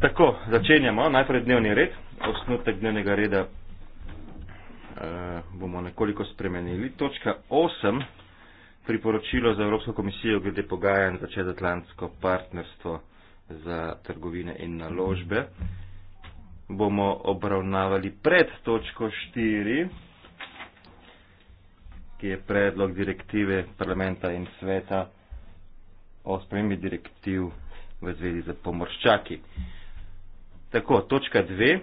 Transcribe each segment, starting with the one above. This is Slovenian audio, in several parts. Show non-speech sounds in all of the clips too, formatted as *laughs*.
Tako, začenjamo najprej dnevni red. Osnutek dnevnega reda eh, bomo nekoliko spremenili. Točka 8, priporočilo za Evropsko komisijo glede pogajanj za čezatlantsko partnerstvo za trgovine in naložbe, bomo obravnavali pred točko 4 ki je predlog direktive parlamenta in sveta o spremembi direktiv v zvezi z pomorščaki. Tako, točka dve.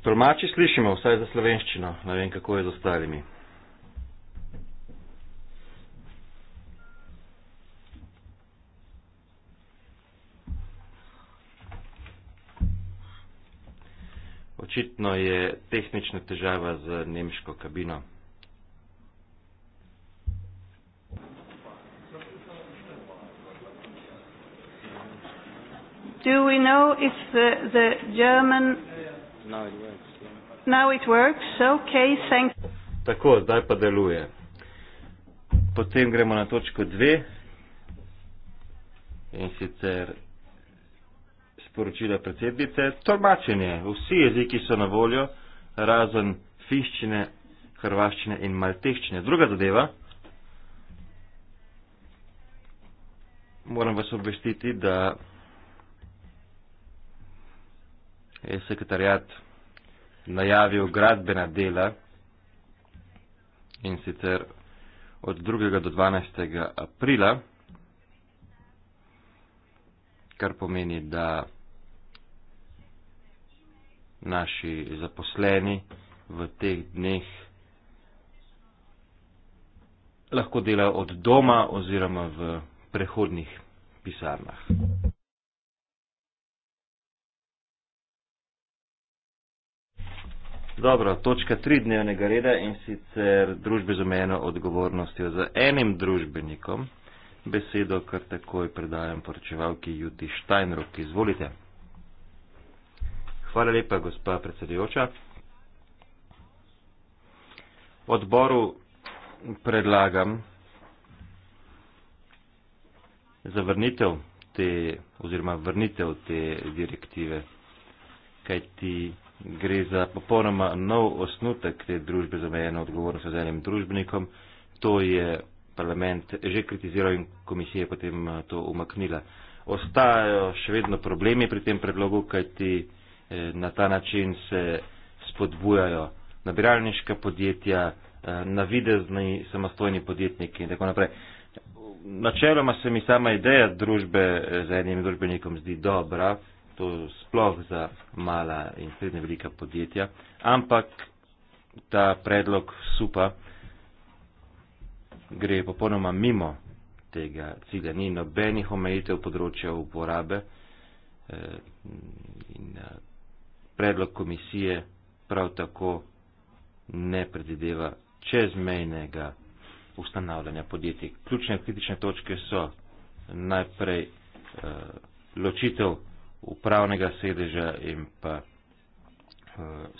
Tolmači slišimo, vsaj za slovenščino, ne vem, kako je z ostalimi. Očitno je tehnična težava z nemško kabino. Do we know if the, the German Now it works. Yeah. Now it works. Okay, thanks. Tako, zdaj pa deluje. Potem gremo na točko 2. In sicer sporočila predsednice. Tolmačenje. Vsi jeziki so na voljo, razen finščine, hrvaščine in malteščine. Druga zadeva. Moram vas obvestiti, da je sekretarjat najavil gradbena dela in sicer od 2. do 12. aprila, kar pomeni, da naši zaposleni v teh dneh lahko delajo od doma oziroma v prehodnih pisarnah. Dobro, točka tri dnevnega reda in sicer družbe z omejeno odgovornostjo za enim družbenikom. Besedo kar takoj predajam poročevalki Judi Štajnrok. Izvolite. Hvala lepa, gospa predsedujoča. Odboru predlagam zavrnitev te oziroma vrnitev te direktive, kaj ti gre za popolnoma nov osnutek te družbe za omejeno odgovornost z enim družbenikom. To je parlament že kritiziral in komisija potem eh, to umaknila. Ostajajo še vedno problemi pri tem predlogu, kaj ti gre. Eh, na ta način se spodbujajo nabiralniška podjetja, eh, navidezni samostojni podjetniki in tako naprej. Načeloma se mi sama ideja družbe eh, z enim družbenikom zdi dobra, to sploh za mala in srednje velika podjetja, ampak ta predlog supa gre popolnoma mimo tega cilja. Ni nobenih omejitev področja uporabe in predlog komisije prav tako ne predvideva čezmejnega ustanavljanja podjetij. Ključne kritične točke so najprej eh, ločitev upravnega sedeža in pa eh,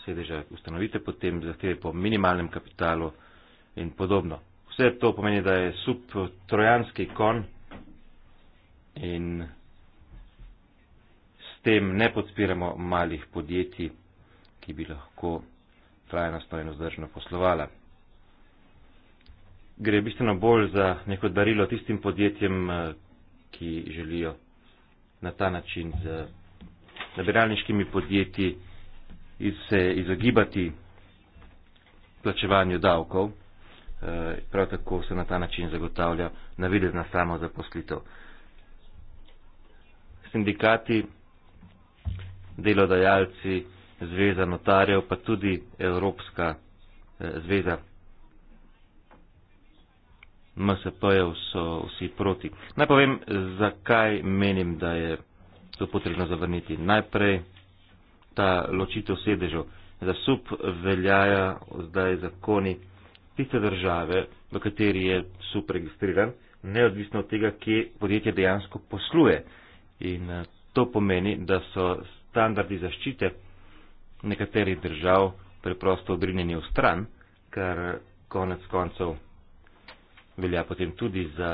sedeža ustanovite, potem zahteve po minimalnem kapitalu in podobno. Vse to pomeni, da je sub trojanski kon in tem ne podpiramo malih podjetij, ki bi lahko trajnostno in vzdržno poslovala. Gre bistveno bolj za neko darilo tistim podjetjem, eh, ki želijo na ta način z nabiralniškimi podjetji se izogibati plačevanju davkov. Eh, prav tako se na ta način zagotavlja navidezna samozaposlitev. Sindikati delodajalci, zveza notarjev, pa tudi Evropska eh, zveza. MSP-jev so vsi proti. Naj povem, zakaj menim, da je to potrebno zavrniti. Najprej ta ločitev sedežev. Za sub veljaja zdaj zakoni tiste države, v kateri je sub registriran, neodvisno od tega, kje podjetje dejansko posluje. In eh, to pomeni, da so standardi zaščite nekaterih držav preprosto odrinjeni v stran, kar konec koncev velja potem tudi za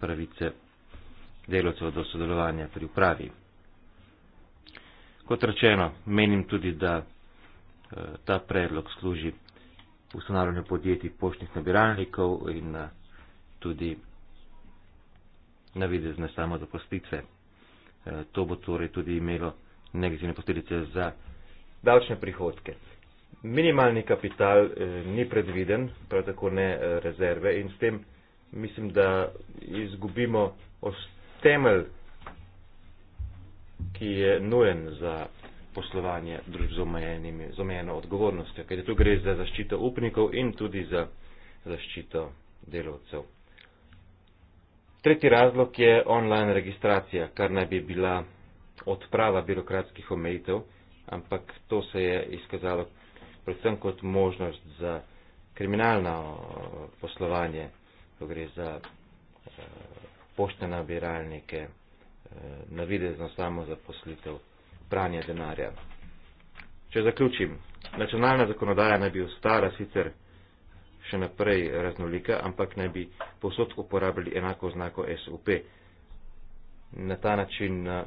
pravice delovcev do sodelovanja pri upravi. Kot rečeno, menim tudi, da eh, ta predlog služi ustanavljanju podjetij poštnih nabiralnikov in eh, tudi navidezne samozaposlitve. Eh, to bo torej tudi imelo negativne posledice za davčne prihodke. Minimalni kapital eh, ni predviden, prav tako ne eh, rezerve in s tem mislim, da izgubimo temelj, ki je nujen za poslovanje družb z, z omejeno odgovornostjo, ker tu gre za zaščito upnikov in tudi za zaščito delovcev. Tretji razlog je online registracija, kar naj bi bila odprava birokratskih omejitev, ampak to se je izkazalo predvsem kot možnost za kriminalno eh, poslovanje, ko gre za eh, pošte nabiralnike, eh, navidezno samo za poslitev pranja denarja. Če zaključim, nacionalna zakonodaja naj bi ostala sicer še naprej raznolika, ampak naj bi posod uporabljali enako znako SUP. Na ta način eh,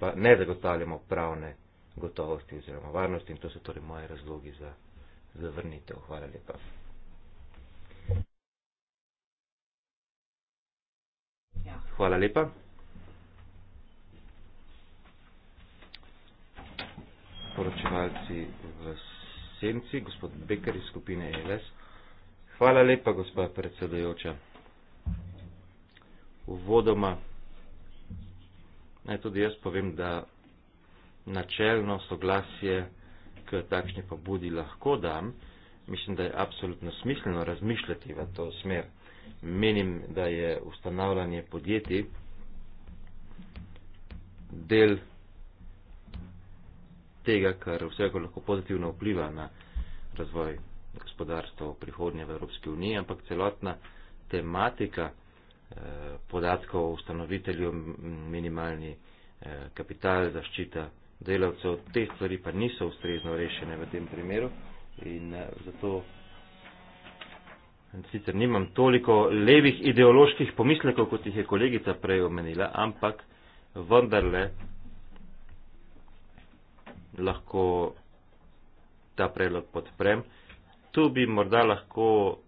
pa ne zagotavljamo pravne gotovosti oziroma varnosti in to so torej moje razlogi za zavrnitev. Hvala lepa. Hvala lepa. Poročevalci v senci, gospod Bekar iz skupine ELS. Hvala lepa, gospa predsedajoča. Uvodoma naj tudi jaz povem, da načelno soglasje k takšni pobudi lahko dam. Mislim, da je absolutno smiselno razmišljati v to smer. Menim, da je ustanavljanje podjetij del tega, kar vsega lahko pozitivno vpliva na razvoj gospodarstvo v prihodnje v Evropski uniji, ampak celotna tematika eh, podatkov o ustanovitelju, minimalni eh, kapital, zaščita delavcev, te stvari pa niso ustrezno rešene v tem primeru in eh, zato sicer nimam toliko levih ideoloških pomislekov, kot jih je kolegica prej omenila, ampak vendarle lahko ta predlog podprem tu bi morda lahko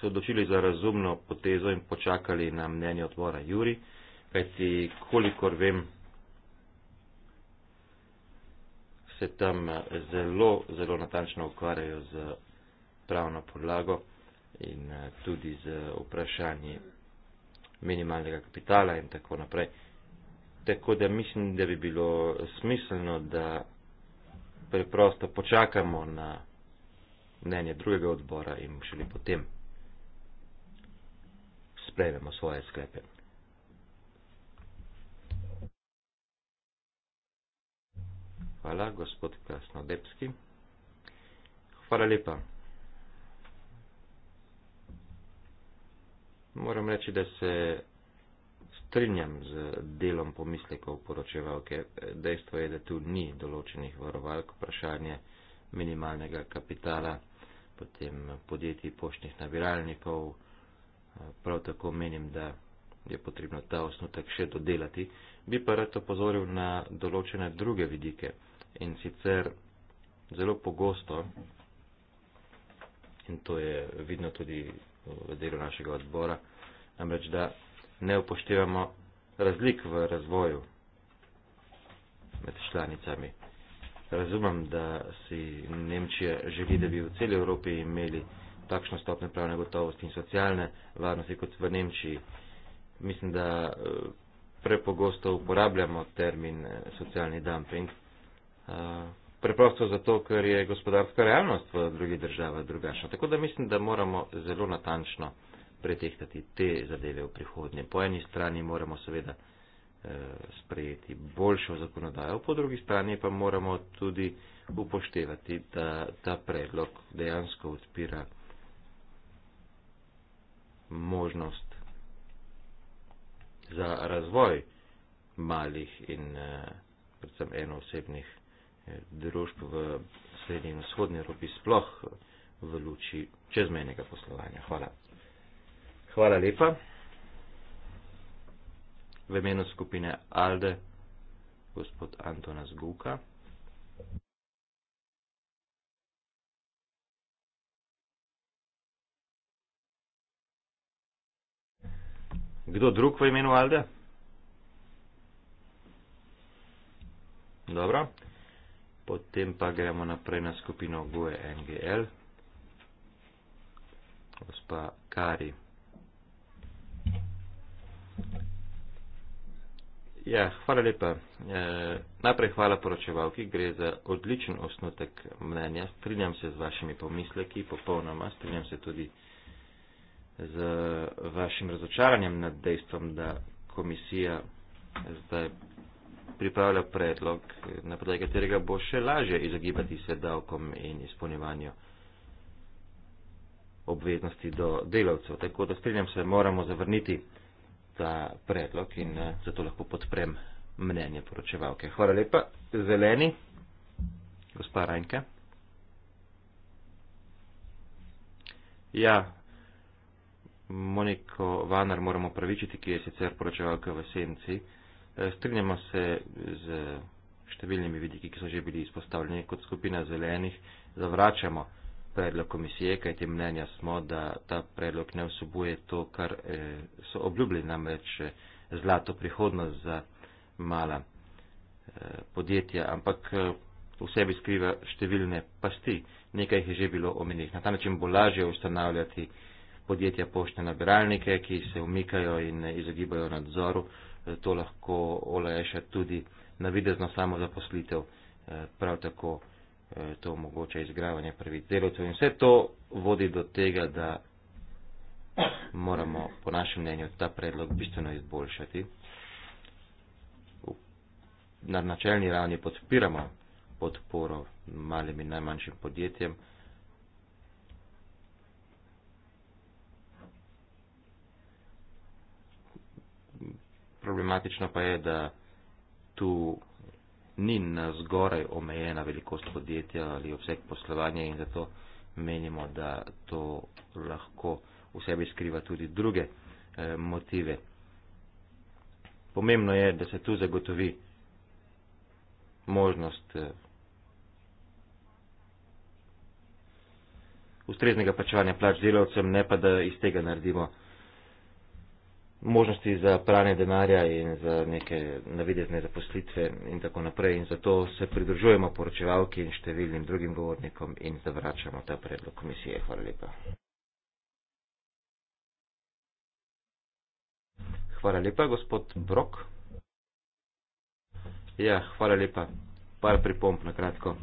se odločili za razumno potezo in počakali na mnenje odbora Juri, kajti kolikor vem, se tam zelo, zelo natančno ukvarjajo z pravno podlago in eh, tudi z vprašanji minimalnega kapitala in tako naprej. Tako da mislim, da bi bilo smiselno, da preprosto počakamo na mnenje drugega odbora in šele potem sprejmemo svoje sklepe. Hvala, gospod Krasnodebski. Hvala lepa. Moram reči, da se strinjam z delom pomislekov poročevalke. Dejstvo je, da tu ni določenih varovalk vprašanje minimalnega kapitala, potem podjetij poštnih nabiralnikov. Prav tako menim, da je potrebno ta osnutek še dodelati. Bi pa rad opozoril na določene druge vidike in sicer zelo pogosto, in to je vidno tudi v delu našega odbora, namreč da ne upoštevamo razlik v razvoju med članicami. Razumem, da si Nemčija želi, da bi v celi Evropi imeli takšno stopnjo pravne gotovosti in socialne varnosti kot v Nemčiji. Mislim, da eh, prepogosto uporabljamo termin eh, socialni dumping. Eh, preprosto zato, ker je gospodarska realnost v drugih državah drugačna. Tako da mislim, da moramo zelo natančno pretehtati te zadeve v prihodnje. Po eni strani moramo seveda Eh, sprejeti boljšo zakonodajo, po drugi strani pa moramo tudi upoštevati, da ta predlog dejansko odpira možnost za razvoj malih in eh, predvsem enosebnih eh, družb v srednji in vzhodni Evropi, sploh v luči čezmejnega poslovanja. Hvala. Hvala lepa v imenu skupine Alde, gospod Antona Zguka. Kdo drug v imenu Alde? Dobro. Potem pa gremo naprej na skupino Goe NGL. Gospa Kari. Ja, hvala lepa. E, najprej hvala poročevalki, gre za odličen osnutek mnenja. Strinjam se z vašimi pomisleki, popolnoma. Strinjam se tudi z vašim razočaranjem nad dejstvom, da komisija zdaj pripravlja predlog, na podlagi katerega bo še lažje izogibati se davkom in izpolnjevanju obveznosti do delavcev. Tako da strinjam se, moramo zavrniti ta predlog in eh, zato lahko podprem mnenje poročevalke. Hvala lepa. Zeleni, gospa Rajnke. Ja, Moniko Vanar moramo pravičiti, ki je sicer poročevalka v senci. Eh, strinjamo se z številnimi vidiki, ki so že bili izpostavljeni kot skupina zelenih, zavračamo predlog komisije, kajti mnenja smo, da ta predlog ne vsebuje to, kar eh, so obljubili namreč eh, zlato prihodnost za mala eh, podjetja, ampak eh, v sebi skriva številne pasti, nekaj jih je že bilo omenjenih. Na ta način bo lažje ustanavljati podjetja poštne nabiralnike, ki se umikajo in eh, izogibajo nadzoru, eh, to lahko olajša tudi navidezno samo zaposlitev, eh, prav tako. Eh, to omogoča izgravanje prvih delovcev in vse to vodi do tega, da moramo po našem mnenju ta predlog bistveno izboljšati. Na načelni ravni podpiramo podporo malim in najmanjšim podjetjem. Problematično pa je, da tu ni na zgoraj omejena velikost podjetja ali obseg poslovanja in zato menimo, da to lahko v sebi skriva tudi druge eh, motive. Pomembno je, da se tu zagotovi možnost eh, ustreznega plačevanja plač delavcem, ne pa da iz tega naredimo možnosti za pranje denarja in za neke navidezne zaposlitve in tako naprej. In zato se pridružujemo poročevalki in številnim drugim govornikom in zavračamo ta predlog komisije. Hvala lepa. Hvala lepa, gospod Brok. Ja, hvala lepa. Par pripomp na kratko.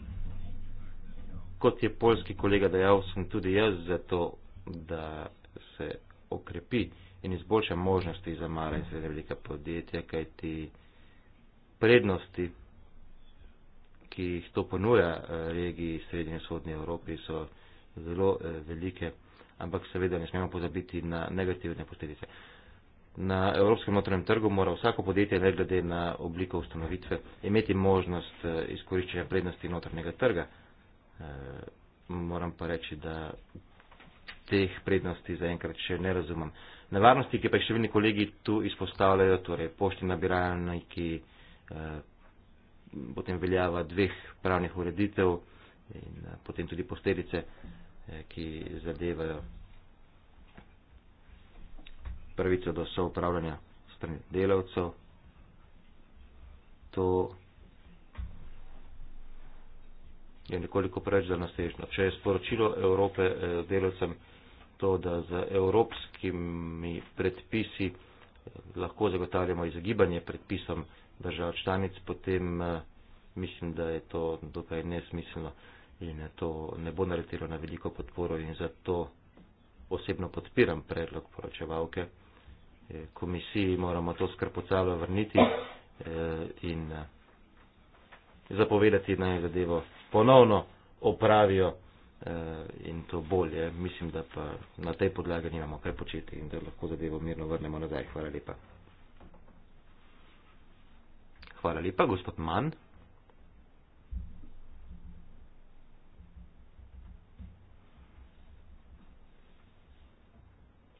Kot je polski kolega dejal, sem tudi jaz za to, da se okrepi in izboljša možnosti za mala in srednja velika podjetja, kajti prednosti, ki jih to ponuja eh, regiji srednje in vzhodnje Evropi, so zelo eh, velike, ampak seveda ne smemo pozabiti na negativne posledice. Na evropskem notranjem trgu mora vsako podjetje, ne glede na obliko ustanovitve, imeti možnost eh, izkoriščenja prednosti notranjega trga. Moram pa reči, da teh prednosti zaenkrat še ne razumem nevarnosti, ki pa jih številni kolegi tu izpostavljajo, torej pošti nabiralni, ki eh, potem veljava dveh pravnih ureditev in eh, potem tudi posledice, eh, ki zadevajo pravico do soupravljanja strani delavcev. To je nekoliko preč zanosežno. Če je sporočilo Evrope delavcem, to, da z evropskimi predpisi eh, lahko zagotavljamo izogibanje predpisom držav članic, potem eh, mislim, da je to dokaj nesmiselno in to ne bo naletelo na veliko podporo in zato osebno podpiram predlog poročevalke. Eh, komisiji moramo to skrpocalo vrniti in zapovedati naj zadevo ponovno opravijo. Eh, in to bolje. Mislim, da pa na tej podlagi nimamo kaj početi in da lahko zadevo mirno vrnemo nazaj. Hvala lepa. Hvala lepa, gospod Mann.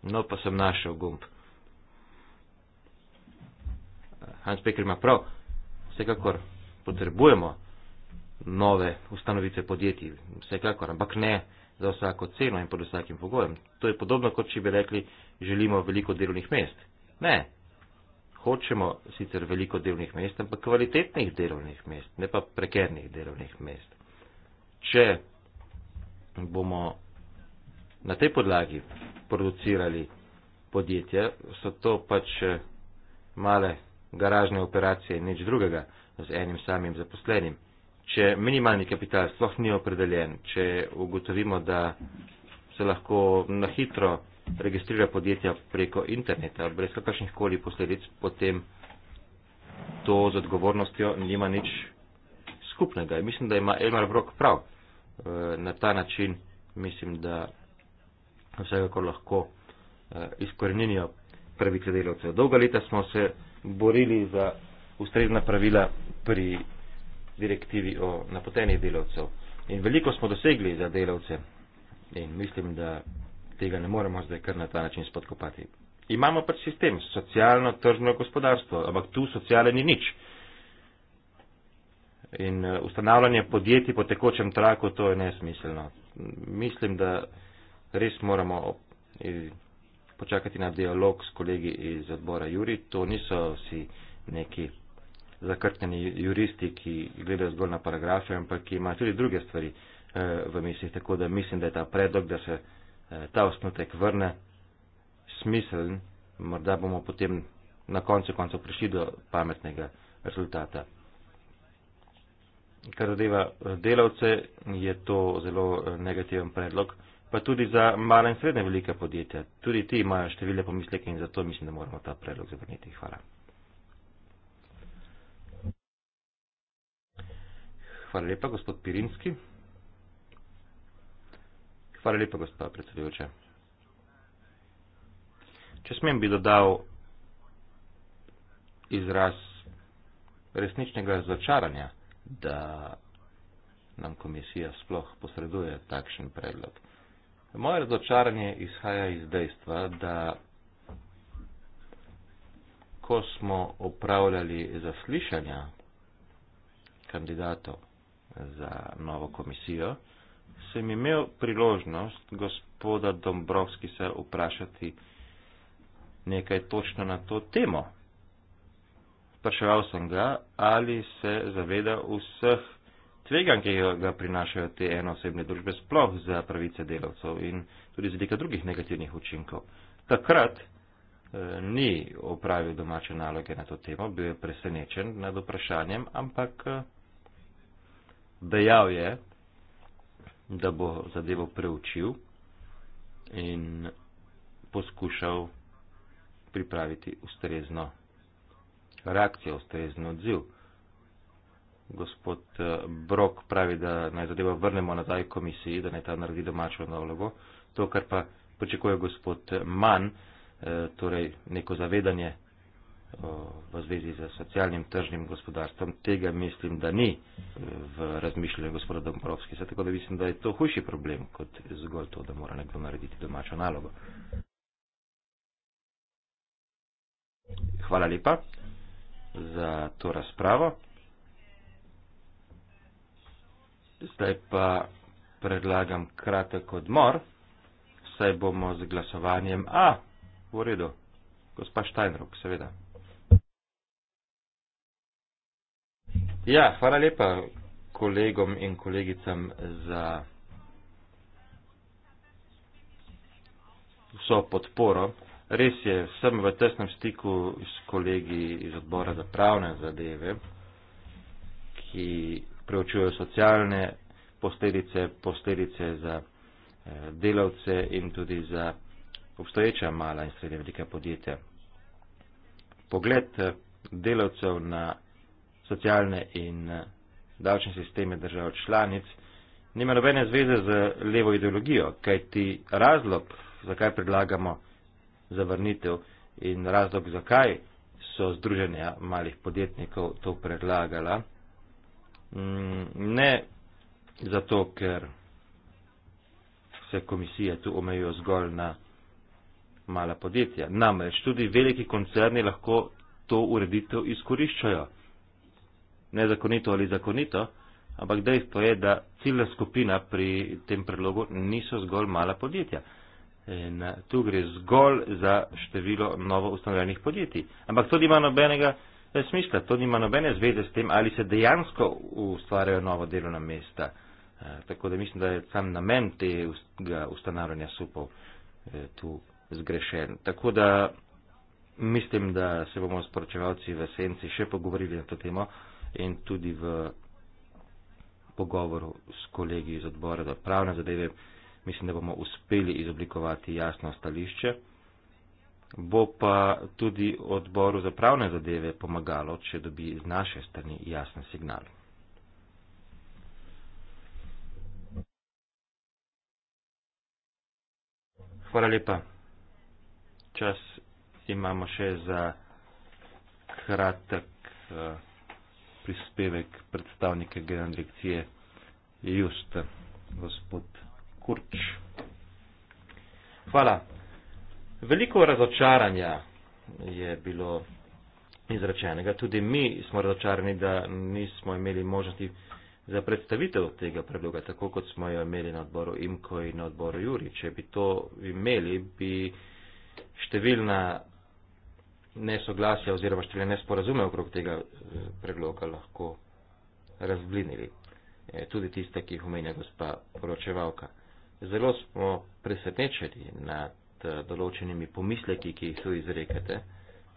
No, pa sem našel gumb. Hans Pekr ima prav. Vsekakor potrebujemo nove ustanovitve podjetij. Vsekakor, ampak ne za vsako ceno in pod vsakim pogojem. To je podobno, kot če bi rekli, želimo veliko delovnih mest. Ne. Hočemo sicer veliko delovnih mest, ampak kvalitetnih delovnih mest, ne pa prekernih delovnih mest. Če bomo na tej podlagi producirali podjetja, so to pač eh, male garažne operacije in nič drugega z enim samim zaposlenim če minimalni kapital sploh ni opredeljen, če ugotovimo, da se lahko na hitro registrira podjetja preko interneta brez kakršnih koli posledic, potem to z odgovornostjo nima nič skupnega. In mislim, da ima Elmar Brok prav. E, na ta način mislim, da vsekakor lahko e, izkoreninijo pravice delavcev. Dolga leta smo se borili za ustrezna pravila pri direktivi o napotenih delavcev. In veliko smo dosegli za delavce in mislim, da tega ne moremo zdaj kar na ta način spodkopati. Imamo pač sistem, socialno tržno gospodarstvo, ampak tu sociale ni nič. In eh, ustanavljanje podjetij po tekočem traku, to je nesmiselno. Mislim, da res moramo počakati na dialog s kolegi iz odbora Juri. To niso vsi neki zakrtnjeni juristi, ki gledajo zgolj na paragrafe, ampak ki imajo tudi druge stvari eh, v mislih. Tako da mislim, da je ta predlog, da se eh, ta osnutek vrne, smiseln, morda bomo potem na koncu koncev prišli do pametnega rezultata. Kar zadeva eh, delavce, je to zelo eh, negativen predlog, pa tudi za male in srednje velike podjetja. Tudi ti imajo številne pomisleke in zato mislim, da moramo ta predlog zavrniti. Hvala. Hvala lepa, gospod Pirinski. Hvala lepa, gospod predsedujoče. Če smem, bi dodal izraz resničnega začaranja, da nam komisija sploh posreduje takšen predlog. Moje razočaranje izhaja iz dejstva, da ko smo opravljali zaslišanja kandidatov, za novo komisijo, sem imel priložnost gospoda Dombrovski se vprašati nekaj točno na to temo. Spraševal sem ga, ali se zaveda vseh tvegan, ki ga prinašajo te enosebne družbe, sploh za pravice delavcev in tudi z vidika drugih negativnih učinkov. Takrat eh, ni opravil domače naloge na to temo, bil je presenečen nad vprašanjem, ampak eh, dejal je, da bo zadevo preučil in poskušal pripraviti ustrezno reakcijo, ustrezno odziv. Gospod eh, Brok pravi, da naj zadevo vrnemo nazaj komisiji, da naj ta naredi domačo nalogo. To, kar pa pričakuje gospod Mann, eh, torej neko zavedanje Eh, v zvezi z socialnim tržnim gospodarstvom, tega mislim, da ni eh, v razmišljanju gospoda Dombrovskega. Tako da mislim, da je to hujši problem kot zgolj to, da mora nekdo narediti domačo nalogo. Hvala lepa za to razpravo. Zdaj pa predlagam kratek odmor, saj bomo z glasovanjem A. V redu, gospa Štajnrok, seveda. Ja, hvala lepa kolegom in kolegicam za vso podporo. Res je, sem v tesnem stiku s kolegi iz odbora za pravne zadeve, ki preučujejo socialne posledice, posledice za eh, delavce in tudi za obstoječa mala in srednja velika podjetja. Pogled eh, delavcev na socialne in eh, davčne sisteme držav članic, nima nobene zveze z levo ideologijo, kajti razlog, zakaj predlagamo zavrnitev in razlog, zakaj so združenja malih podjetnikov to predlagala, mm, ne zato, ker se komisije tu omejijo zgolj na mala podjetja. Namreč tudi veliki koncerni lahko to ureditev izkoriščajo nezakonito ali zakonito, ampak dejstvo je, da ciljna skupina pri tem predlogu niso zgolj mala podjetja. In eh, tu gre zgolj za število novo ustanovljenih podjetij. Ampak to nima nobenega eh, smisla, to nima nobene zveze s tem, ali se dejansko ustvarjajo novo delovna mesta. E, tako da mislim, da je sam namen tega ustanavljanja supov e, tu zgrešen. Tako da mislim, da se bomo s poročevalci v senci še pogovorili na to temo in tudi v pogovoru s kolegi iz odbora za pravne zadeve, mislim, da bomo uspeli izoblikovati jasno stališče. Bo pa tudi odboru za pravne zadeve pomagalo, če dobi z naše strani jasen signal. Hvala lepa. Čas imamo še za kratek. Uh, prispevek predstavnike generalne direkcije Just, gospod Kurč. Hvala. Veliko razočaranja je bilo izrečenega. Tudi mi smo razočarani, da nismo imeli možnosti za predstavitev tega predloga, tako kot smo jo imeli na odboru Imko in na odboru Juri. Če bi to imeli, bi številna nesoglasja oziroma številne nesporazume okrog tega eh, predloga lahko razblinili. Eh, tudi tiste, ki jih omenja gospa poročevalka. Zelo smo presrečeni nad eh, določenimi pomisleki, ki jih tu izrekate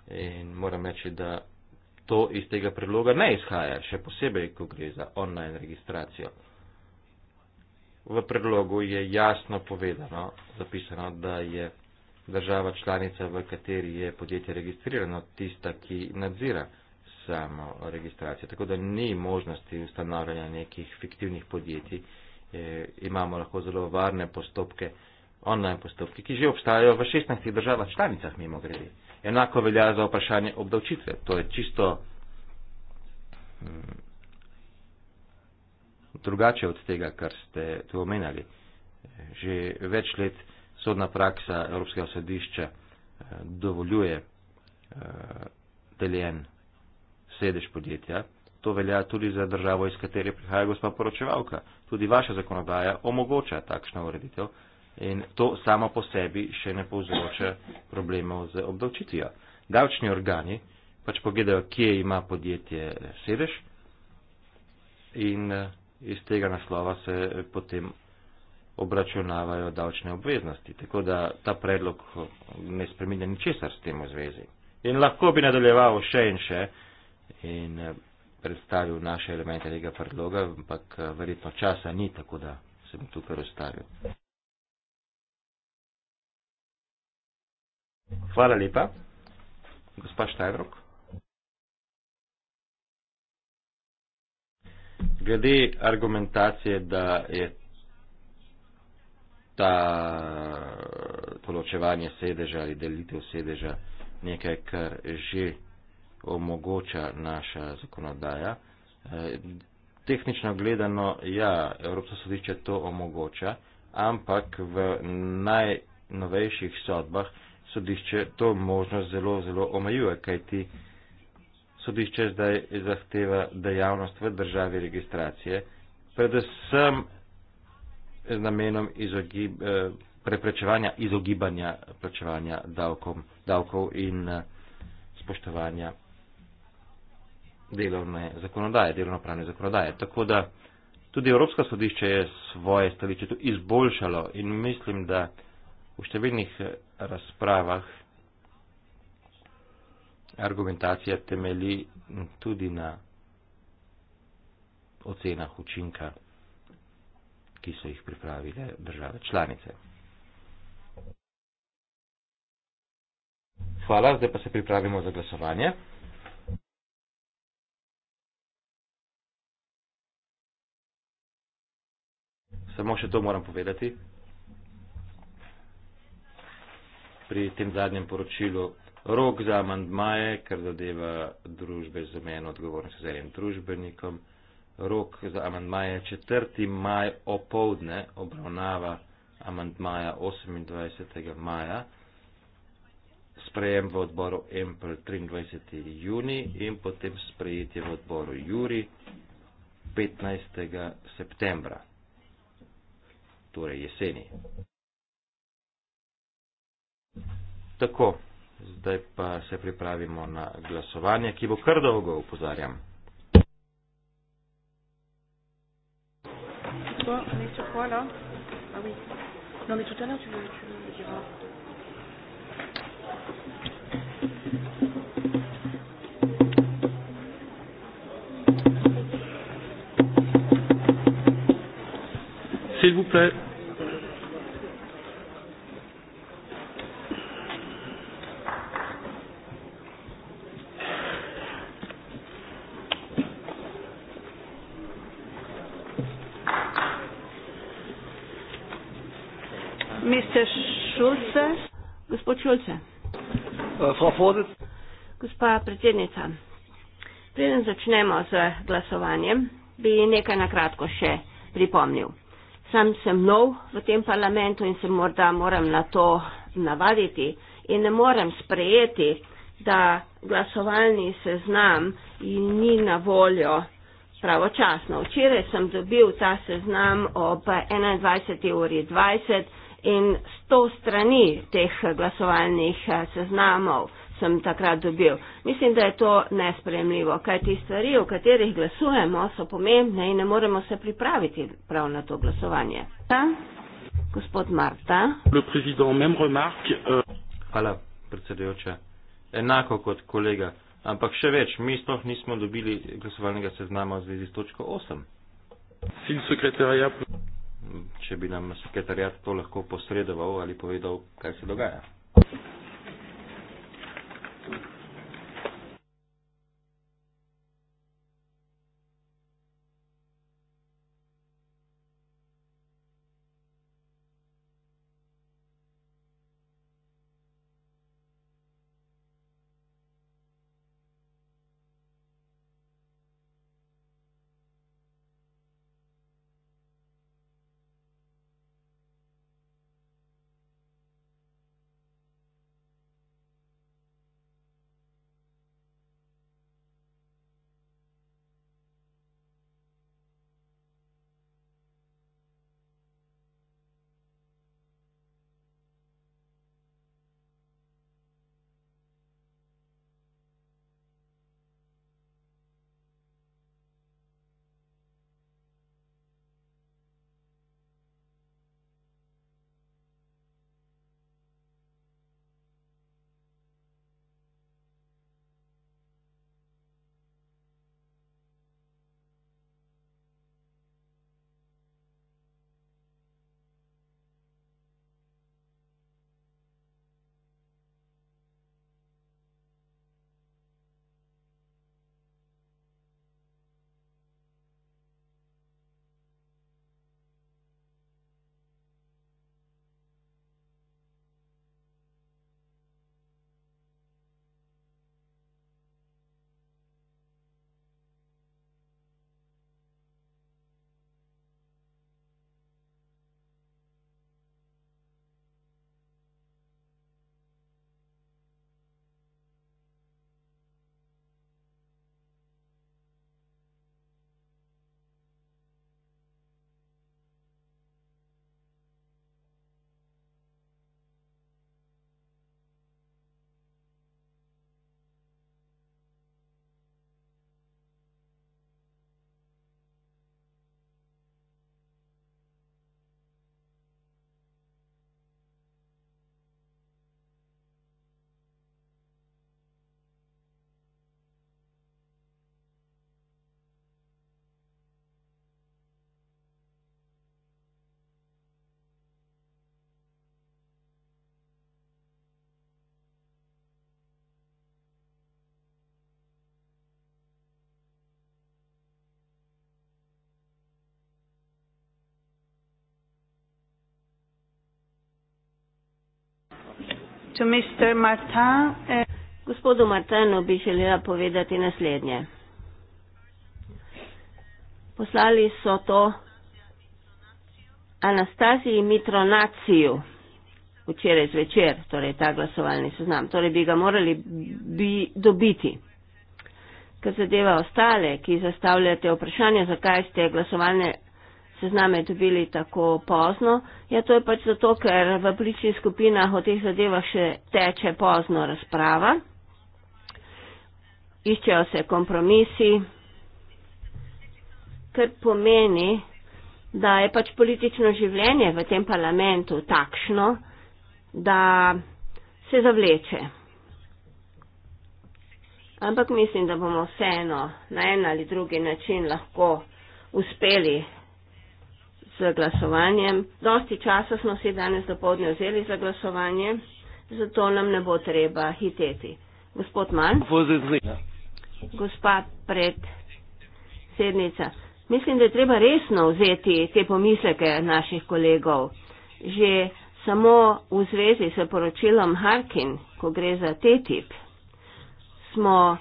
in moram reči, da to iz tega predloga ne izhaja, še posebej, ko gre za online registracijo. V predlogu je jasno povedano, zapisano, da je država članica, v kateri je podjetje registrirano, tista, ki nadzira samo registracijo. Tako da ni možnosti ustanavljanja nekih fiktivnih podjetij. E, imamo lahko zelo varne postopke, online postopke, ki že obstajajo v 16 državah članicah, mimo grede. Enako velja za vprašanje obdavčitve. To je čisto mm, drugače od tega, kar ste tu omenjali. Že več let sodna praksa Evropskega sodišča eh, dovoljuje eh, deljen sedež podjetja. To velja tudi za državo, iz katere prihaja gospa poročevalka. Tudi vaša zakonodaja omogoča takšno ureditev in to samo po sebi še ne povzroča problemov z obdavčitvijo. Davčni organi pač pogledajo, kje ima podjetje eh, sedež in iz tega naslova se potem obračunavajo davčne obveznosti. Tako da ta predlog ne spreminja ničesar s tem v zvezi. In lahko bi nadaljeval še in še in eh, predstavil naše elemente tega predloga, ampak eh, verjetno časa ni, tako da sem tukaj ustavil. Hvala lepa. Gospa Štajbrok. Glede argumentacije, da je ta določevanje sedeža ali delitev sedeža nekaj, kar že omogoča naša zakonodaja. Eh, tehnično gledano, ja, Evropsko sodišče to omogoča, ampak v najnovejših sodbah sodišče to možnost zelo, zelo omejuje, kajti sodišče zdaj zahteva dejavnost v državi registracije, predvsem z namenom izogib, eh, preprečevanja izogibanja plačevanja davkom, davkov in eh, spoštovanja delovne zakonodaje, delovno-pravne zakonodaje. Tako da tudi Evropsko sodišče je svoje stališče tu izboljšalo in mislim, da v številnih eh, razpravah argumentacija temeli tudi na ocenah učinka ki so jih pripravile države članice. Hvala, zdaj pa se pripravimo za glasovanje. Samo še to moram povedati. Pri tem zadnjem poročilu rok za amandmaje, kar zadeva družbe z menom odgovornim sozelenim družbenikom rok za amandmaje 4. maj opoldne obravnava amandmaja 28. maja, sprejem v odboru Empel 23. juni in potem sprejetje v odboru Juri 15. septembra, torej jeseni. Tako, zdaj pa se pripravimo na glasovanje, ki bo kar dolgo, upozarjam. quoi On est sur quoi là Ah oui. Non mais tout à l'heure tu me, tu me diras. S'il vous plaît. Gospa predsednica, preden začnemo z glasovanjem, bi nekaj nakratko še pripomnil. Sam sem nov v tem parlamentu in se morda moram na to navaditi in ne morem sprejeti, da glasovalni seznam ni na voljo pravočasno. Včeraj sem dobil ta seznam ob 21.20 in 100 strani teh glasovalnih eh, seznamov sem takrat dobil. Mislim, da je to nespremljivo, kaj ti stvari, o katerih glasujemo, so pomembne in ne moremo se pripraviti prav na to glasovanje. Ta? Gospod Marta. Euh. Hvala, predsedujoče. Enako kot kolega, ampak še več, mi sploh nismo dobili glasovalnega seznama v zvezi s točko 8. Če bi nam sekretarjat to lahko posredoval ali povedal, kaj se dogaja. to Mr. Martin. Eh, Gospodu Martinu bi želela povedati naslednje. Poslali so to Anastaziji Mitronaciju včeraj zvečer, torej ta glasovalni seznam. Torej bi ga morali bi dobiti. Kar zadeva ostale, ki zastavljate vprašanje, zakaj ste glasovalne sezname dobili tako pozno. Ja, to je pač zato, ker v pričnih skupinah o teh zadevah še teče pozno razprava. Iščejo se kompromisi, kar pomeni, da je pač politično življenje v tem parlamentu takšno, da se zavleče. Ampak mislim, da bomo vseeno na en ali drugi način lahko uspeli z glasovanjem. Dosti časa smo si danes dopoledne vzeli za glasovanje, zato nam ne bo treba hiteti. Gospod Mann. Gospa predsednica. Mislim, da je treba resno vzeti te pomisleke naših kolegov. Že samo v zvezi s poročilom Harkin, ko gre za TTIP, smo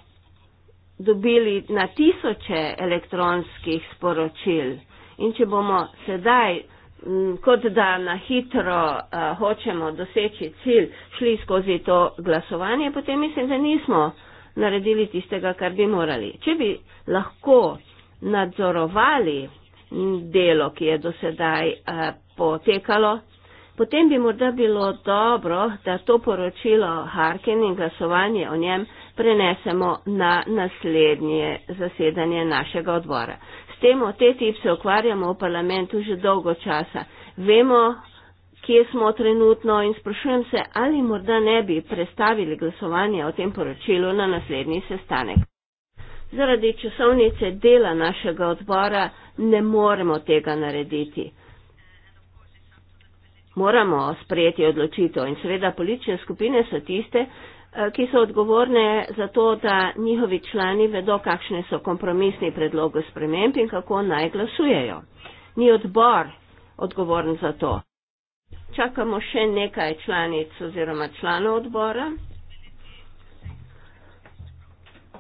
dobili na tisoče elektronskih sporočil In če bomo sedaj, kot da na hitro hočemo doseči cilj, šli skozi to glasovanje, potem mislim, da nismo naredili tistega, kar bi morali. Če bi lahko nadzorovali delo, ki je dosedaj potekalo, potem bi morda bilo dobro, da to poročilo Harken in glasovanje o njem prenesemo na naslednje zasedanje našega odbora tem OTTIP se ukvarjamo v parlamentu že dolgo časa. Vemo, kje smo trenutno in sprašujem se, ali morda ne bi prestavili glasovanje o tem poročilu na naslednji sestanek. Zaradi časovnice dela našega odbora ne moremo tega narediti. Moramo sprejeti odločitev in seveda politične skupine so tiste, Eh, ki so odgovorne za to, da njihovi člani vedo, kakšne so kompromisni predlogi sprememb in kako naj glasujejo. Ni odbor odgovoren za to. Čakamo še nekaj članic oziroma članov odbora.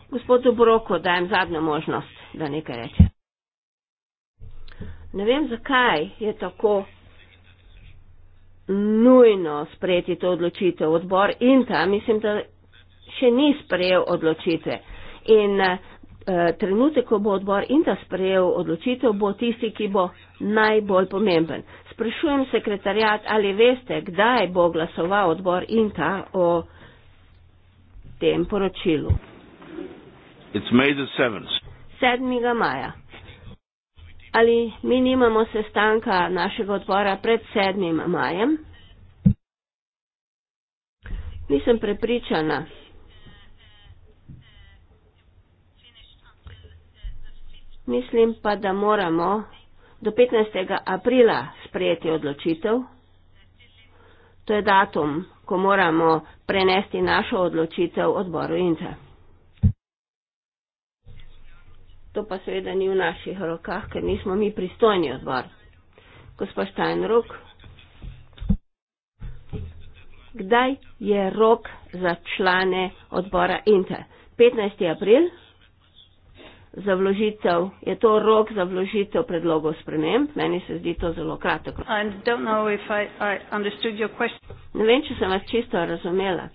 Gospod Dobroko, dajem zadnjo možnost, da nekaj reče. Ne vem, zakaj je tako nujno sprejeti to odločitev. Odbor INTA mislim, da še ni sprejel odločitve. In eh, trenutek, ko bo odbor INTA sprejel odločitev, bo tisti, ki bo najbolj pomemben. Sprašujem sekretarjat, ali veste, kdaj bo glasoval odbor INTA o tem poročilu. 7. maja. Ali mi nimamo sestanka našega odbora pred 7. majem? Nisem prepričana. Mislim pa, da moramo do 15. aprila sprejeti odločitev. To je datum, ko moramo prenesti našo odločitev odboru Inca. To pa seveda ni v naših rokah, ker nismo mi pristojni odbor. Gospod Steinrok, kdaj je rok za člane odbora Inter? 15. april za vložitev, je to rok za vložitev predlogov sprememb, meni se zdi to zelo kratko. I I, I ne vem, če sem vas čisto razumela.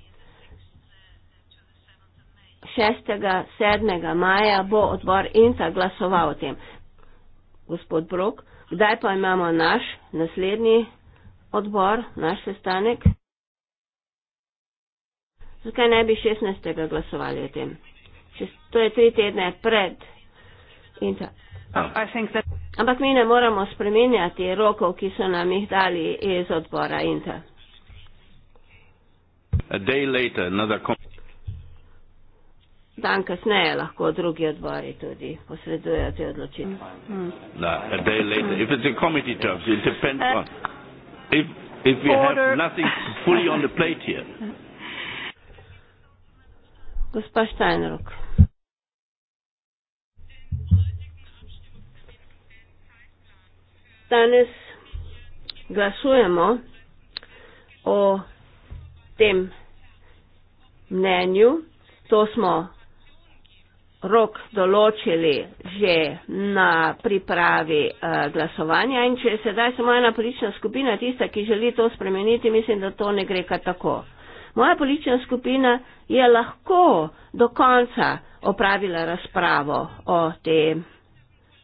6. 7. maja bo odbor INTA glasoval o tem. Gospod Brok, kdaj pa imamo naš naslednji odbor, naš sestanek? Zakaj ne bi 16. glasovali o tem? To je tri tedne pred INTA. Oh, Ampak mi ne moramo spremenjati rokov, ki so nam jih dali iz odbora INTA dan kasneje lahko drugi odbori tudi posredujejo te odločitve. Mm. No, eh. Gospa Steinrock. Danes glasujemo o tem mnenju. To smo rok določili že na pripravi uh, glasovanja in če je sedaj samo ena politična skupina tista, ki želi to spremeniti, mislim, da to ne gre ka tako. Moja politična skupina je lahko do konca opravila razpravo o tem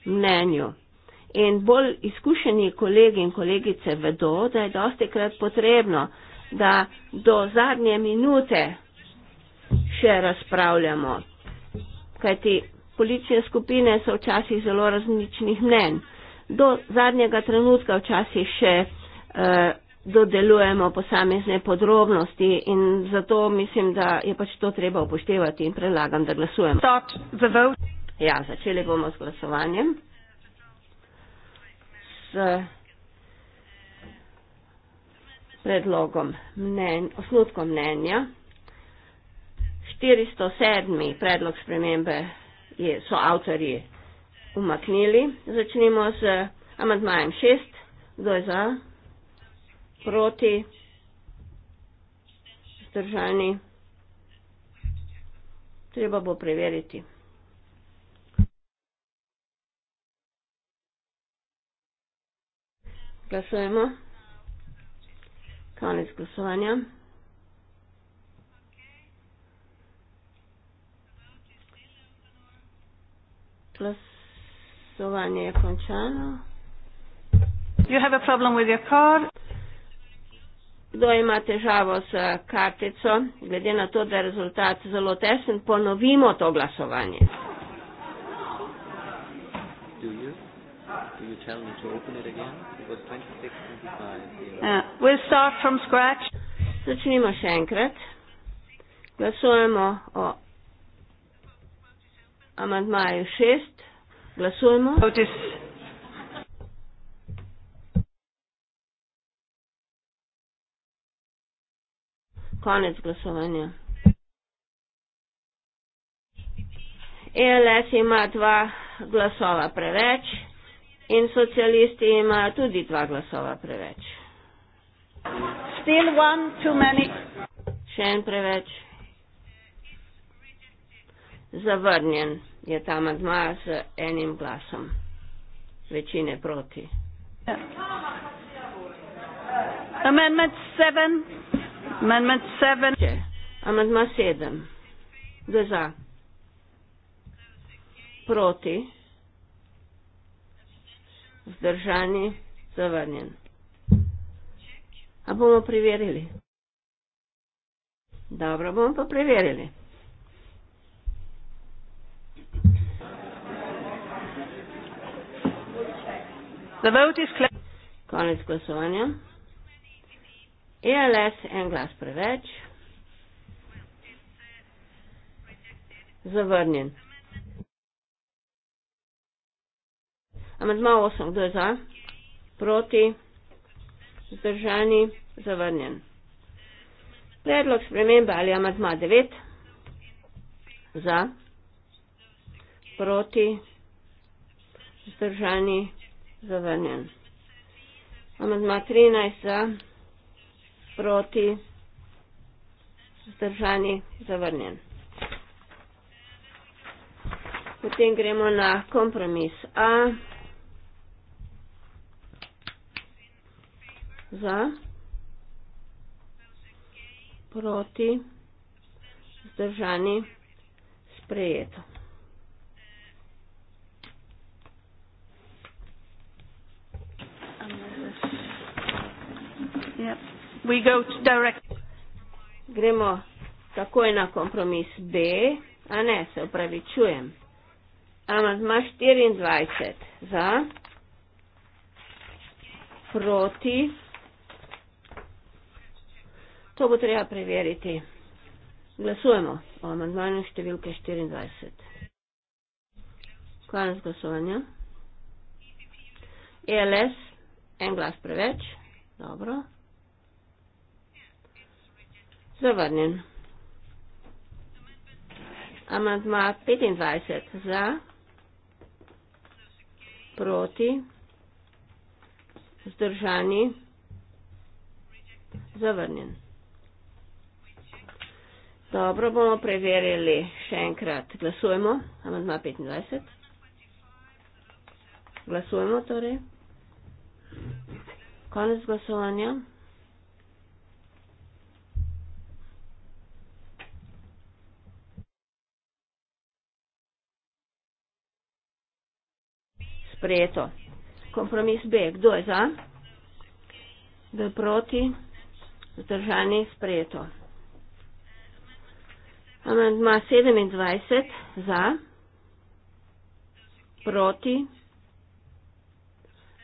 mnenju. In bolj izkušeni kolegi in kolegice vedo, da je dosti krat potrebno, da do zadnje minute še razpravljamo kajti politične skupine so včasih zelo različnih mnen. Do zadnjega trenutka včasih še eh, dodelujemo posamezne podrobnosti in zato mislim, da je pač to treba upoštevati in predlagam, da glasujemo. Ja, začeli bomo z glasovanjem. S predlogom mnen, osnutkom mnenja. 407. predlog spremembe je, so avtori umaknili. Začnimo z amantmajem 6. Kdo je za? Proti? Zdržani? Treba bo preveriti. Glasujemo. Konec glasovanja. Glasovanje je končano. You have a problem with your card? Kdo ima težavo s kartico, glede na to, da je rezultat zelo tesen, ponovimo to glasovanje. Uh, Začnimo še enkrat. Glasujemo o amandmaju šest. Glasujemo. Protis. Konec glasovanja. ELS ima dva glasova preveč in socialisti imajo tudi dva glasova preveč. Still one too many. Še en preveč zavrnjen je ta amadma z enim glasom večine proti. Amendment 7. Amendment 7. Amendment 7. Kdo za? Proti. Zdržani. Zavrnjen. A bomo preverili? Dobro, bomo pa preverili. The vote is closed. Konec glasovanja. ELS en glas preveč. Zavrnjen. Amedma 8, kdo je za? Proti? Zdržani? Zavrnjen. Predlog spremembe ali amedma 9? Za? Proti? Zdržani? Zavrnjen zavrnjen. Amandma 13 za proti zdržani zavrnjen. Potem gremo na kompromis A. Za, proti, zdržani, sprejeto. we go direct. Gremo takoj na kompromis B, a ne, se upravičujem. Amazma 24 za, proti, to bo treba preveriti. Glasujemo o amazmanju številke 24. Konec glasovanja. ELS, en glas preveč, dobro. Zavrnjen. Amandma 25 za, proti, zdržani, zavrnjen. Dobro, bomo preverili še enkrat. Glasujemo. Amandma 25. Glasujemo torej. Konec glasovanja. sprejeto. Kompromis B. Kdo je za? Kdo je proti? Zdržani sprejeto. Amandma 27 za, proti,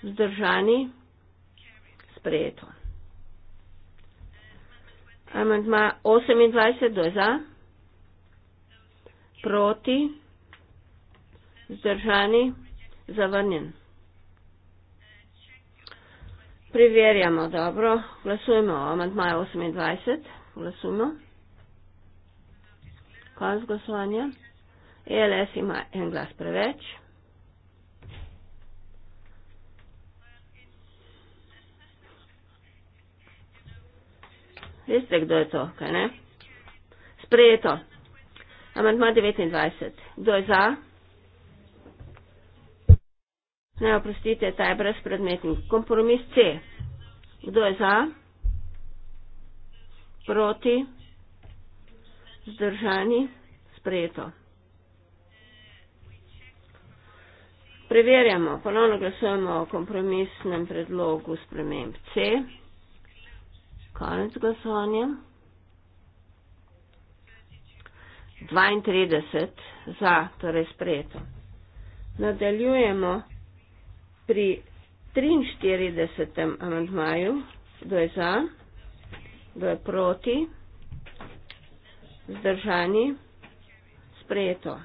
vzdržani, sprejeto. Amandma 28 do za, proti, vzdržani, sprejeto zavrnjen. Preverjamo dobro, glasujemo o amantmaju 28, glasujemo. Konc glasovanja. ELS ima en glas preveč. Veste, kdo je to, kaj ne? Sprejeto. Amantma 29. Kdo je za? Ne, oprostite, ta je brezpredmeten. Kompromis C. Kdo je za? Proti? Zdržani? Sprejeto. Preverjamo, ponovno glasujemo o kompromisnem predlogu sprememb C. Konec glasovanja. 32 za, torej sprejeto. Nadaljujemo pri 43. amantmaju, kdo je za, kdo je proti, zdržani, sprejeto.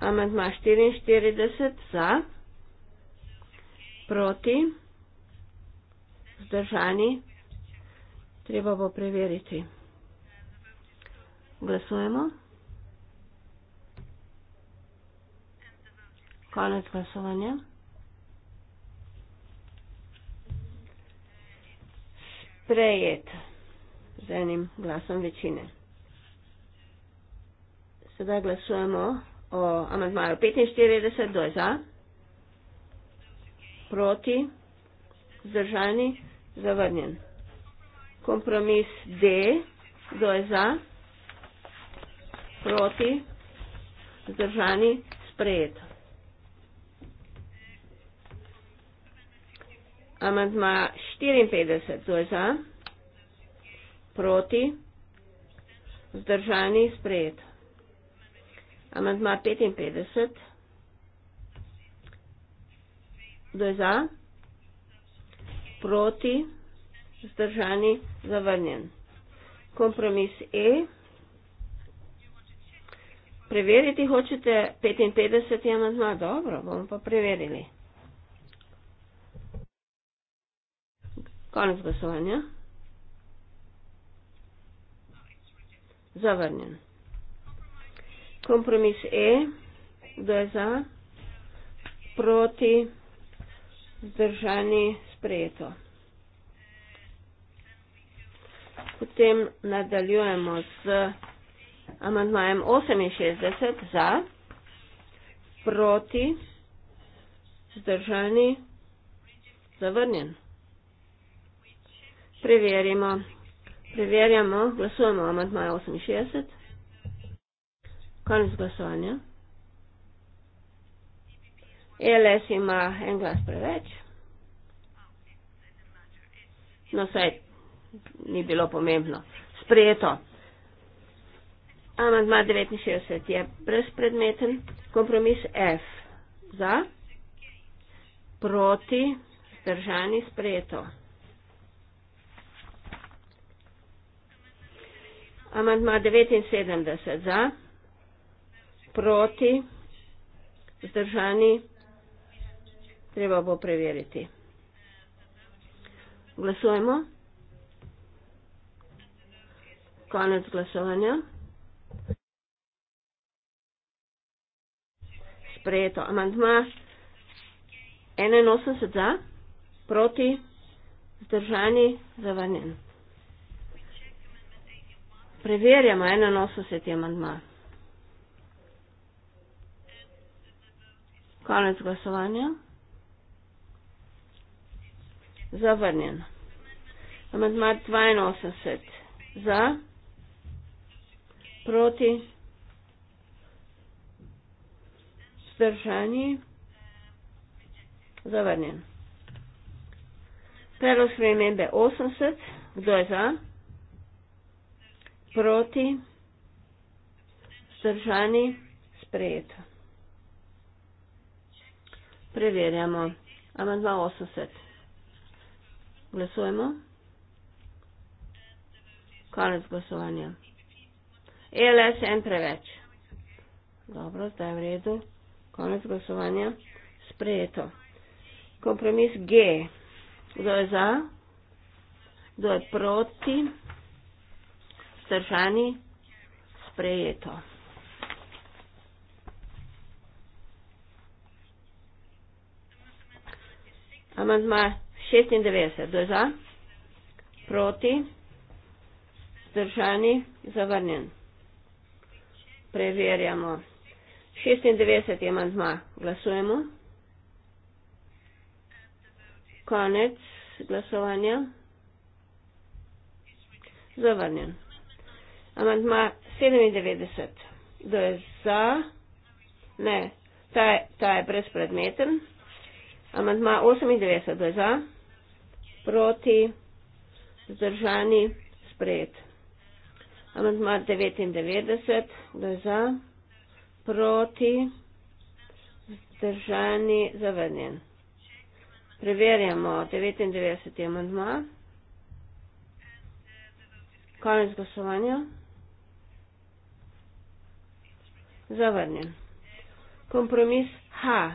Amantma 44 za, proti, zdržani, treba bo preveriti. Glasujemo. Konec glasovanja. Sprejet z enim glasom večine. Sedaj glasujemo o amantmaju 45, kdo je za, proti, zdržani, zavrnjen. Kompromis D, kdo je za, proti, zdržani, sprejeto. amantma 54 to je za, proti, zdržani, sprejet. Amantma 55 to je za, proti, zdržani, zavrnjen. Kompromis E. Preveriti hočete 55 je amantma, dobro, bomo pa preverili. Konec glasovanja. Zavrnjen. Kompromis E, kdo je za, proti, zdržani, sprejeto. Potem nadaljujemo z amandmajem 68 za, proti, zdržani, zavrnjen. Preverimo. Preverjamo. Glasujemo o amantmaju 68. Konec glasovanja. ELS ima en glas preveč. No, saj ni bilo pomembno. Sprejeto. Amandma 69 je brezpredmeten. Kompromis F. Za. Proti. Zdržani. Sprejeto. Amandma 79 za, proti, zdržani, treba bo preveriti. Glasujemo. Konec glasovanja. Sprejeto. Amandma 81 za, proti, zdržani, zavanjen. Preverjamo 81. amantma. Konec glasovanja. Zavrnjen. Amantma 82. Za. Proti. Zdržani. Zavrnjen. Prelo spremembe 80. Kdo je za? proti, vzdržani, sprejet. Preverjamo. Amandma 80. Glasujemo. Konec glasovanja. ELS en preveč. Dobro, zdaj je v redu. Konec glasovanja. Sprejeto. Kompromis G. Kdo je za? Kdo je proti? vzdržani, sprejeto. Amandma 96, za, proti, vzdržani, zavrnjen. Preverjamo. 96 je amandma, glasujemo. Konec glasovanja. Zavrnjen. Amantma 97. Kdo je za? Ne, ta je, ta je brezpredmeten. Amantma 98. Kdo je za? Proti. Zdržani. Sprejet. Amantma 99. Kdo je za? Proti. Zdržani. Zavrnjen. Preverjamo 99. amantma. Konec glasovanja. Zavrnjen. Kompromis H.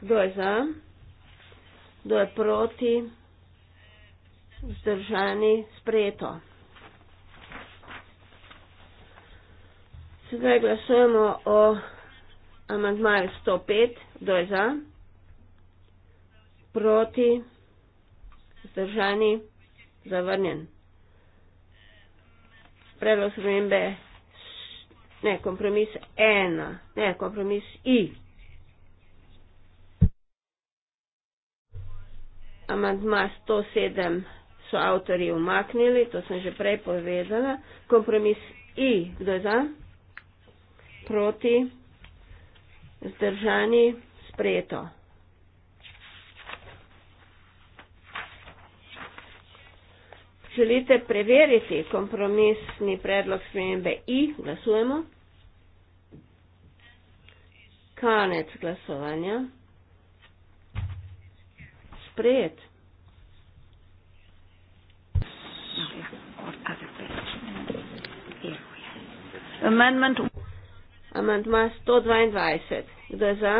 Kdo je za? Kdo je proti? Zdržani sprejeto. Sedaj glasujemo o amantmaju 105. Kdo je za? Proti? Zdržani? Zavrnjen. Predlog spremembe, ne, kompromis ena, ne, kompromis i. Amandma 107 so avtori umaknili, to sem že prej povedala. Kompromis i, kdo je za? Proti, zdržani, sprejeto. Želite preveriti kompromisni predlog spremembe I? Glasujemo. Konec glasovanja. Sprejet. Amendment. Amendma 122. Kdo je za?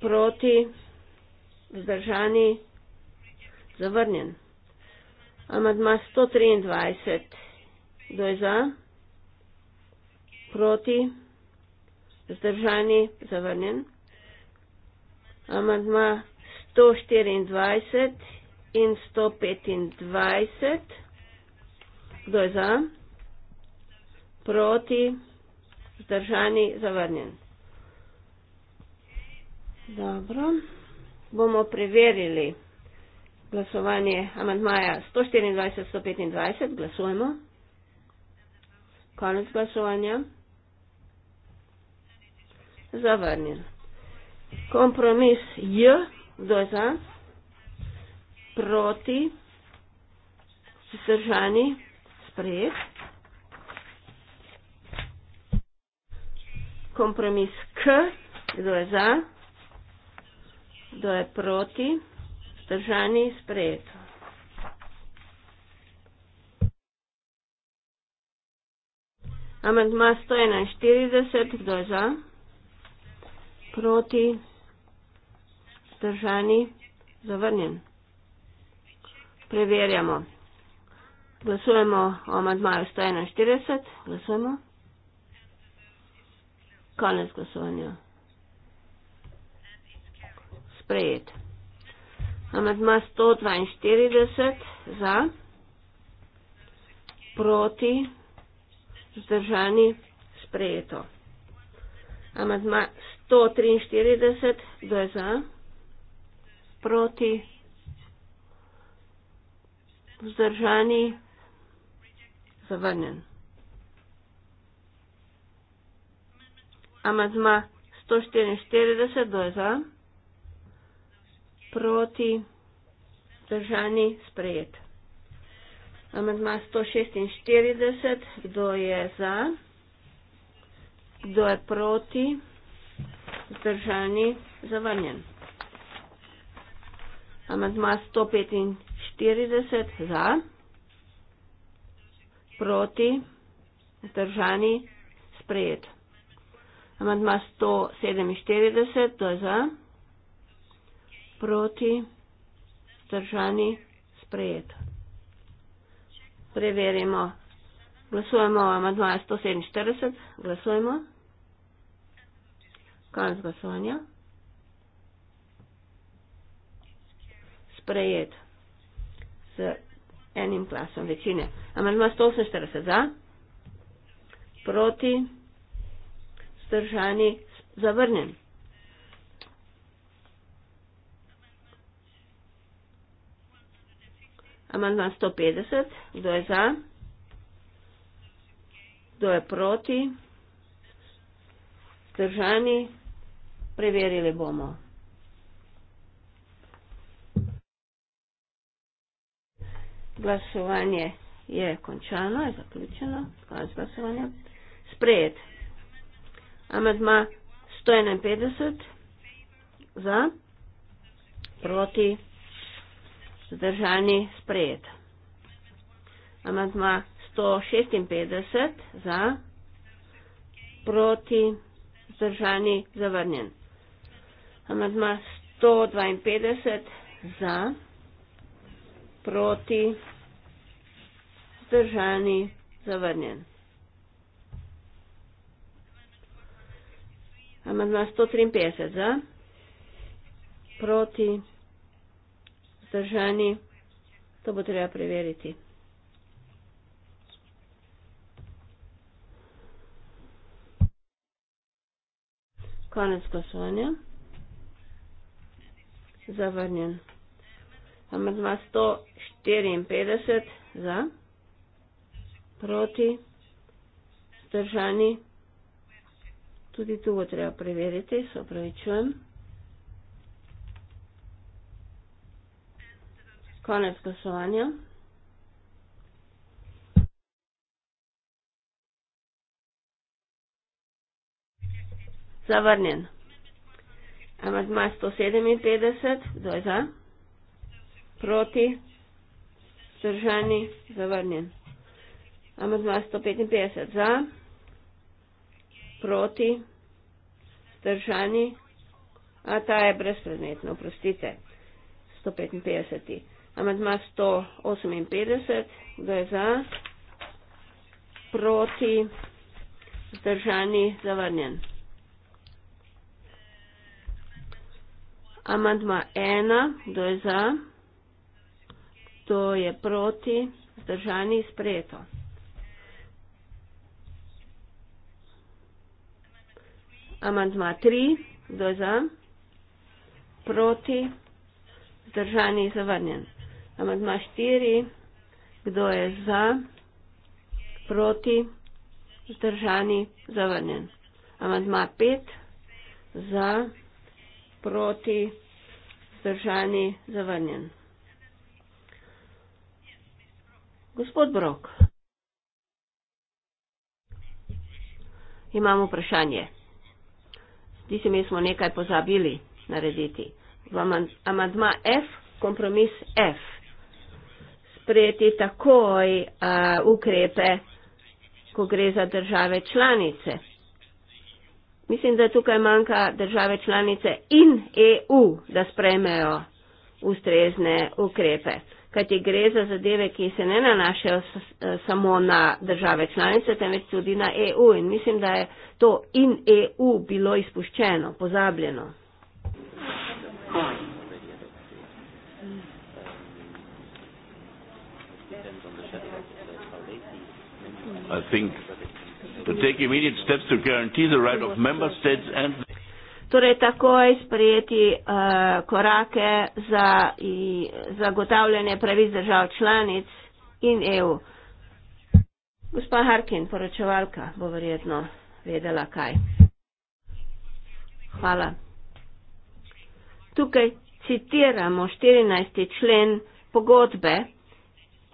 Proti? Vzdržani? Zavrnjen. Amendma 123. Kdo je za? Proti? Vzdržani? Zdržani, zavrnjen. Amandma 124 in 125. Kdo je za? Proti. Zdržani, zavrnjen. Dobro. Bomo preverili glasovanje amandmaja 124-125. Glasujemo. Konec glasovanja zavrnjen. Kompromis J, kdo je za, proti, sržani, sprejet. Kompromis K, kdo je za, kdo je proti, sržani, sprejet. Amendma 141, kdo je za? proti, zdržani, zavrnjen. Preverjamo. Glasujemo o amadmaju 141. Glasujemo. Konec glasovanja. Sprejet. Amadma 142 za, proti, zdržani, sprejeto. Amadma 143, kdo je za, proti, vzdržani, zavrnjen. Amadma 144, kdo je za, proti, vzdržani, sprejet. Amadma 146, kdo je za, kdo je proti, vzdržani, sprejet vzdržani, zavrnjen. Amandma 145 za, proti, vzdržani, sprejet. Amandma 147, to je za, proti, vzdržani, sprejet. Preverimo. Glasujemo o amandmaju 147. Glasujemo izkaz glasovanja. Sprejet s enim glasom večine. Amandma 148 za, proti, zdržani, zavrnjen. Amandma 150, kdo je za, kdo je proti, zdržani, zavrnjen preverili bomo. Glasovanje je končano, je zaključeno, konec glasovanja. Sprejet. Amedma 151 za, proti, zdržani, sprejet. Amedma 156 za, proti, zdržani, zavrnjen. Amatma 152 za, proti, zdržani, zavrnjen. Amatma 153 za, proti, zdržani, to bo treba preveriti. Konec glasovanja zavrnjen. Amandma 154 za, proti, zdržani, tudi tu bo treba preveriti, se opravičujem. Konec glasovanja. Zavrnjen amandma 157, kdo je za? Proti, vzdržani, zavrnjen. Amandma 155, za? Proti, vzdržani, a ta je brezpredmetna, oprostite. 155. Amandma 158, kdo je za? Proti, vzdržani, zavrnjen. Amandma 1, 2 za, to je proti, zdržani sprejeto. Amandma 3, 2 za, proti, zdržani zavrnjen. Amandma 4, kdo je za, proti, zdržani zavrnjen. Amandma 5, za, proti proti, zdržani, zavrnjen. Gospod Brok. Imamo vprašanje. Zdi se mi, smo nekaj pozabili narediti. V amadma F, kompromis F. Sprejeti takoj uh, ukrepe, ko gre za države članice. Mislim, da tukaj manjka države članice in EU, da sprejmejo ustrezne ukrepe. Kajti gre za zadeve, ki se ne nanašajo eh, samo na države članice, temveč tudi na EU. In mislim, da je to in EU bilo izpuščeno, pozabljeno. I think Torej takoj sprejeti uh, korake za zagotavljanje pravic držav članic in EU. Gospa Harkin, poročevalka, bo verjetno vedela kaj. Hvala. Tukaj citiramo 14. člen pogodbe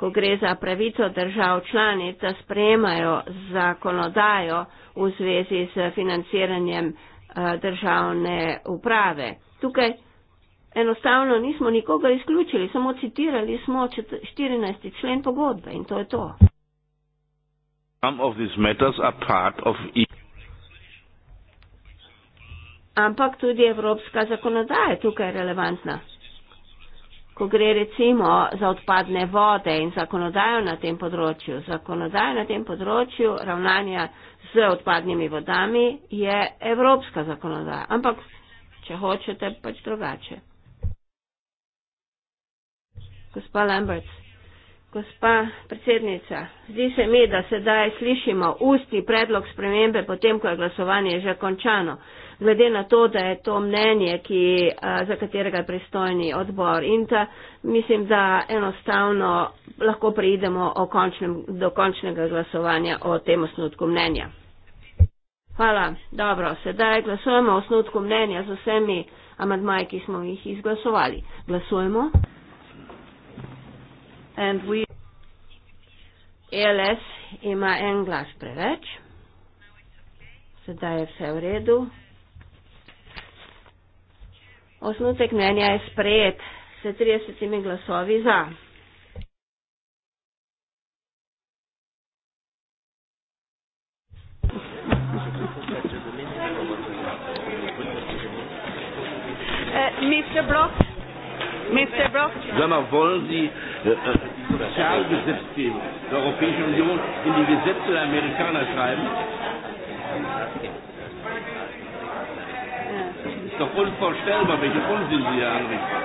ko gre za pravico držav članic, da sprejemajo zakonodajo v zvezi s financiranjem eh, državne uprave. Tukaj enostavno nismo nikoga izključili, samo citirali smo 14. člen pogodbe in to je to. E- Ampak tudi evropska zakonodaja je tukaj relevantna ko gre recimo za odpadne vode in zakonodajo na tem področju, zakonodajo na tem področju ravnanja z odpadnimi vodami je evropska zakonodaja, ampak če hočete, pač drugače. Gospa Lambert, gospa predsednica, zdi se mi, da sedaj slišimo usti predlog spremembe, potem ko je glasovanje že končano glede na to, da je to mnenje, ki, za katerega je pristojni odbor INTA, mislim, da enostavno lahko prijdemo končnem, do končnega glasovanja o tem osnutku mnenja. Hvala. Dobro, sedaj glasujemo o osnutku mnenja z vsemi amadmaji, ki smo jih izglasovali. Glasujemo. ELS e ima en glas preveč. Sedaj je vse v redu. Osnutek mnenja je sprejet s 30 glasovi za. Eh, Mr. Brock, Mr. Brock. Sondern wollen Sie äh, die Sozialgesetzgebung der Europäischen Union in die Gesetze der Amerikaner schreiben? Okay doch unvorstellbar, welche Unsinn Sie hier anrichten.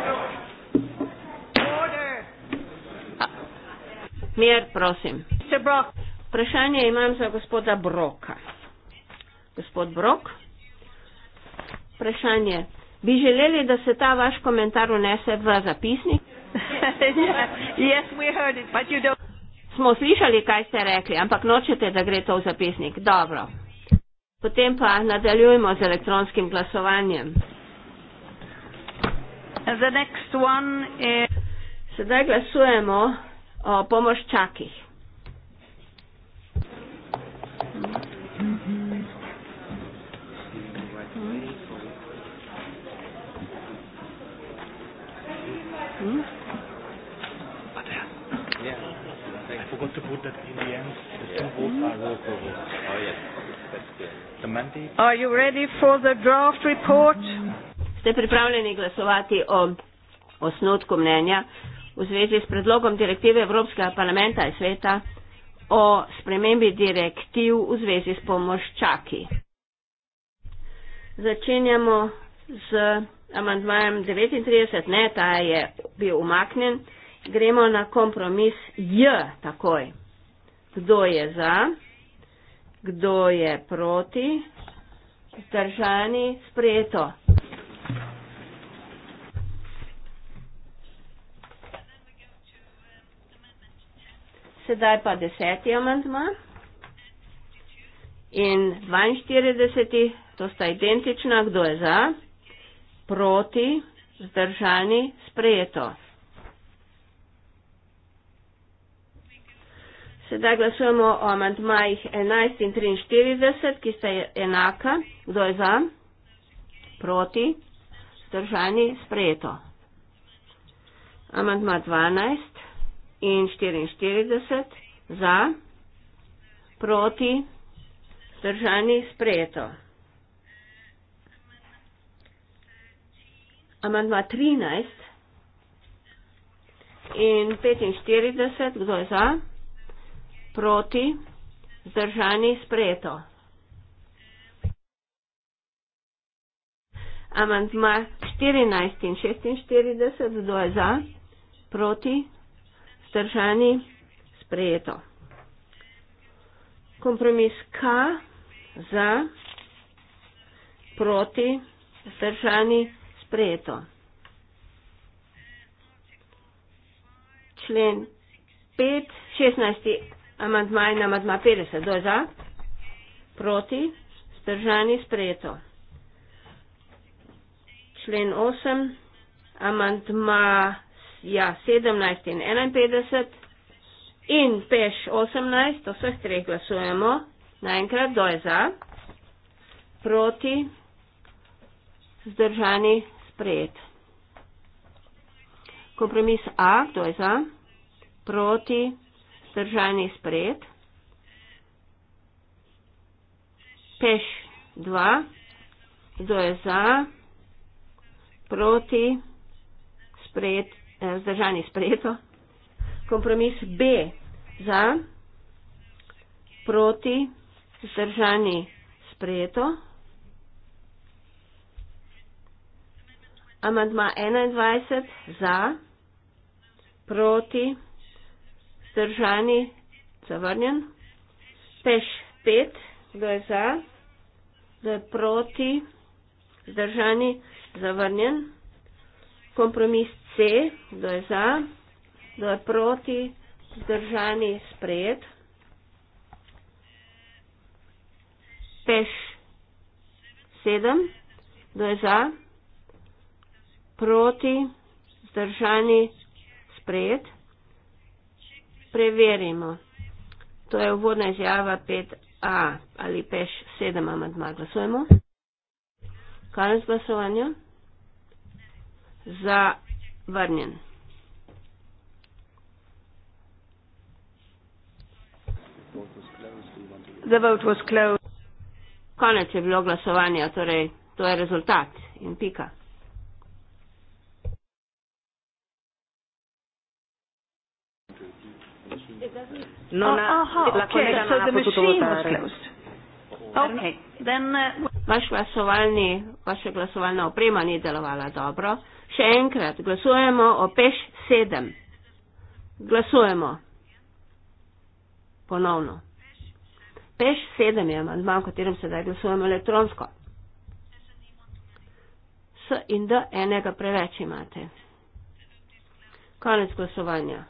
Mir, prosim. Vprašanje imam za gospoda Broka. Gospod Brok, vprašanje. Bi želeli, da se ta vaš komentar unese v zapisnik? *laughs* yes, it, Smo slišali, kaj ste rekli, ampak nočete, da gre to v zapisnik. Dobro. Potem pa nadaljujemo z elektronskim glasovanjem. The next one is... Sedaj glasujemo o pomoščakih. Hmm? Hmm? Yeah. Are you ready for the draft report? Ste pripravljeni glasovati o osnutku mnenja v zvezi s predlogom direktive Evropskega parlamenta in sveta o spremembi direktiv v zvezi s pomoščaki? Začenjamo z amandmajem 39, ne, ta je bil umaknjen. Gremo na kompromis J takoj. Kdo je za? Kdo je proti? Zdržani sprejeto. Sedaj pa deseti amantma in 42. To sta identična. Kdo je za? Proti? Zdržani sprejeto. Sedaj glasujemo o amantmajih 11 in 43, ki sta enaka. Kdo je za? Proti? Zdržani? Sprejeto. Amantma 12 in 44. Za? Proti? Zdržani? Sprejeto. Amantma 13 in 45. Kdo je za? Proti. Zdržani sprejeto. Amandma 14 in 46. Kdo je za? Proti. Zdržani sprejeto. Kompromis K. Za. Proti. Zdržani sprejeto. Člen 5, 16. Amandmaj na amadma 50. Do za? Proti? Zdržani sprejeto. Člen 8. Amandma ja, 17 in 51. In peš 18. O vseh treh glasujemo. Naenkrat do je za? Proti? Zdržani sprejet. Kompromis A. Kdo je za? Proti? Vzdržani spred. Peš 2. Kdo je za? Proti. Spred. Eh, vzdržani spredo. Kompromis B. Za. Proti. Vzdržani spredo. Amandma 21. Za. Proti vzdržani, zavrnjen. Peš 5, kdo je za, kdo je proti, vzdržani, zavrnjen. Kompromis C, kdo je za, kdo je proti, vzdržani, sprejet. Peš 7, kdo je za, proti, vzdržani, sprejet preverimo. To je uvodna izjava 5a ali peš 7 amadma. Glasujemo. Kaj z glasovanja? Za vrnjen. The vote was closed. Konec je bilo glasovanja, torej to je rezultat in pika. Non ha oh, oh, la okay. so non ha potuto votare. Ok, then, uh, vaš glasovalni, vaša glasovalna oprema ni delovala dobro. Še enkrat, glasujemo o peš sedem. Glasujemo. Ponovno. Peš sedem je manj, o katerem sedaj glasujemo elektronsko. S in D enega preveč imate. Konec glasovanja.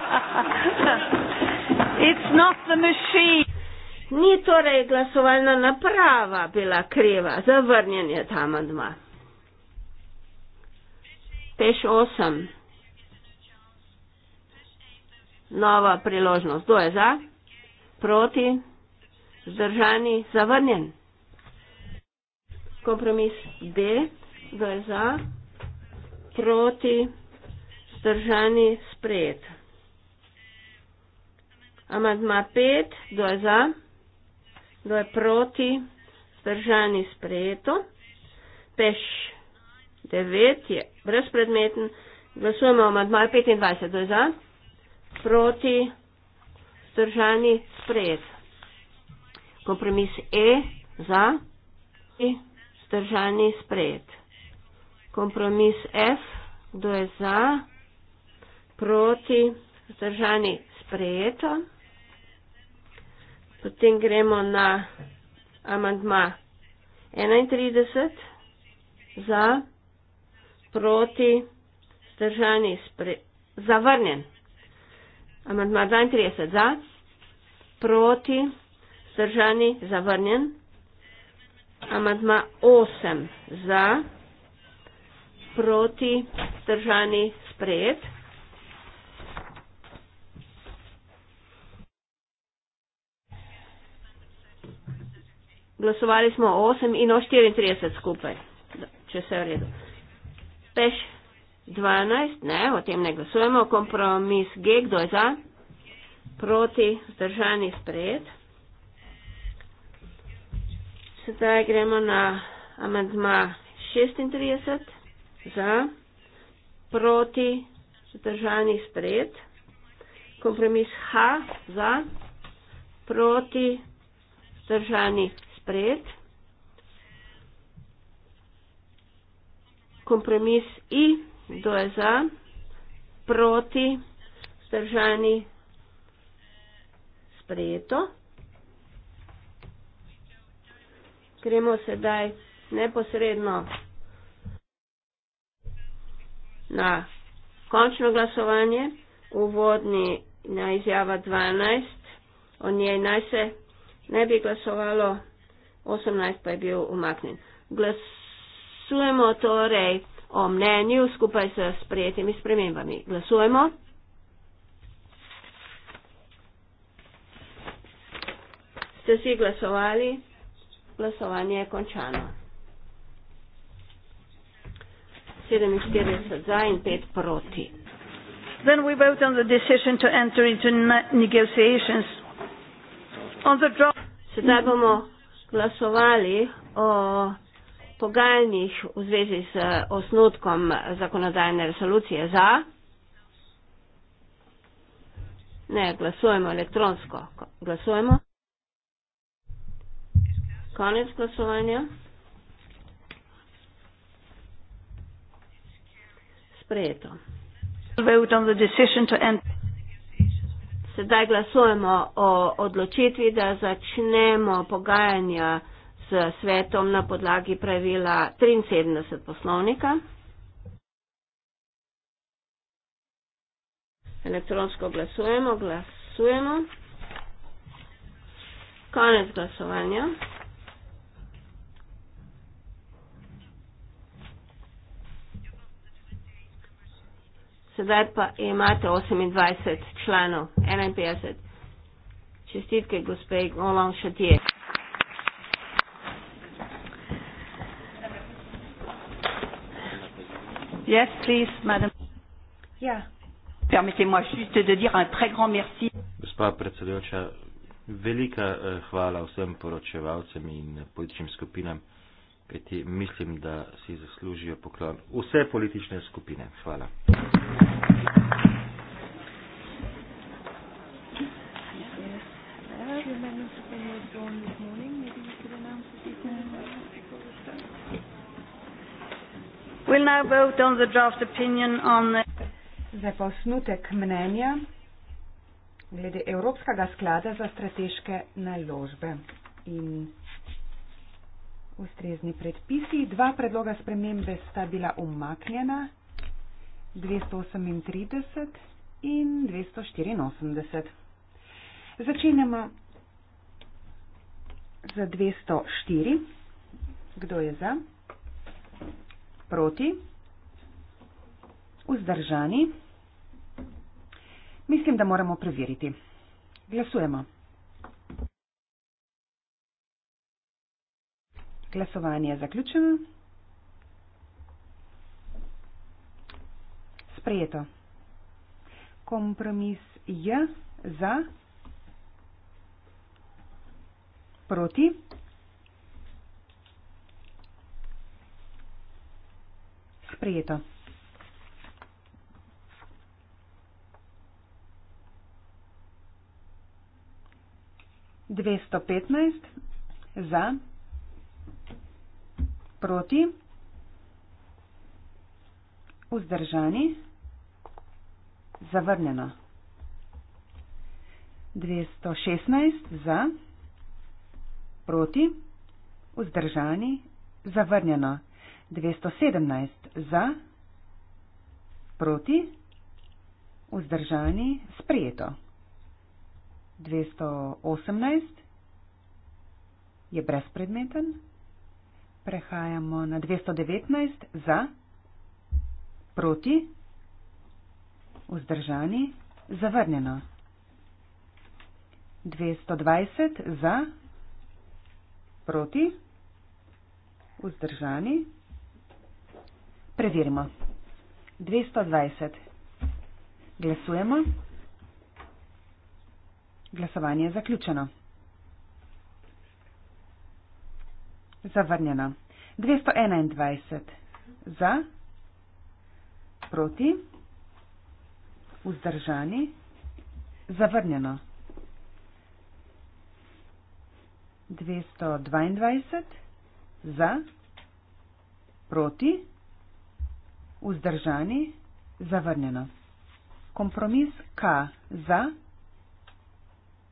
*laughs* It's not the machine. Ni torej glasovalna naprava bila kriva za vrnjenje ta mandma. Peš 8. Nova priložnost. Kdo je za? Proti? Zdržani? Zavrnjen? Kompromis B. Kdo je za? Proti? Zdržani? Sprejet. Amadma 5, kdo je za, kdo je proti, zdržani sprejeto. Peš 9 je brezpredmeten. Glasujemo o amadmaju 25, kdo je za, proti, zdržani sprejet. Kompromis E za, proti, zdržani sprejet. Kompromis F, kdo je za, proti, zdržani sprejeto. Potem gremo na amantma 31 za, proti, zdržani, zavrnjen. Amantma 32 za, proti, zdržani, zavrnjen. Amantma 8 za, proti, zdržani, sprejet. glasovali smo 8 in o 34 skupaj, če se je v redu. Peš 12, ne, o tem ne glasujemo, kompromis G, kdo je za, proti, zdržani sprejet. Sedaj gremo na amantma 36, za, proti, zdržani sprejet. Kompromis H, za, proti, zdržani sprejet sprejet. Kompromis I, kdo je za, proti, zdržani, sprejeto. Gremo sedaj neposredno na končno glasovanje, uvodni na izjava 12, o njej naj se ne bi glasovalo 18 pa je bil umaknjen. Glasujemo torej o mnenju skupaj s sprejetimi spremembami. Glasujemo. Ste si glasovali? Glasovanje je končano. 47 za in 5 proti. Then we vote on the decision to enter into negotiations. On the draft. Sedaj bomo glasovali o pogajanjih v zvezi z osnutkom zakonodajne resolucije za. Ne, glasujemo elektronsko. Glasujemo. Konec glasovanja. Sprejeto. Vote on the decision to end sedaj glasujemo o odločitvi, da začnemo pogajanja s svetom na podlagi pravila 73 poslovnika. Elektronsko glasujemo, glasujemo. Konec glasovanja. sedaj pa imate 28 članov, 51. Čestitke, gospe Golan Šatije. Yes, please, madam. Ja. Permettez-moi juste de dire un très grand merci. Gospa predsedujoča, velika eh, hvala vsem poročevalcem in političnim skupinam, kajti mislim, da si zaslužijo poklon vse politične skupine. Hvala. We'll now vote on the draft opinion on the... Zdaj pa osnutek mnenja glede Evropskega sklada za strateške naložbe. In ustrezni predpisi. Dva predloga spremembe sta bila umaknjena, 238 in 284. Začenjamo za 204. Kdo je za? Proti? Vzdržani? Mislim, da moramo preveriti. Glasujemo. Glasovanje zaključujem. Sprejeto. Kompromis je za, proti. Sprejeto. Dvesto petnajst za proti, vzdržani, zavrnjeno. 216 za, proti, vzdržani, zavrnjeno. 217 za, proti, vzdržani, sprejeto. 218 je brezpredmeten. Prehajamo na 219 za, proti, vzdržani, zavrnjeno. 220 za, proti, vzdržani. Preverimo. 220. Glasujemo. Glasovanje je zaključeno. Zavrnjeno. 221. Za. Proti. Vzdržani. Zavrnjeno. 222. Za. Proti. Vzdržani. Zavrnjeno. Kompromis K. Za.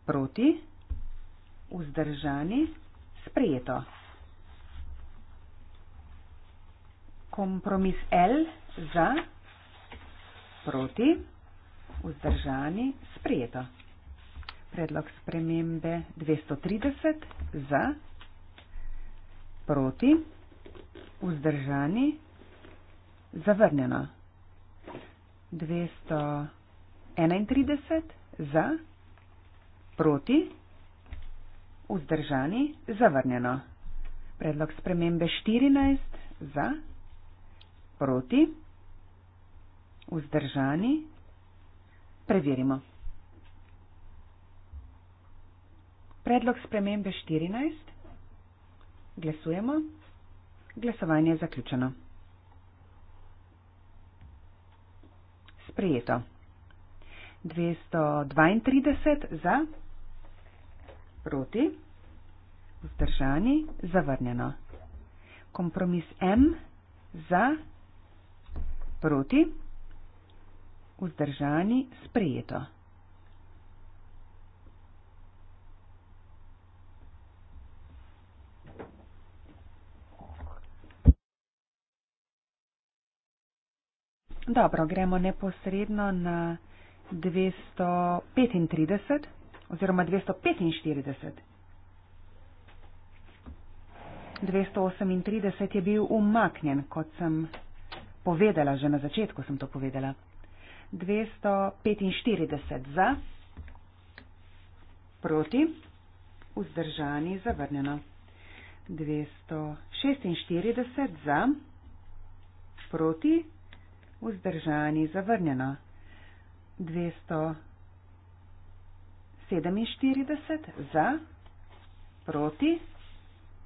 Proti. Vzdržani. Sprejeto. kompromis L za, proti, vzdržani, sprejeto. Predlog spremembe 230 za, proti, vzdržani, zavrnjeno. 231 za, proti, vzdržani, zavrnjeno. Predlog spremembe 14 za, proti proti, vzdržani, preverimo. Predlog spremembe 14. Glasujemo. Glasovanje je zaključeno. Sprijeto. 232 za, proti, vzdržani, zavrnjeno. Kompromis M za, Proti? Vzdržani, sprejeto. Dobro, gremo neposredno na 235 oziroma 245. 238 je bil umaknjen, kot sem povedala, že na začetku sem to povedala. 245 za, proti, vzdržani, zavrnjeno. 246 za, proti, vzdržani, zavrnjeno. 247 za, proti,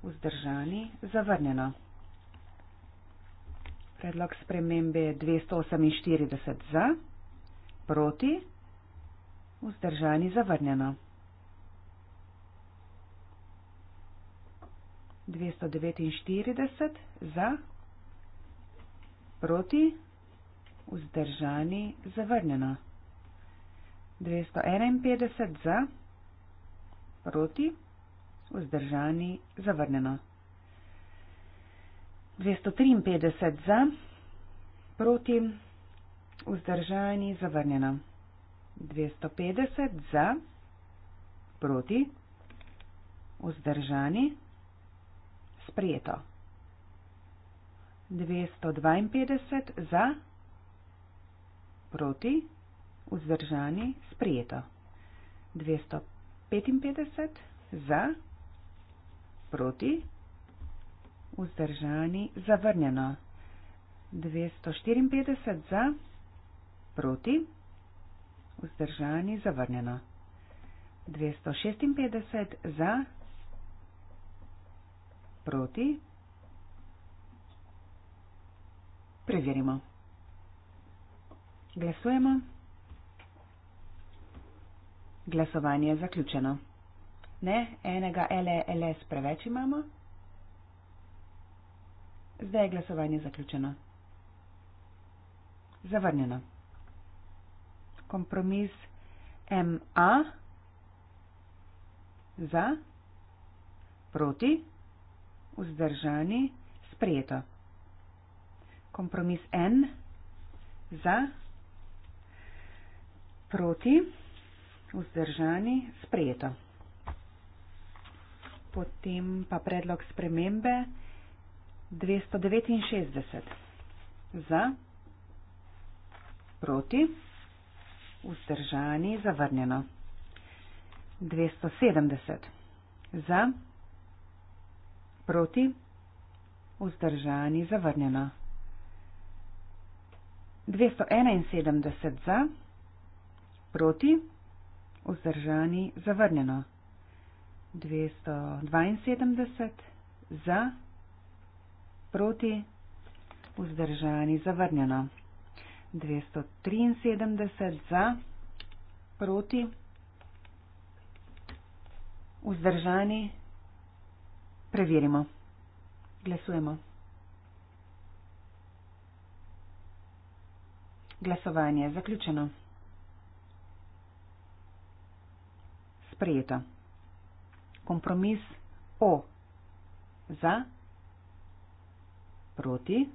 vzdržani, zavrnjeno. Predlog spremembe 248 za, proti, vzdržani zavrnjeno. 249 za, proti, vzdržani zavrnjeno. 251 za, proti, vzdržani zavrnjeno. 253 za, proti, vzdržani, zavrnjena. 250 za, proti, vzdržani, sprijeto. 252 za, proti, vzdržani, sprijeto. 255 za, proti, vzdržani, sprijeto vzdržani, zavrnjeno. 254 za, proti, vzdržani, zavrnjeno. 256 za, proti, preverimo. Glasujemo. Glasovanje je zaključeno. Ne, enega LLS e preveč imamo. Zdaj je glasovanje zaključeno. Zavrnjeno. Kompromis MA za, proti, vzdržani, sprejeto. Kompromis N za, proti, vzdržani, sprejeto. Potem pa predlog spremembe. 269. Za, proti, vzdržani, zavrnjeno. 270. Za, proti, vzdržani, zavrnjeno. 271 za, proti, vzdržani, zavrnjeno. 272 za, proti, vzdržani, zavrnjeno proti, vzdržani, zavrnjeno. 273 za, proti, vzdržani, preverimo. Glasujemo. Glasovanje je zaključeno. Sprejeto. Kompromis O za proti,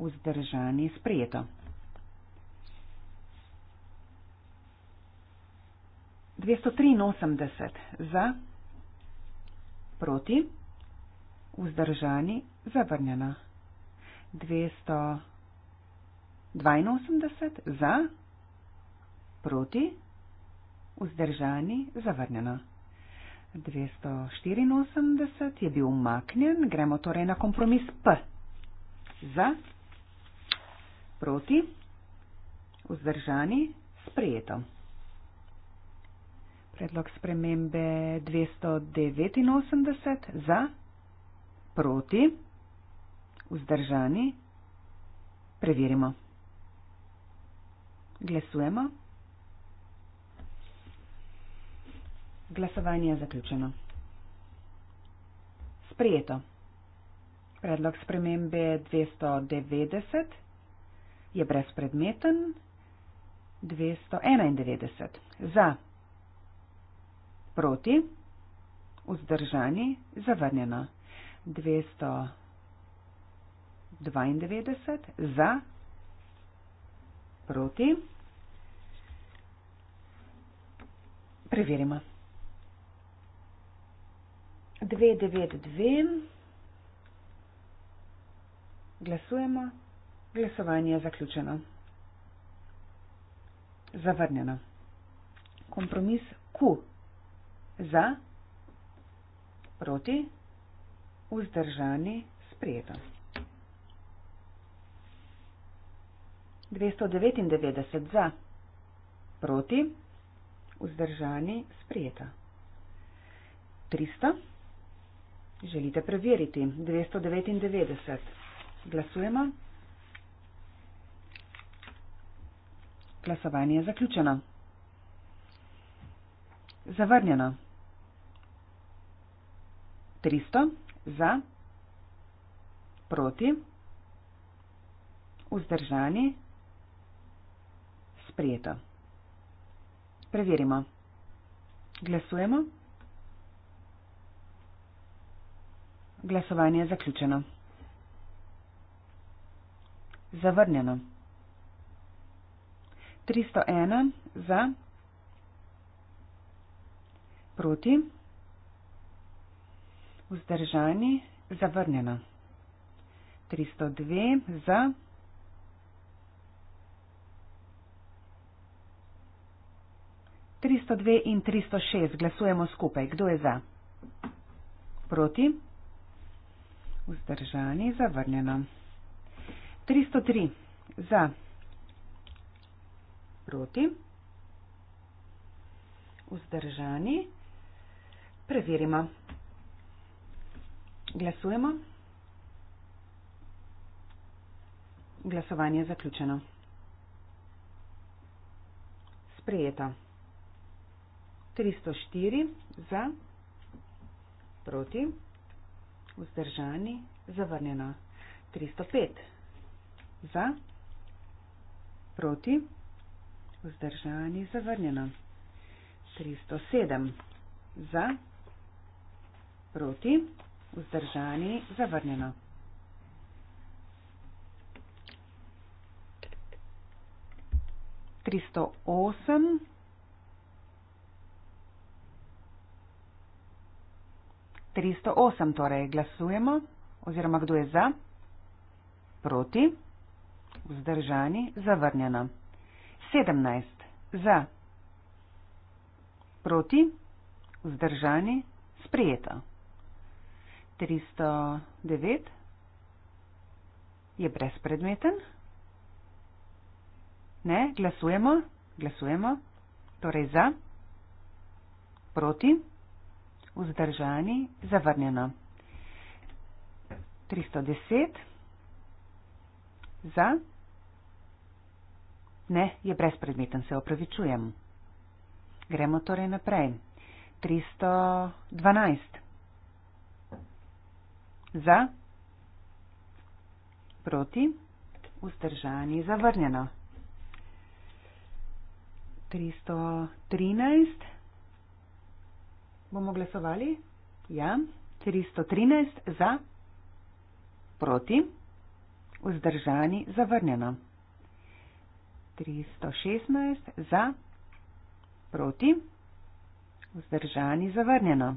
vzdržani sprejeto. Dvesto triinosemdeset za, proti, vzdržani, zavrnjena. Dvesto dvainosemdeset za, proti, vzdržani, zavrnjena. 284 je bil umaknjen, gremo torej na kompromis P. Za, proti, vzdržani, sprejeto. Predlog spremembe 289 za, proti, vzdržani, preverimo. Glasujemo. Glasovanje je zaključeno. Sprijeto. Predlog spremembe 290 je brezpredmeten. 291 za, proti, vzdržani, zavrnjeno. 292 za, proti. Preverimo. 292. Glasujemo. Glasovanje je zaključeno. Zavrnjeno. Kompromis Q. Za. Proti. Vzdržani. Sprejeto. 299 za, proti, vzdržani, sprijeta. 300. Želite preveriti? 299. Glasujemo. Glasovanje je zaključeno. Zavrnjeno. 300. Za. Proti. Vzdržani. Sprijeto. Preverimo. Glasujemo. Glasovanje je zaključeno. Zavrnjeno. 301 za, proti, vzdržani, zavrnjeno. 302 za, Tristo dve in tristo šest glasujemo skupaj. Kdo je za? Proti? vzdržani, zavrnjeno. 303 za, proti, vzdržani, preverimo. Glasujemo. Glasovanje je zaključeno. Sprejeto. 304 za, proti, vzdržani vzdržani, zavrnjeno. 305. Za, proti, vzdržani, zavrnjeno. 307. Za, proti, vzdržani, zavrnjeno. 308. 308 torej glasujemo oziroma kdo je za, proti, vzdržani, zavrnjeno. 17 za, proti, vzdržani, sprijeto. 309 je brezpredmeten. Ne, glasujemo, glasujemo, torej za, proti, vzdržani vzdržani, zavrnjeno. 310 za. Ne, je brezpredmeten, se opravičujem. Gremo torej naprej. 312 za. Proti. Vzdržani, zavrnjeno. 313. Bomo glasovali? Ja, 313 za, proti, vzdržani, zavrnjeno. 316 za, proti, vzdržani, zavrnjeno.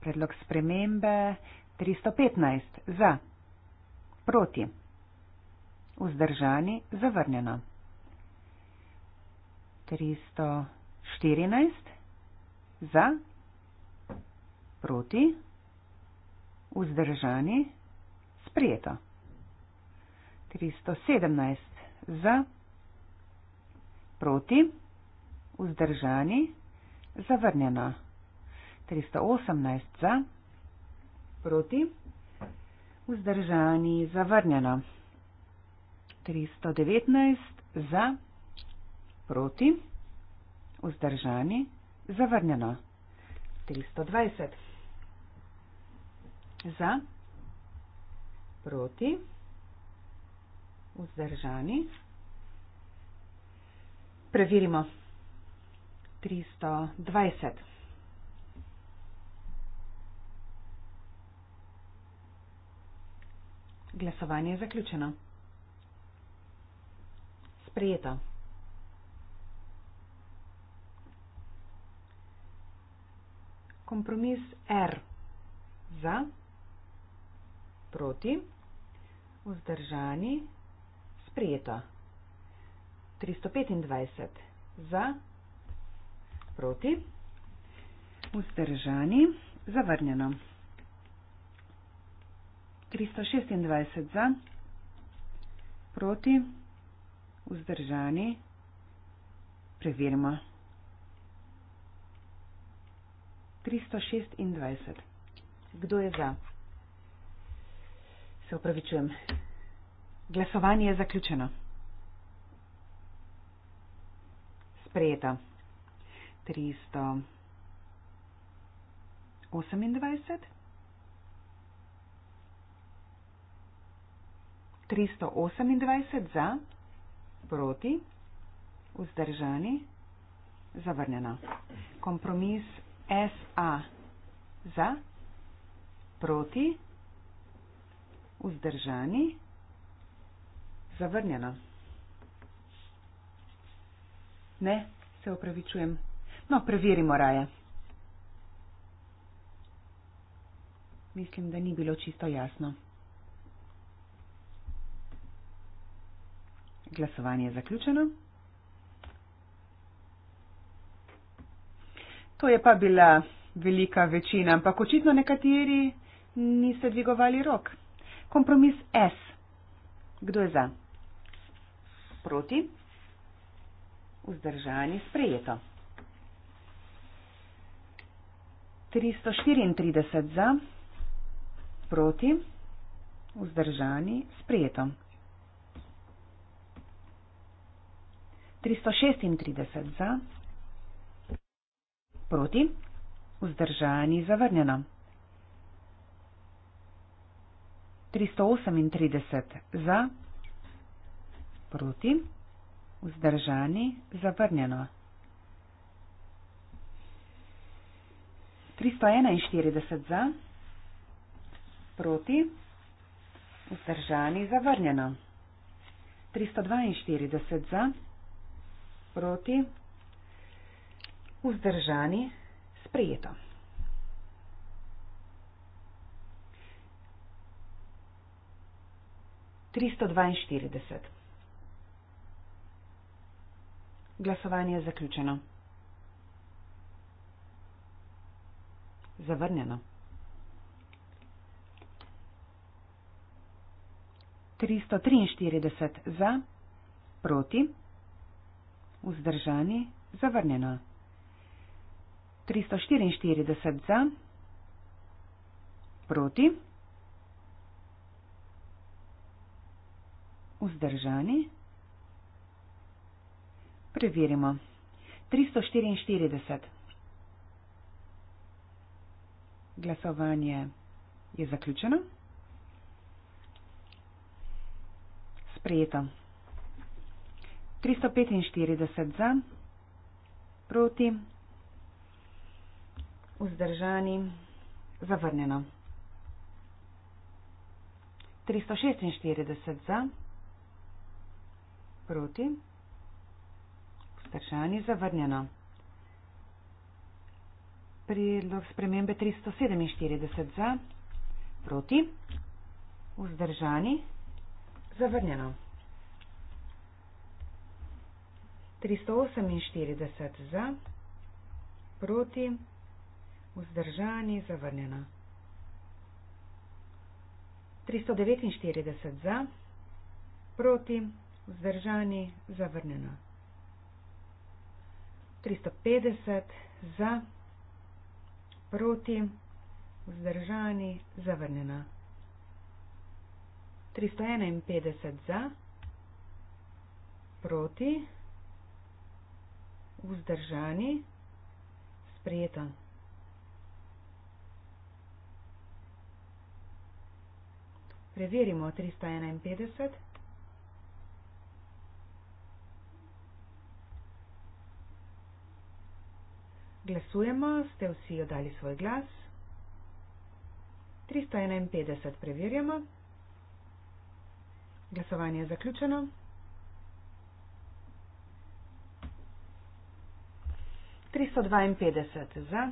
Predlog spremembe 315 za, proti, vzdržani, zavrnjeno. 314 za, proti, vzdržani, sprijeto. 317 za, proti, vzdržani, zavrnjeno. 318 za, proti, vzdržani, zavrnjeno. 319 za, proti, vzdržani, zavrnjeno. Zavrnjeno. 320. Za. Proti. Vzdržani. Preverimo. 320. Glasovanje je zaključeno. Sprejeto. kompromis R za, proti, vzdržani, sprijeto. 325 za, proti, vzdržani, zavrnjeno. 326 za, proti, vzdržani, preverimo. 326. Kdo je za? Se upravičujem. Glasovanje je zaključeno. Sprejeta. 328. 328 za, proti, vzdržani, zavrnjena. Kompromis SA za, proti, vzdržani, zavrnjeno. Ne, se opravičujem. No, preverimo raje. Mislim, da ni bilo čisto jasno. Glasovanje je zaključeno. To je pa bila velika večina, ampak očitno nekateri niste dvigovali rok. Kompromis S. Kdo je za? Proti? Vzdržani sprejeto. 334 za, proti, vzdržani sprejeto. 336 za, Proti? Vzdržani zavrnjeno. 338 za. Proti? Vzdržani zavrnjeno. 341 za. Proti? Vzdržani zavrnjeno. 342 za. Proti? vzdržani, sprijeto. Tristo dvainštirideset. Glasovanje je zaključeno. Zavrnjeno. Tristo triinštirideset za, proti, vzdržani, zavrnjeno. 344 za, proti, vzdržani. Preverimo. 344. Glasovanje je zaključeno. Sprejeto. 345 za, proti vzdržani, zavrnjeno. 346 za, proti, vzdržani, zavrnjeno. Predlog spremembe 347 za, proti, vzdržani, zavrnjeno. 348 za, proti, vzdržani vzdržani, zavrnjena. 349 za, proti, vzdržani, zavrnjena. 350 za, proti, vzdržani, zavrnjena. 351 za, proti, vzdržani, sprijeta. Preverimo 351. Glasujemo, ste vsi oddali svoj glas. 351 preverjamo. Glasovanje je zaključeno. Tristo dvainpetdeset za,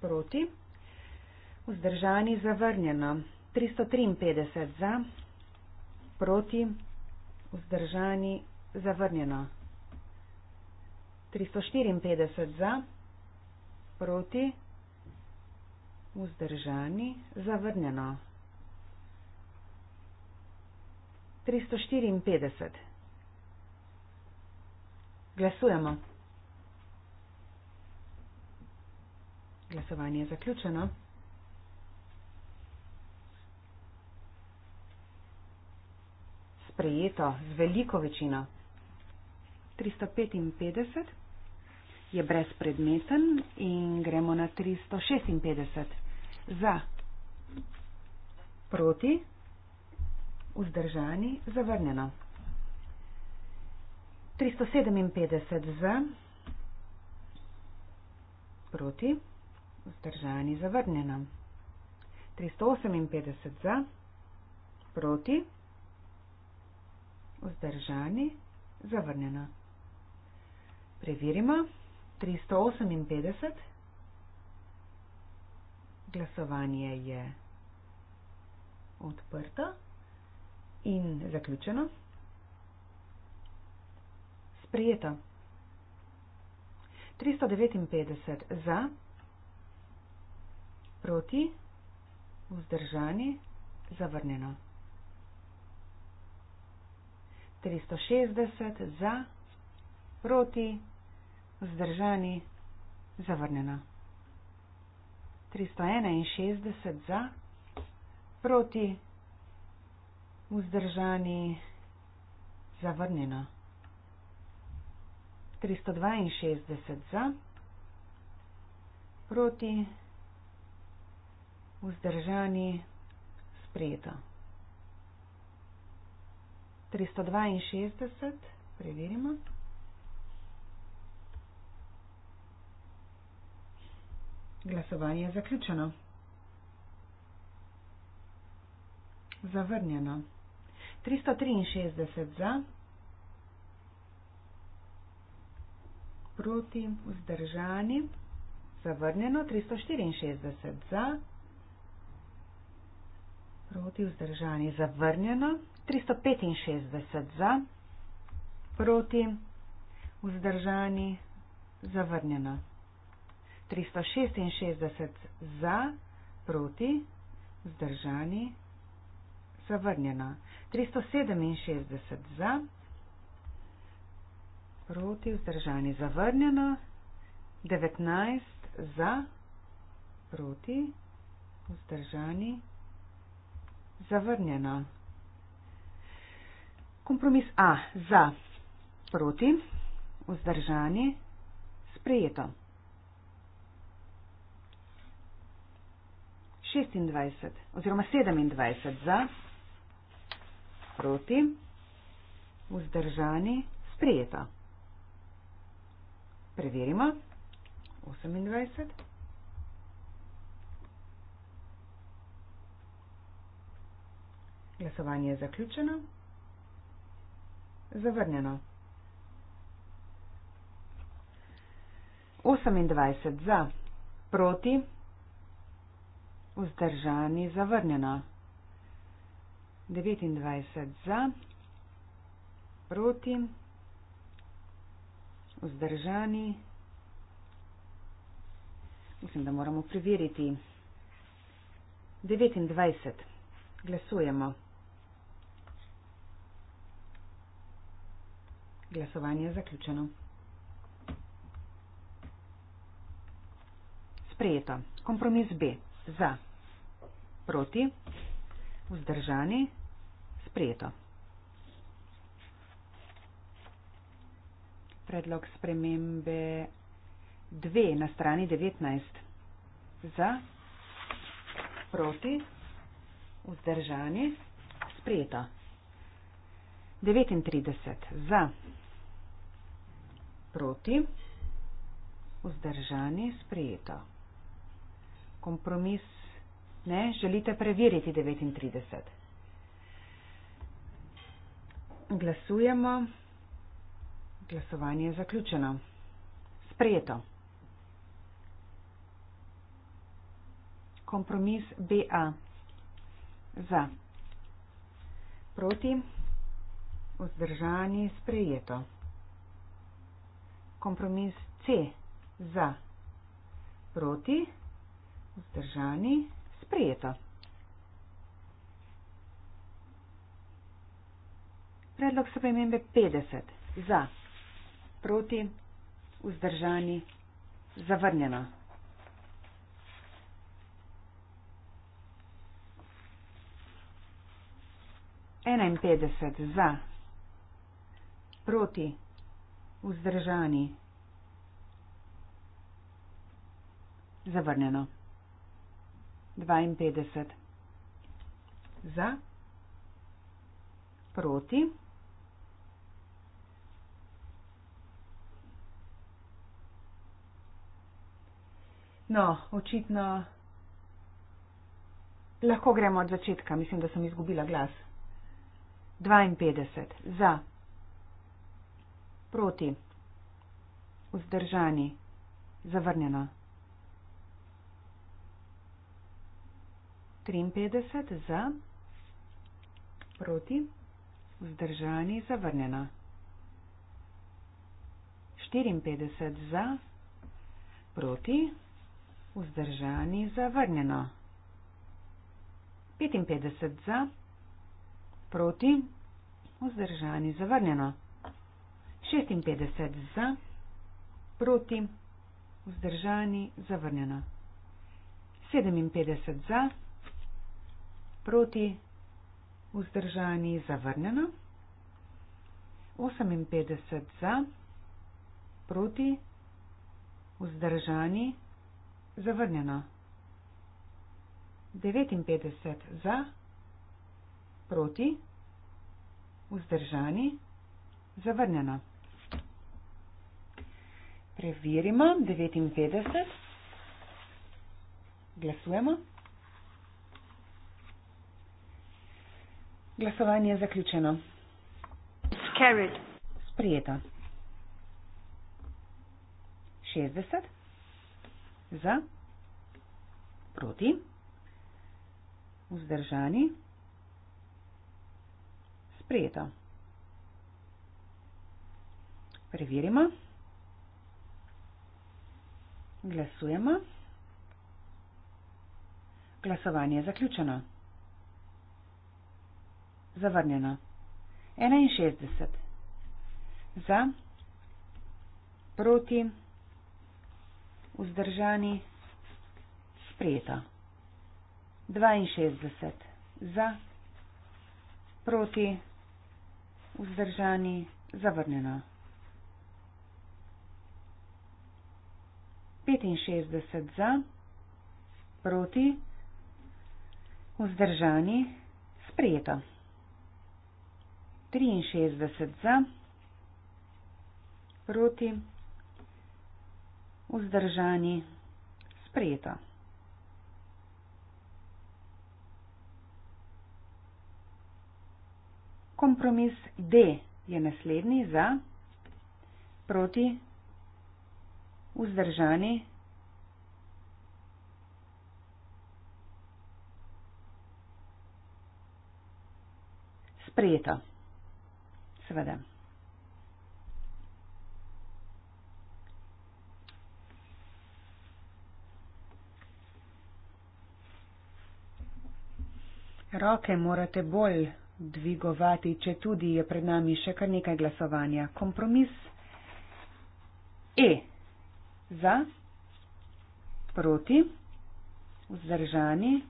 proti, vzdržani zavrnjeno. 353 za, proti, vzdržani, zavrnjeno. 354 za, proti, vzdržani, zavrnjeno. 354. Glasujemo. Glasovanje je zaključeno. sprejeto z veliko večino. 355 je brezpredmeten in gremo na 356. Za, proti, vzdržani, zavrnjeno. 357 za, proti, vzdržani, zavrnjeno. 358 za, proti, vzdržani, zavrnjena. Preverimo 358. Glasovanje je odprto in zaključeno. Sprijeto. 359 za, proti, vzdržani, zavrnjeno. 360 za, proti, vzdržani, zavrnjena. 361 za, proti, vzdržani, zavrnjena. 362 za, proti, vzdržani, sprejeta. 362, preverimo. Glasovanje je zaključeno. Zavrnjeno. 363 za, proti, vzdržani, zavrnjeno. 364 za, proti, vzdržani, zavrnjeno. 365 za, proti, vzdržani, zavrnjeno. 366 za, proti, vzdržani, zavrnjeno. 367 za, proti, vzdržani, zavrnjeno. 19 za, proti, vzdržani, zavrnjeno. Kompromis A za proti, vzdržanje, sprejeto. 26 oziroma 27 za proti, vzdržanje, sprejeto. Preverimo. 28. Glasovanje je zaključeno zavrnjeno. 28 za, proti, vzdržani, zavrnjeno. 29 za, proti, vzdržani. Mislim, da moramo priveriti. 29. Glasujemo. Glasovanje je zaključeno. Sprejeto. Kompromis B. Za. Proti. Vzdržani. Sprejeto. Predlog spremembe 2 na strani 19. Za. Proti. Vzdržani. Sprejeto. 39. Za proti, vzdržani, sprejeto. Kompromis ne, želite preveriti 39. Glasujemo, glasovanje je zaključeno. Sprejeto. Kompromis BA za. Proti, vzdržani, sprejeto kompromis C za proti, vzdržani, sprejeto. Predlog spremembe 50 za proti, vzdržani, zavrnjeno. Enainpetdeset za proti vzdržani. Zavrnjeno. 52. Za. Proti. No, očitno lahko gremo od začetka. Mislim, da sem izgubila glas. 52. Za proti, vzdržani, zavrnjeno. 53 za, proti, vzdržani, zavrnjeno. 54 za, proti, vzdržani, zavrnjeno. 55 za, proti, vzdržani, zavrnjeno. 56 za, proti, vzdržani, zavrnjeno. 57 za, proti, vzdržani, zavrnjeno. 58 za, proti, vzdržani, zavrnjeno. 59 za, proti, vzdržani, zavrnjeno. Preverimo, 59. Glasujemo. Glasovanje je zaključeno. Scared. Sprijeto. 60. Za. Proti. Vzdržani. Sprijeto. Preverimo. Glasujemo. Glasovanje je zaključeno. Zavrnjeno. 61. Za. Proti. Vzdržani. Sprejeto. 62. Za. Proti. Vzdržani. Zavrnjeno. 65 za, proti, vzdržani, sprejeto. 63 za, proti, vzdržani, sprejeto vzdržani. Sprejeto. Seveda. Roke morate bolj dvigovati, če tudi je pred nami še kar nekaj glasovanja. Kompromis E za, proti, vzdržani,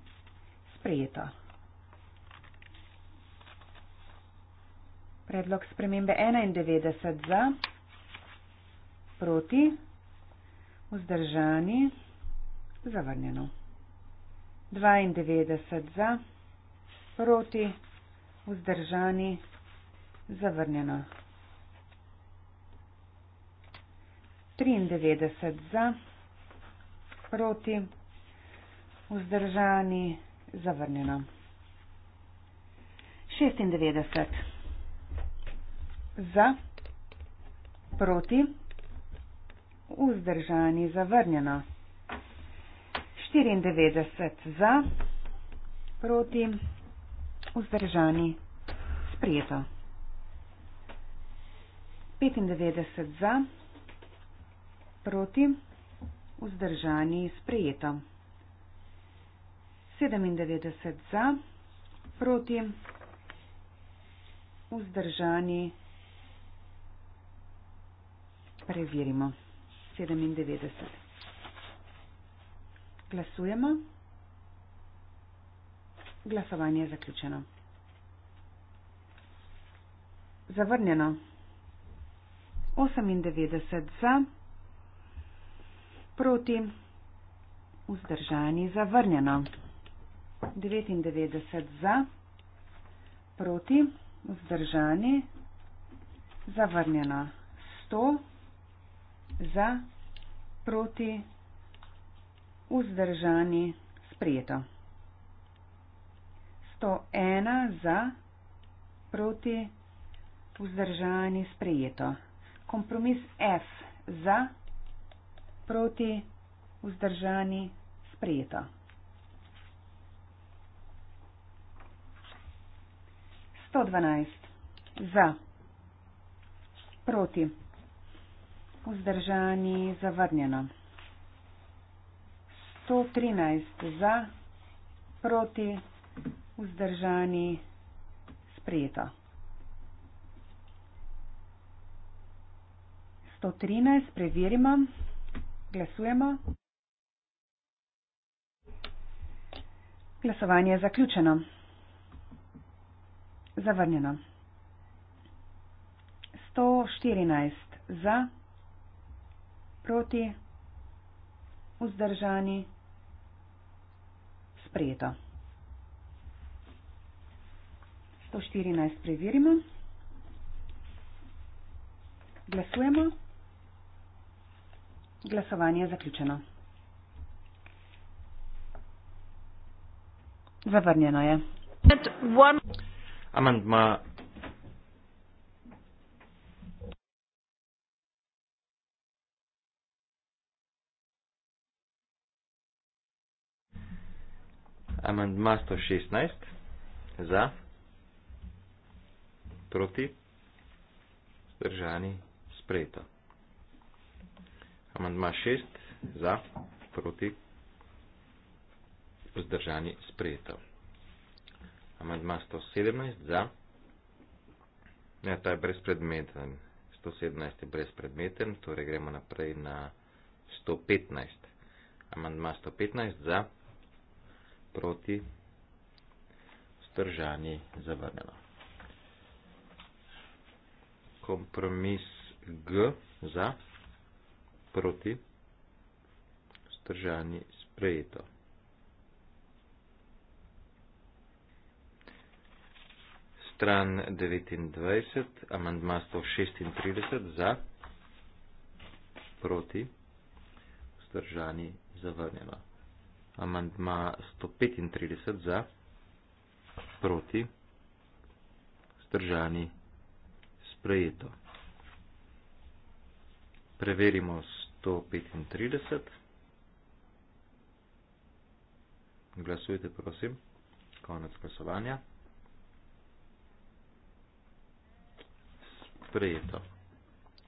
sprejeto. Predlog spremembe 91 za, proti, vzdržani, zavrnjeno. 92 za, proti, vzdržani, zavrnjeno. 93 za, proti, vzdržani, zavrnjeno. 96 za, proti, vzdržani, zavrnjeno. 94 za, proti, vzdržani, sprijeto. 95 za, proti, vzdržani, sprijeto proti, vzdržani sprejeto. 97 za, proti, vzdržani preverimo. 97. Glasujemo. Glasovanje je zaključeno. Zavrnjeno. 98 za proti, vzdržani zavrnjeno. 99 za, proti, vzdržani zavrnjeno. 100 za, proti, vzdržani sprijeto. 101 za, proti, vzdržani sprijeto. Kompromis F za, proti, vzdržani sprijeto proti vzdržani sprejeta. Sto dvanajst za proti vzdržani zavrnjeno. Sto trinajst za proti vzdržani sprejeta. 113, preverimo. Glasujemo. Glasovanje je zaključeno. Zavrnjeno. 114 za, proti, vzdržani, sprejeto. 114 preverimo. Glasujemo. Glasovanje je zaključeno. Zavrnjeno je. Amandma. Amandma 116 za, proti, zdržani, sprejeto. Amandma šest za, proti, vzdržani sprejeto. Amandma 117 za, ne, ja, ta je brezpredmeten, 117 je brezpredmeten, torej gremo naprej na 115. Amandma 115 za, proti, vzdržani zavrnjeno. Kompromis G za, proti, vzdržani, sprejeto. Stran 29, amandma 136 za, proti, vzdržani, zavrnjeno. Amandma 135 za, proti, vzdržani, sprejeto. Preverimo 135. Glasujte, prosim. Konec glasovanja. Sprejeto.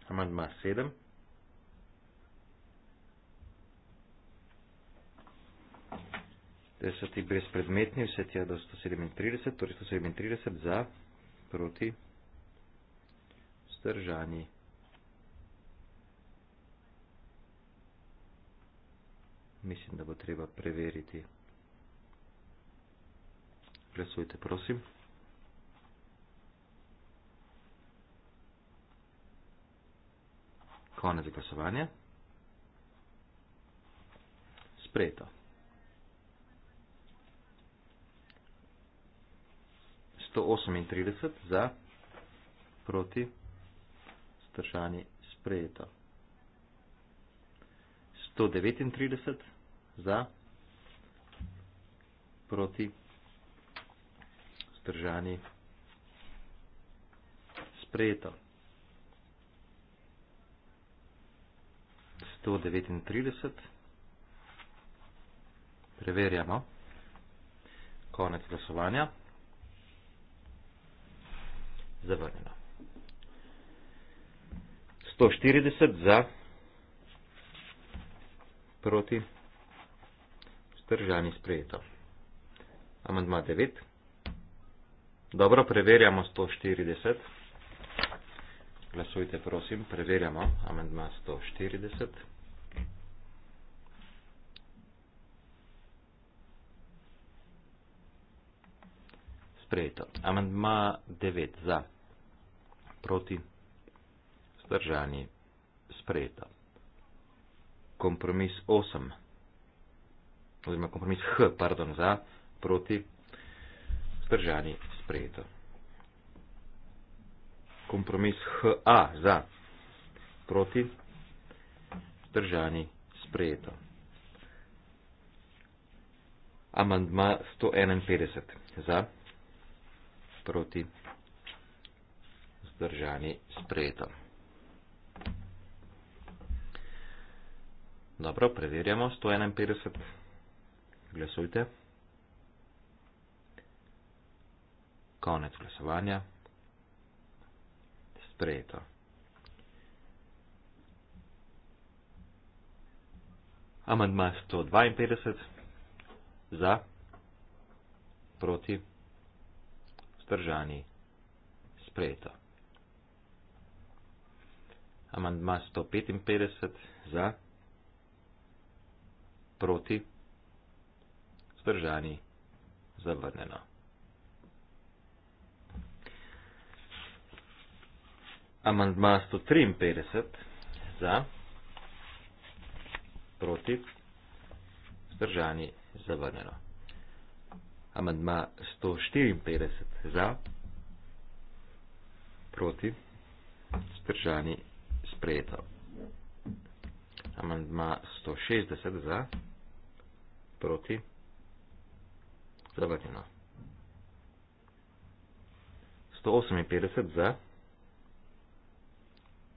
Amandma 7. Deseti brezpredmetni, vse tja do 137, torej 137 za, proti, vzdržanji. mislim, da bo treba preveriti. Glasujte, prosim. Konec glasovanja. Sprejeto. osemintrideset za proti stršani sprejeto sto devetintrideset za, proti, stržani, sprejeto. 139. Preverjamo. Konec glasovanja. Zavrnjeno. 140 za, proti, Zdržani sprejeto. Amandma 9. Dobro, preverjamo 140. Glasujte, prosim, preverjamo amandma 140. Sprejeto. Amandma 9 za, proti, zdržani, sprejeto. Kompromis 8 oziroma kompromis H, pardon, za, proti, vzdržani, sprejeto. Kompromis HA za, proti, vzdržani, sprejeto. Amandma 151 za, proti, vzdržani, sprejeto. Dobro, preverjamo 151 glasujte. Konec glasovanja. Sprejeto. Amandma 152 za, proti, vzdržani, sprejeto. Amandma 155 za, proti, vzdržani vzdržani, zavrnjeno. Amandma 153 za, proti, vzdržani, zavrnjeno. Amandma 154 za, proti, vzdržani, sprejeto. Amandma 160 za, proti, vzdržani. Заводено. 158 за.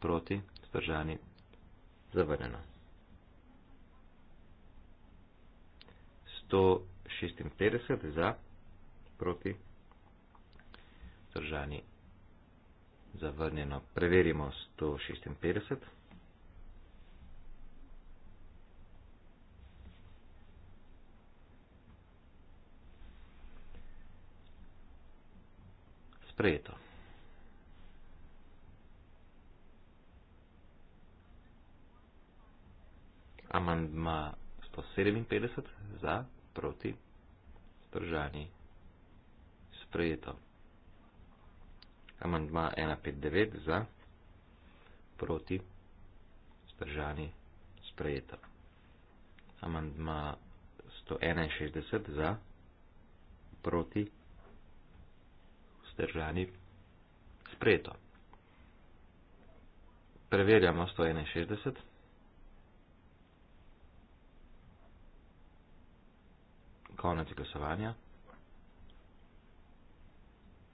Проти. Сдържани. Заварено. 156 за. Проти. Сдържани. Заварено. Преверимо 156. sprejeto. Amandma 157 za, proti, stržani, sprejeto. Amandma 159 za, proti, stržani, sprejeto. Amandma 161 za, proti, stržani vzdržani spreto. Preverjamo 161. Konec glasovanja.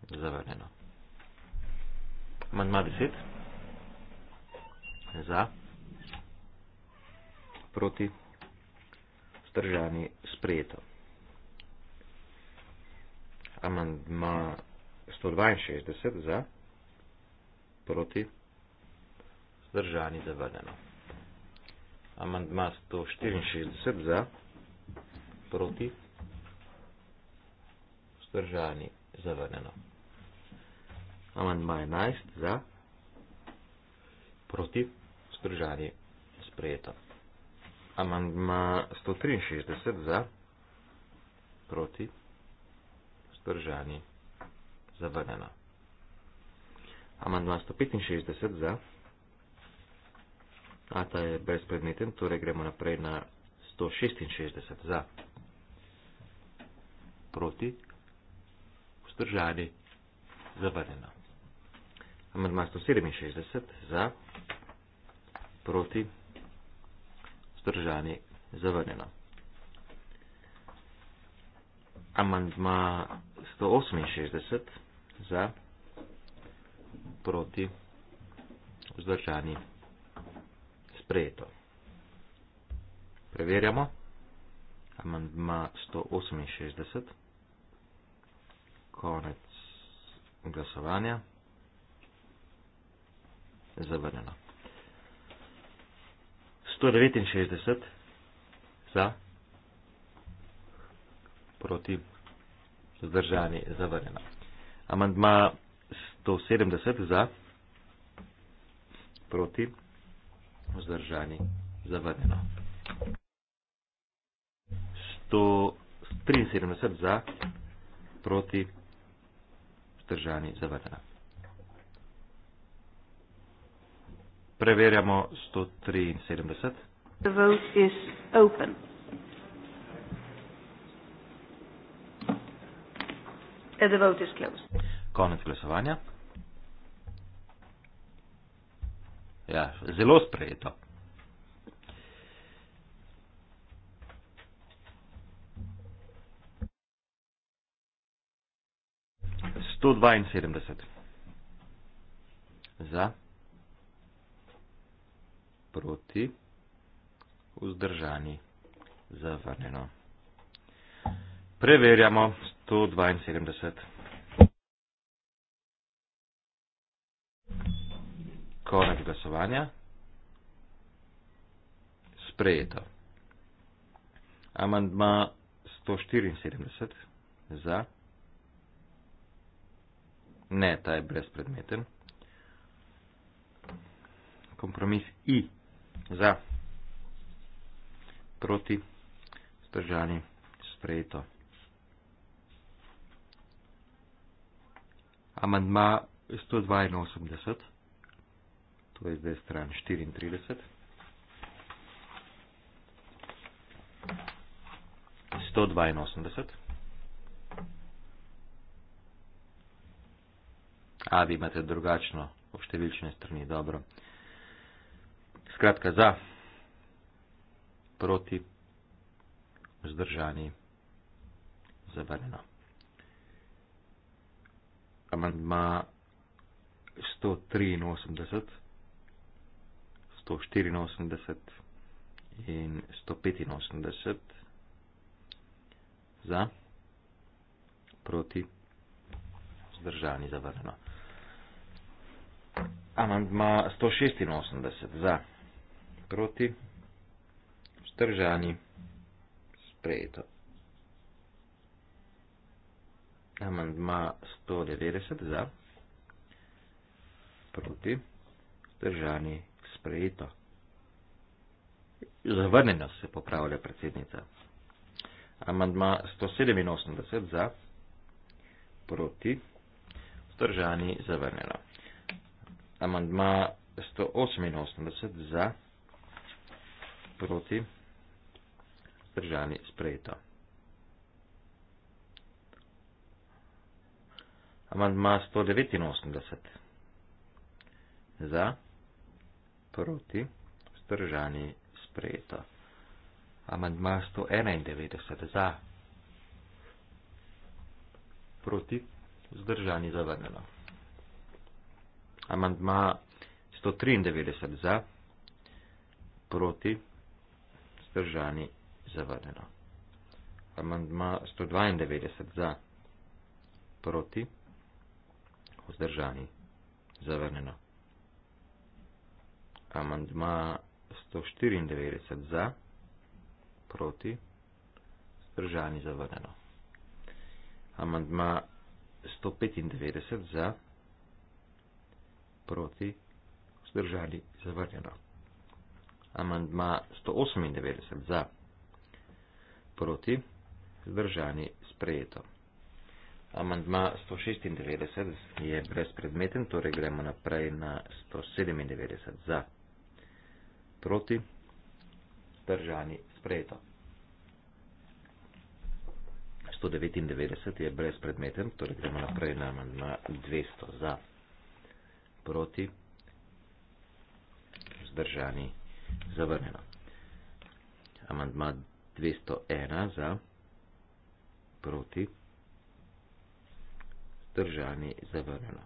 Zavrnjeno. Manjma 10. Za. Proti. Vzdržani spreto. Amandma 162 za, proti, zdržani, zavrneno. Amandma 164 za, proti, zdržani, zavrneno. Amandma 11 za, proti, zdržani, sprejeto. Amandma 163 za, proti, zdržani, zavrneno zavrnjena. Amandman 165 za. A ta je brezpredmeten, torej gremo naprej na 166 za. Proti. Vzdržani. Zavrnjena. Amandman 167 za. Proti. Vzdržani. Zavrnjena. Amandma 168 za proti vzdržani sprejeto. Preverjamo. Amandma 168. Konec glasovanja. Zavrnjeno. 169 za proti zdržani zavrnjeno. Amandma 170 za, proti, vzdržani, zavrnjeno. 173 za, proti, vzdržani, zavrnjeno. Preverjamo 173. The vote is open. that the vote is closed. Konec glasovanja. Ja, zelo sprejeto. Sto dvainsedemdeset za, proti, vzdržani, zavrnjeno. Preverjamo. 172. Konec glasovanja. Sprejeto. Amandma 174 za. Ne, ta je brezpredmeten. Kompromis I za. Proti. Zdržani. Sprejeto. Amandma 182, to je zdaj stran 34. 182. A, vi imate drugačno v številčne strani, dobro. Skratka, za, proti, vzdržani, zavrnjeno amandma 183, 184 in 185 za, proti, zdržani, zavrnjeno. Amandma 186 za, proti, zdržani, sprejeto. Amandma 190 za, proti, držani, sprejeto. Zavrnjeno se popravlja predsednica. Amandma 187 za, proti, vzdržani, zavrnjeno. Amandma 188 za, proti, vzdržani, sprejeto. Amandma 189. Za, proti, vzdržani, sprejeto. Amandma 191. Za, proti, vzdržani, zavrnjeno. Amandma 193. Za, proti, vzdržani, zavrnjeno. Amandma 192. Za, proti, vzdržani, zavrnjeno vzdržani. Zavrnjeno. Amandma 194 za, proti, vzdržani, zavrnjeno. Amandma 195 za, proti, vzdržani, zavrnjeno. Amandma 198 za, proti, vzdržani, sprejeto. Amandma 196 je brezpredmeten, torej gremo naprej na 197 za, proti, držani, sprejeto. 199 je brezpredmeten, torej gremo naprej na amandma 200 za, proti, zdržani, zavrneno. Amandma 201 za, proti, zdržani vzdržani zavrnjeno.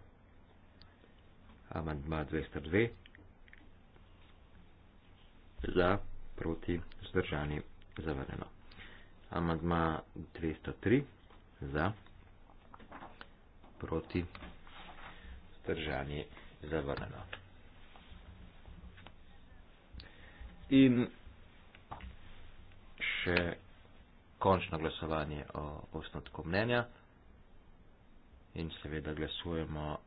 Amandma 202 za proti vzdržani zavrnjeno. Amandma 203 za proti vzdržani zavrnjeno. In še končno glasovanje o osnotku mnenja in seveda glasujemo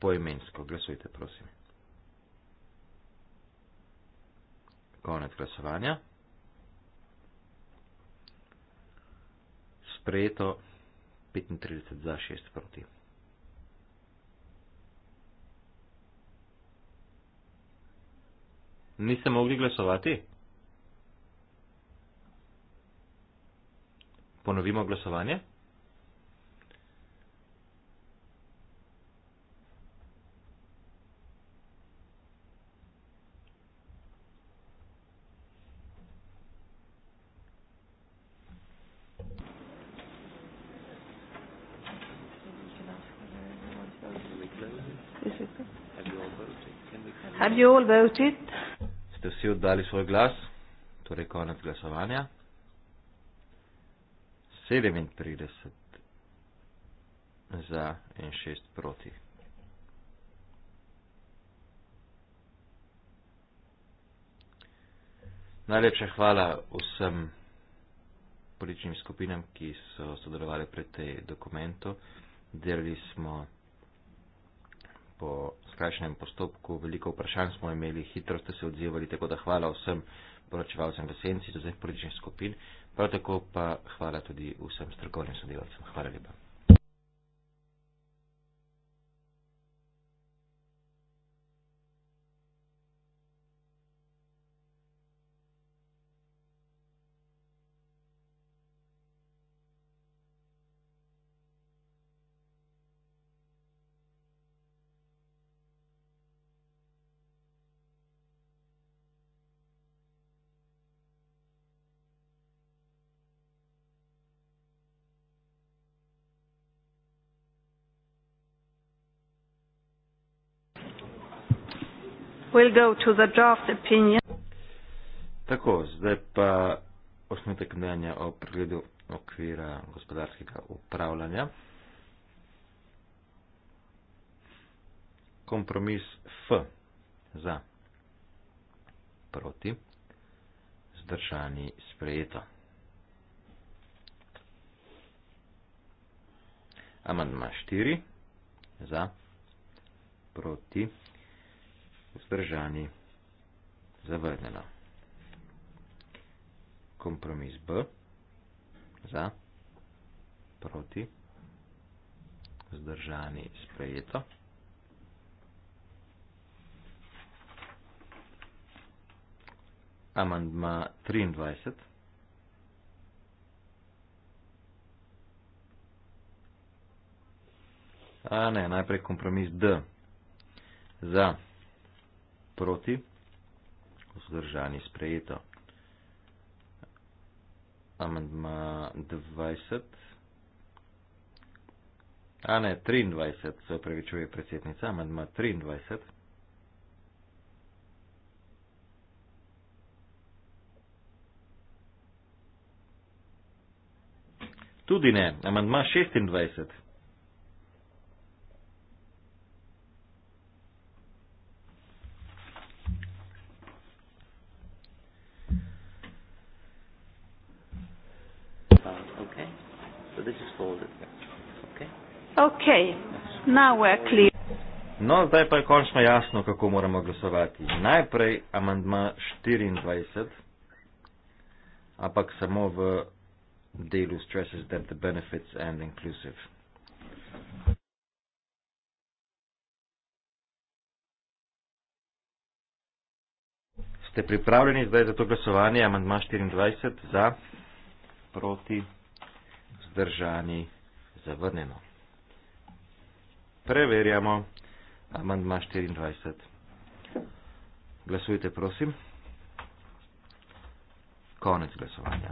poimensko. Glasujte, prosim. Konec glasovanja. Sprejeto 35 za 6 proti. Niste mogli glasovati? Ponovimo glasovanje. Ste vsi oddali svoj glas, torej konec glasovanja? 37 za in 6 proti. Najlepša hvala vsem političnim skupinam, ki so sodelovali pri tej dokumentu. Delali smo po skrajšanem postopku. Veliko vprašanj smo imeli, hitro ste se odzivali, tako da hvala vsem poročevalcem v senci, za vseh političnih skupin, prav tako pa hvala tudi vsem strokovnim sodelavcem. Hvala lepa. we'll go to the draft opinion. Tako, zdaj pa osnutek mnenja o pregledu okvira gospodarskega upravljanja. Kompromis F za proti, zdržani sprejeto. Amandma 4 za proti vzdržani, zavrnjeno. Kompromis B, za, proti, vzdržani, sprejeto. Amandma 23. A ne, najprej kompromis D. Za proti, vzdržani sprejeto. Amendma 20. A ne, 23, se opravičuje predsednica, amendma 23. Tudi ne, amendma 26. this is for the Okay. Now we are clear. No, zdaj pa je končno jasno, kako moramo glasovati. Najprej amandma 24, ampak samo v delu stresses that the benefits and inclusive. Ste pripravljeni zdaj za to glasovanje? Amandma 24 za, proti vzdržani, zavrnjeno. Preverjamo amandma 24. Glasujte, prosim. Konec glasovanja.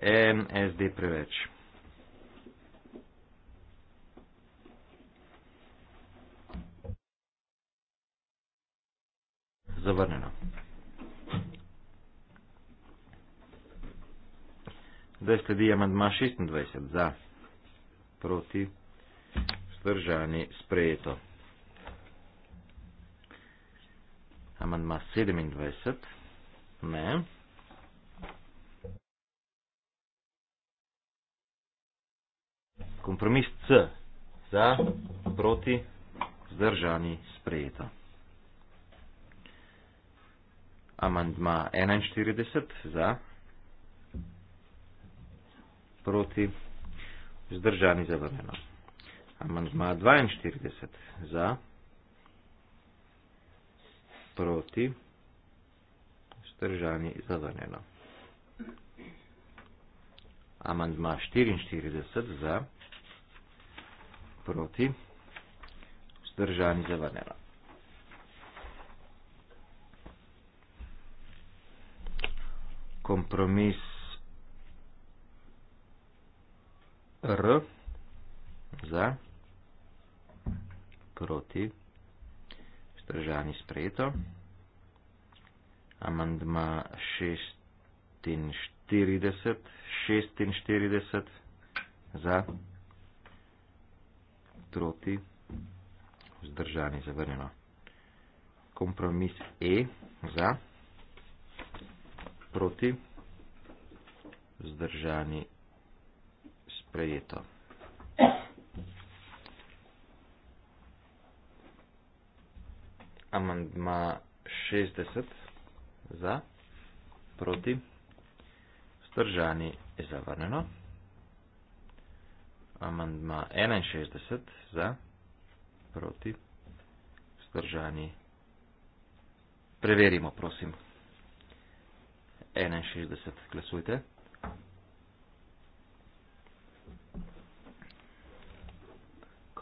En SD preveč. Zavrnjeno. Zdaj sledi amandma 26 za, proti, vzdržani, sprejeto. Amandma 27, ne. Kompromis C za, proti, vzdržani, sprejeto. Amandma 41 za proti, vzdržani zavrnjeno. Amandma 42 za, proti, vzdržani zavrnjeno. Amandma 44 za, proti, vzdržani zavrnjeno. Kompromis R za proti vzdržani sprejeto. Amandma 46, 46 za proti vzdržani zavrnjeno. Kompromis E za proti vzdržani sprejeto prejeto. Amandma 60 za, proti, vzdržani je zavrneno. Amandma 61 za, proti, vzdržani. Preverimo, prosim. 61, glasujte.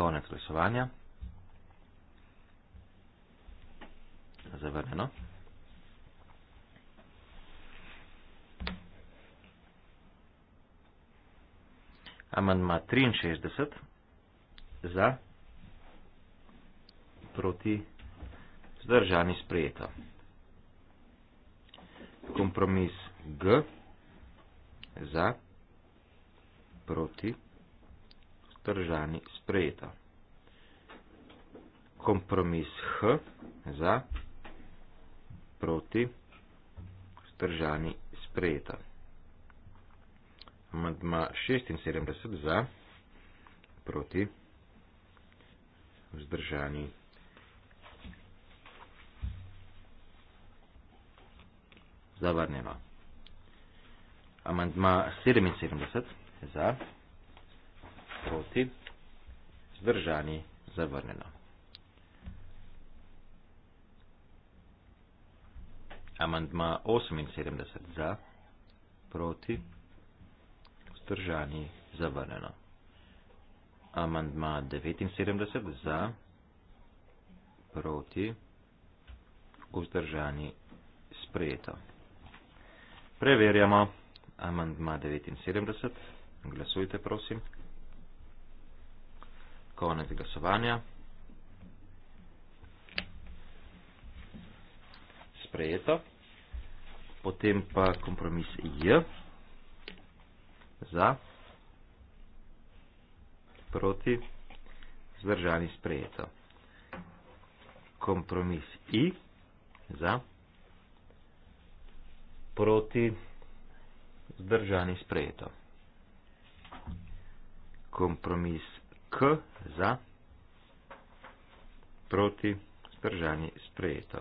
Konec glasovanja. Zavrnjeno. Amandma 63 za proti zdržani sprejeta. Kompromis G za proti zdržani sprejeta vzdržani sprejeta. Kompromis H za proti vzdržani sprejeta. Amandma 76 za proti vzdržani zavarneva. Amandma 77 za proti vzdržani sprejeta proti, zdržani, zavrnjeno. Amandma 78 za, proti, zdržani, zavrnjeno. Amandma 79 za, proti, vzdržani, sprejeto. Preverjamo amandma 79. Glasujte, prosim konec glasovanja. Sprejeto. Potem pa kompromis J za, proti, zdržani sprejeto. Kompromis I za, proti, zdržani sprejeto. Kompromis k za proti spržani sprejeto.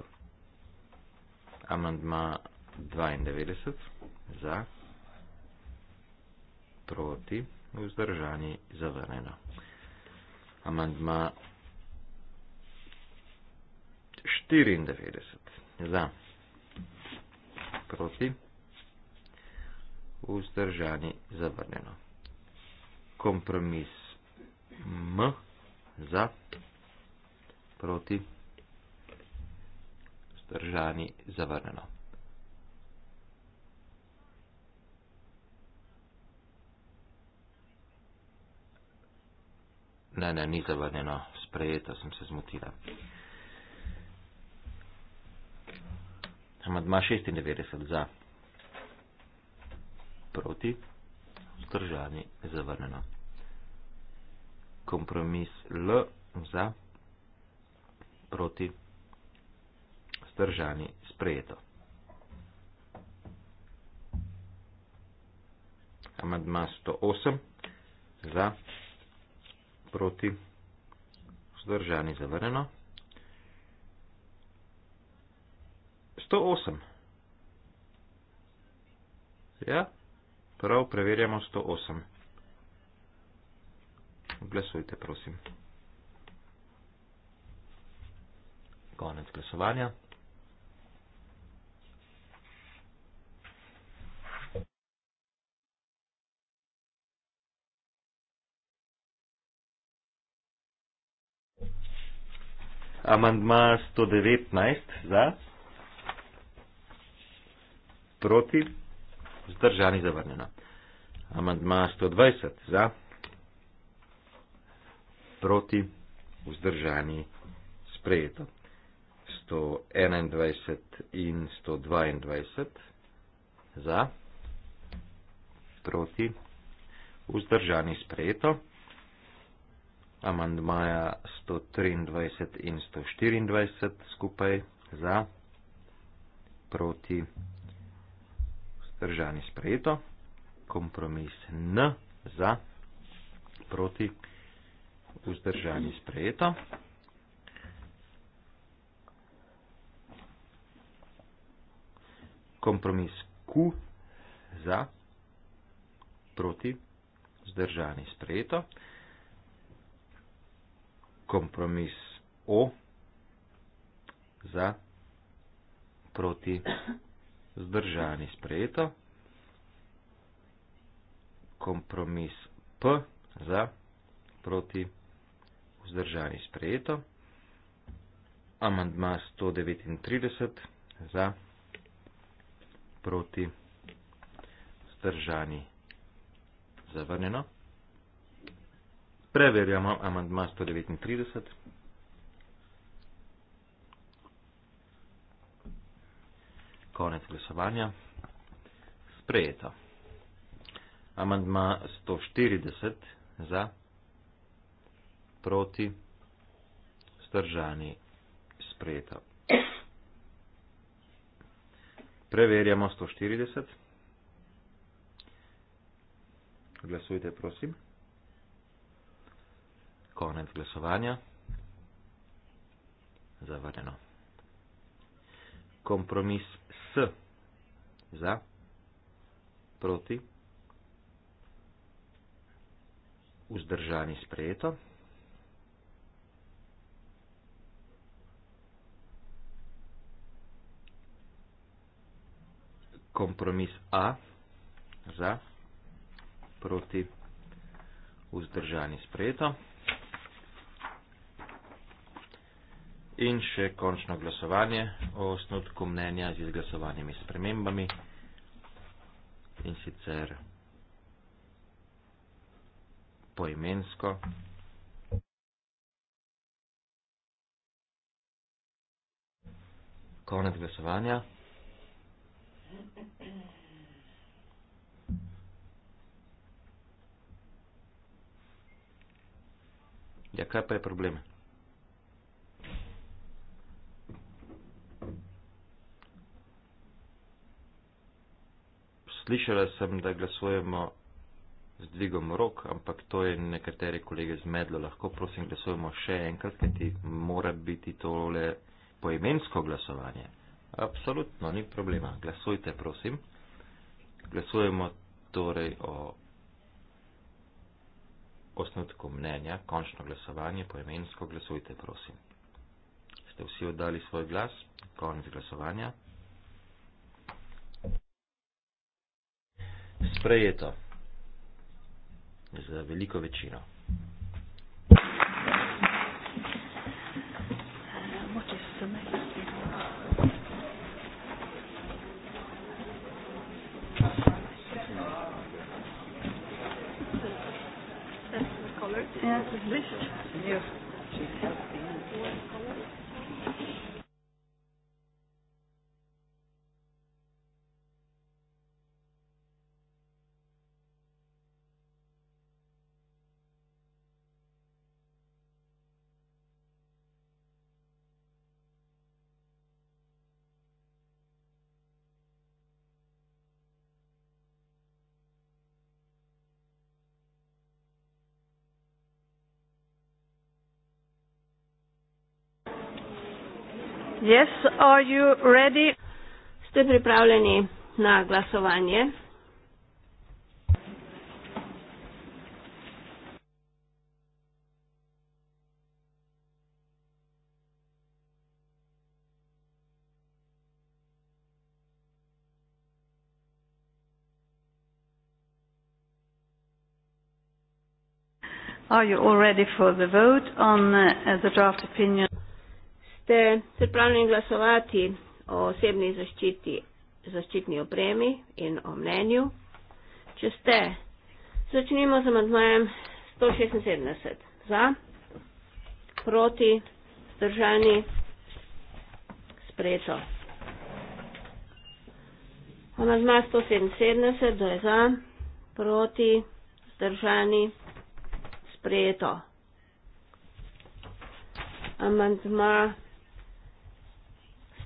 Amandma 92 za proti vzdržani zavrnjeno. Amandma 94 za proti vzdržani zavrnjeno. Kompromis M za proti vzdržani zavrneno. Ne, ne, ni zavrnjeno, sprejeto sem se zmotila. Amadma 96 za proti, vzdržani zavrnjeno kompromis L za proti stržani sprejeto. Amadma 108 za proti stržani zavrneno. 108. Ja, prav preverjamo 108. Glasujte, prosim. Konec glasovanja. Amandma 119 za, proti, zdržani zavrnjena. Amandma 120 za proti, vzdržani, sprejeto. 121 in 122 za, proti, vzdržani, sprejeto. Amandmaja 123 in 124 skupaj za, proti, vzdržani, sprejeto. Kompromis N za, proti, vzdržani vzdržani sprejeto. Kompromis Q za, proti, vzdržani sprejeto. Kompromis O za, proti, vzdržani sprejeto. Kompromis P za, proti, vzdržani sprejeto vzdržani sprejeto. Amandma 139 za, proti, vzdržani, zavrnjeno. Preverjamo amandma 139. Konec glasovanja. Sprejeto. Amandma 140 za proti zdržanje sprejeta. Preverjamo 140. Glasujte, prosim. Konec glasovanja. Zavrneno. Kompromis S. Za. Proti. Vzdržani sprejeto. kompromis A za proti vzdržani sprejeto. In še končno glasovanje o osnutku mnenja z izglasovanimi spremembami. In sicer poimensko. Konec glasovanja. Ja, kaj pa je problem? Slišala sem, da glasujemo z dvigom rok, ampak to je nekateri kolege zmedlo. Lahko prosim glasujemo še enkrat, kajti mora biti tole poimensko glasovanje. Absolutno, ni problema. Glasujte, prosim. Glasujemo torej o osnutku mnenja, končno glasovanje, poemensko glasujte, prosim. Ste vsi oddali svoj glas, konec glasovanja. Sprejeto. Za veliko večino. Ja. ja, das ist Licht. Ja. Yes, are you ready? Ste pripravljeni na glasovanje? Are you all ready for the vote on uh, the draft opinion? ste pripravljeni glasovati o osebni zaščiti, zaščitni opremi in o mnenju. Če ste, začnimo z amantmajem 176. Za, proti, zdržani, sprejeto. Amantma 177, da je za, proti, zdržani, sprejeto. Amantma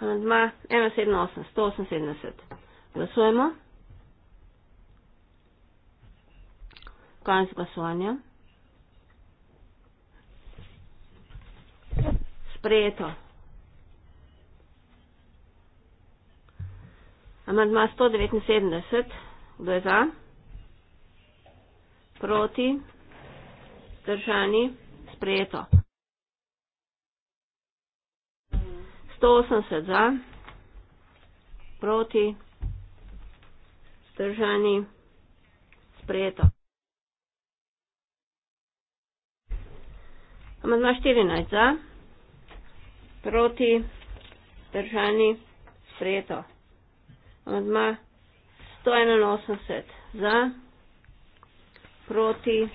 Amandma 178, 178. Glasujemo. Konec glasovanja. Sprejeto. Amandma 179. Kdo je za? Proti. Držani. Sprejeto. 180 za, proti, zdržani, sprejeto. Amandma 14 za, proti, zdržani, sprejeto. Amandma 181 za, proti,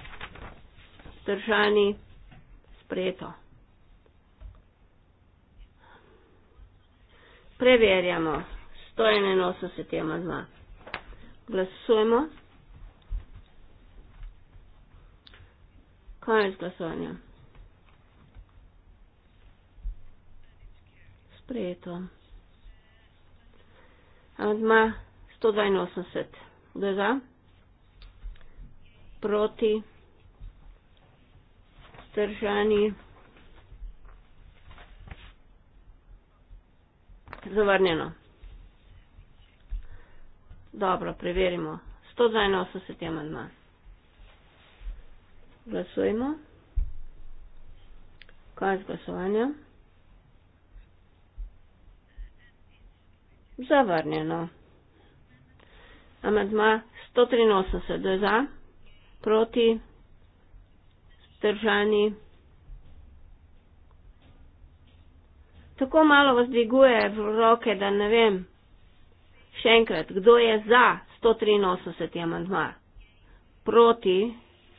zdržani, sprejeto. Preverjamo. 181 je amazma. Glasujemo. Konec glasovanja. Sprejeto. Amadma 182. Kdo je za? Proti. Stržani. Zavrnjeno. Dobro, preverimo. 182 amandma. Glasujemo. Konec glasovanja. Zavrnjeno. Amandma 183 do za, proti, stržani. tako malo vas dviguje v roke, da ne vem. Še enkrat, kdo je za 183. amantma? Proti,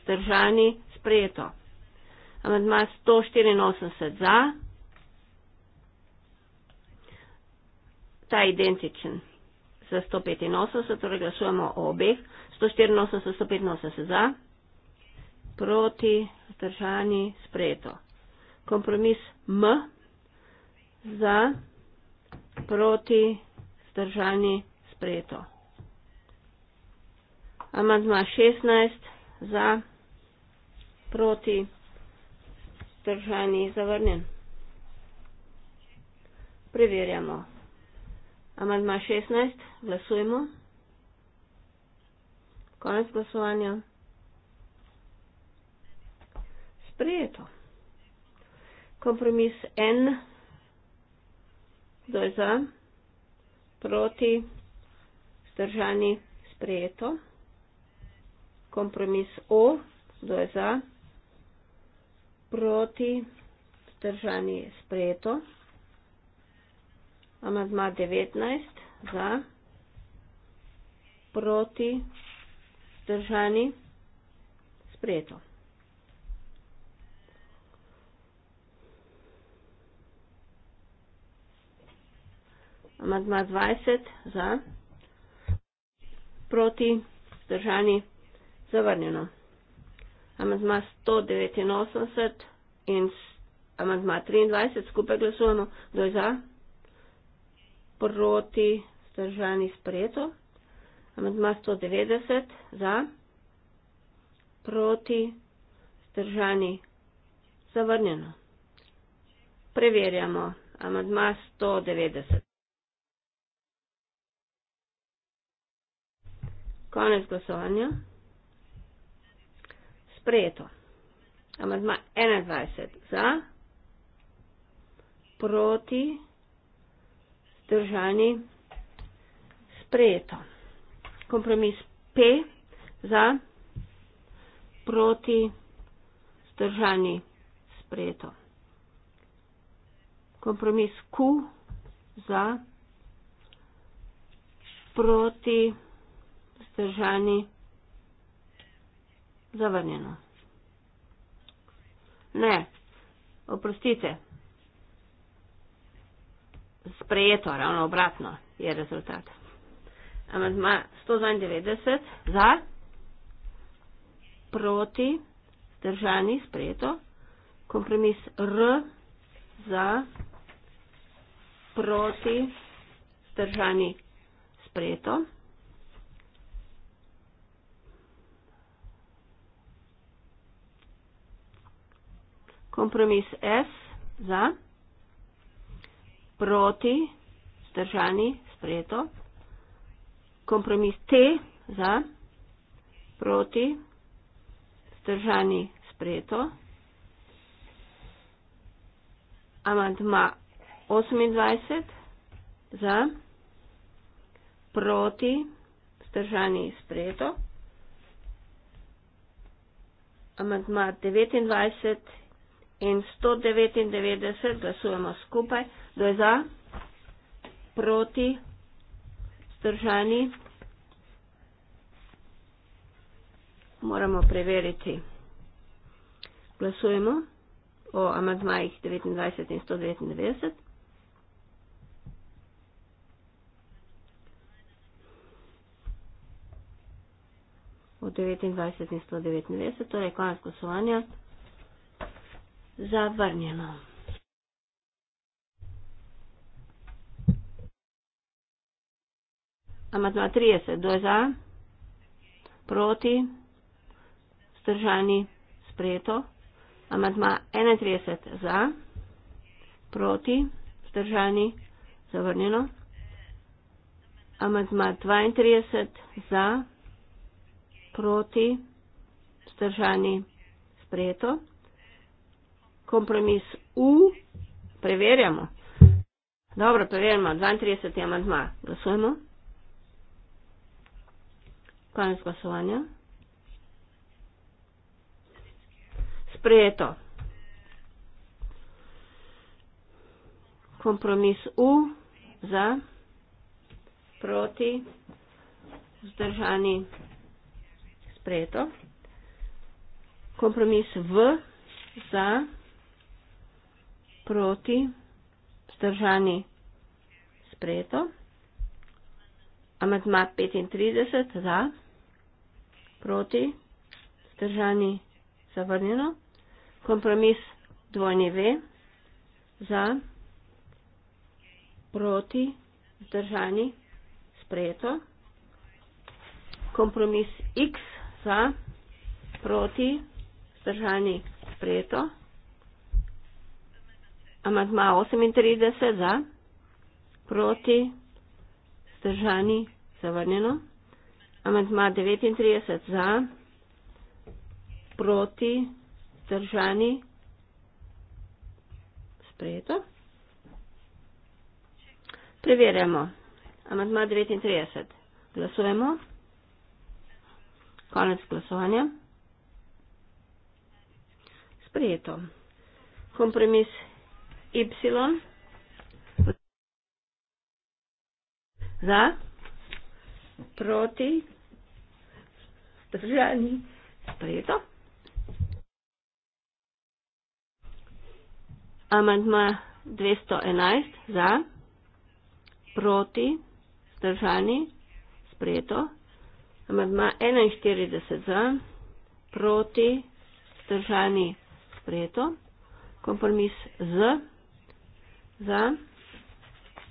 zdržani, sprejeto. Amantma 184 za. Ta identičen za 185, torej glasujemo o obeh. 184, 185 za. Proti, zdržani, sprejeto. Kompromis M za, proti, zdržani, sprejeto. Amandma 16 za, proti, zdržani, zavrnjen. Preverjamo. Amandma 16, glasujmo. Konec glasovanja. Sprejeto. Kompromis 1 Kdo je za? Proti? Zdržani? Sprejeto. Kompromis O. Kdo je za? Proti? Zdržani? Sprejeto. Amadma 19. Za? Proti? Zdržani? Sprejeto. Amadma 20 za, proti, zdržani, zavrnjeno. Amadma 189 in amadma 23 skupaj glasujemo, kdo je za, proti, zdržani, sprejeto. Amadma 190 za, proti, zdržani, zavrnjeno. Preverjamo. Amadma 190. Konec glasovanja. Sprejeto. Amadma 21 za, proti, zdržani, sprejeto. Kompromis P za, proti, zdržani, sprejeto. Kompromis Q za, proti, zdržani, sprejeto vzdržani. Zavrnjeno. Ne, oprostite. Sprejeto, ravno obratno je rezultat. Amandma 192 za, proti, vzdržani, sprejeto. Kompromis R za, proti, vzdržani, sprejeto. kompromis S za, proti, zdržani, sprejeto, kompromis T za, proti, zdržani, sprejeto, amantma 28 za, proti, zdržani, sprejeto, amantma 29 za, in 199 glasujemo skupaj. Kdo je za? Proti? Zdržani? Moramo preveriti. Glasujemo o amadmajih 29 in 199. od 29 in 199, torej konec glasovanja zavrnjeno. Amatma 30, kdo je za, proti, stržani, sprejeto. Amatma 31, za, proti, stržani, zavrnjeno. Amatma 32, za, proti, stržani, sprejeto kompromis U, preverjamo. Dobro, preverjamo, 32. amantma. Glasujemo. Konec glasovanja. Sprejeto. Kompromis U za, proti, vzdržani, sprejeto. Kompromis V za, proti, vzdržani proti, vzdržani, sprejeto. Amatma 35 za, proti, vzdržani, zavrnjeno. Kompromis dvojni V za, proti, vzdržani, sprejeto. Kompromis X za, proti, vzdržani, sprejeto. Amatma 38 za, proti, zdržani, zavrnjeno. Amatma 39 za, proti, zdržani, sprejeto. Preverjamo. Amatma 39. Glasujemo. Konec glasovanja. Sprejeto. Kompromis y. Za, proti, zdržani, sprejeto. Amandma 211 za, proti, zdržani, sprejeto. Amandma 41 za, proti, zdržani, sprejeto. Kompromis z za,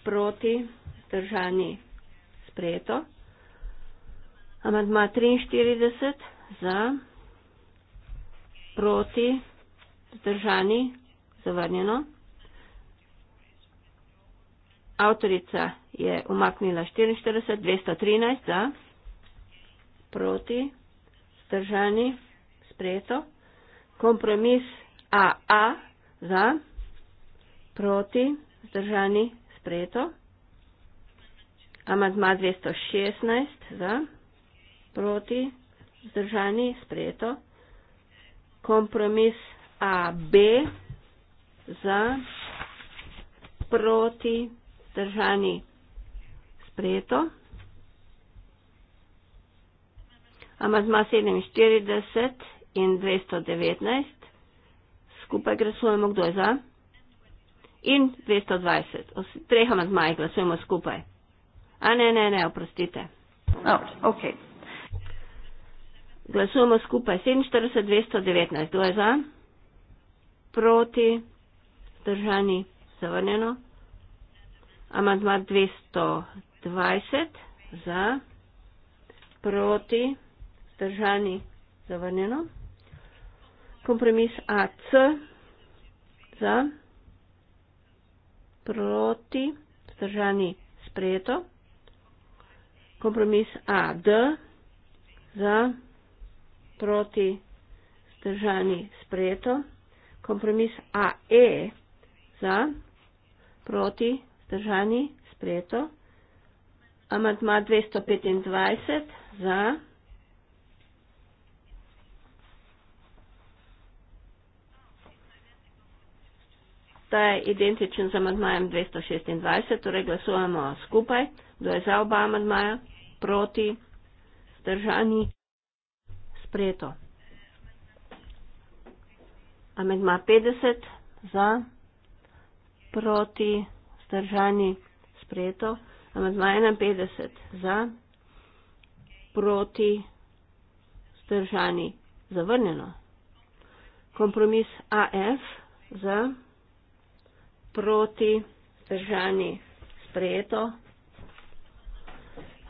proti, zdržani, sprejeto. Amandma 43 za, proti, zdržani, zavrnjeno. Avtorica je umaknila 44, 213 za, proti, zdržani, sprejeto. Kompromis AA za proti, zdržani, sprejeto. Amadma 216, za, proti, zdržani, sprejeto. Kompromis AB za, proti, zdržani, sprejeto. Amadma 47 in 219, skupaj glasujemo, kdo je za in 220. O treh amandmajih glasujemo skupaj. A ne, ne, ne, oprostite. Oh, okay. Glasujemo skupaj 47, 219. Kdo je za? Proti? Zdržani? Zavrnjeno? Amandma 220. Za? Proti? Zdržani? Zavrnjeno? Kompromis AC? Za? proti, vzdržani sprejeto. Kompromis A, D, za, proti, vzdržani sprejeto. Kompromis A, E, za, proti, vzdržani sprejeto. Amatma 225, za. je identičen z amadmajem 226, torej glasujemo skupaj, kdo je za oba amadmaja, proti, zdržani, sprejeto. Amadma 50, za, proti, zdržani, sprejeto. Amadma 51, za, proti, zdržani, zavrnjeno. Kompromis AF, za, proti držani sprejeto.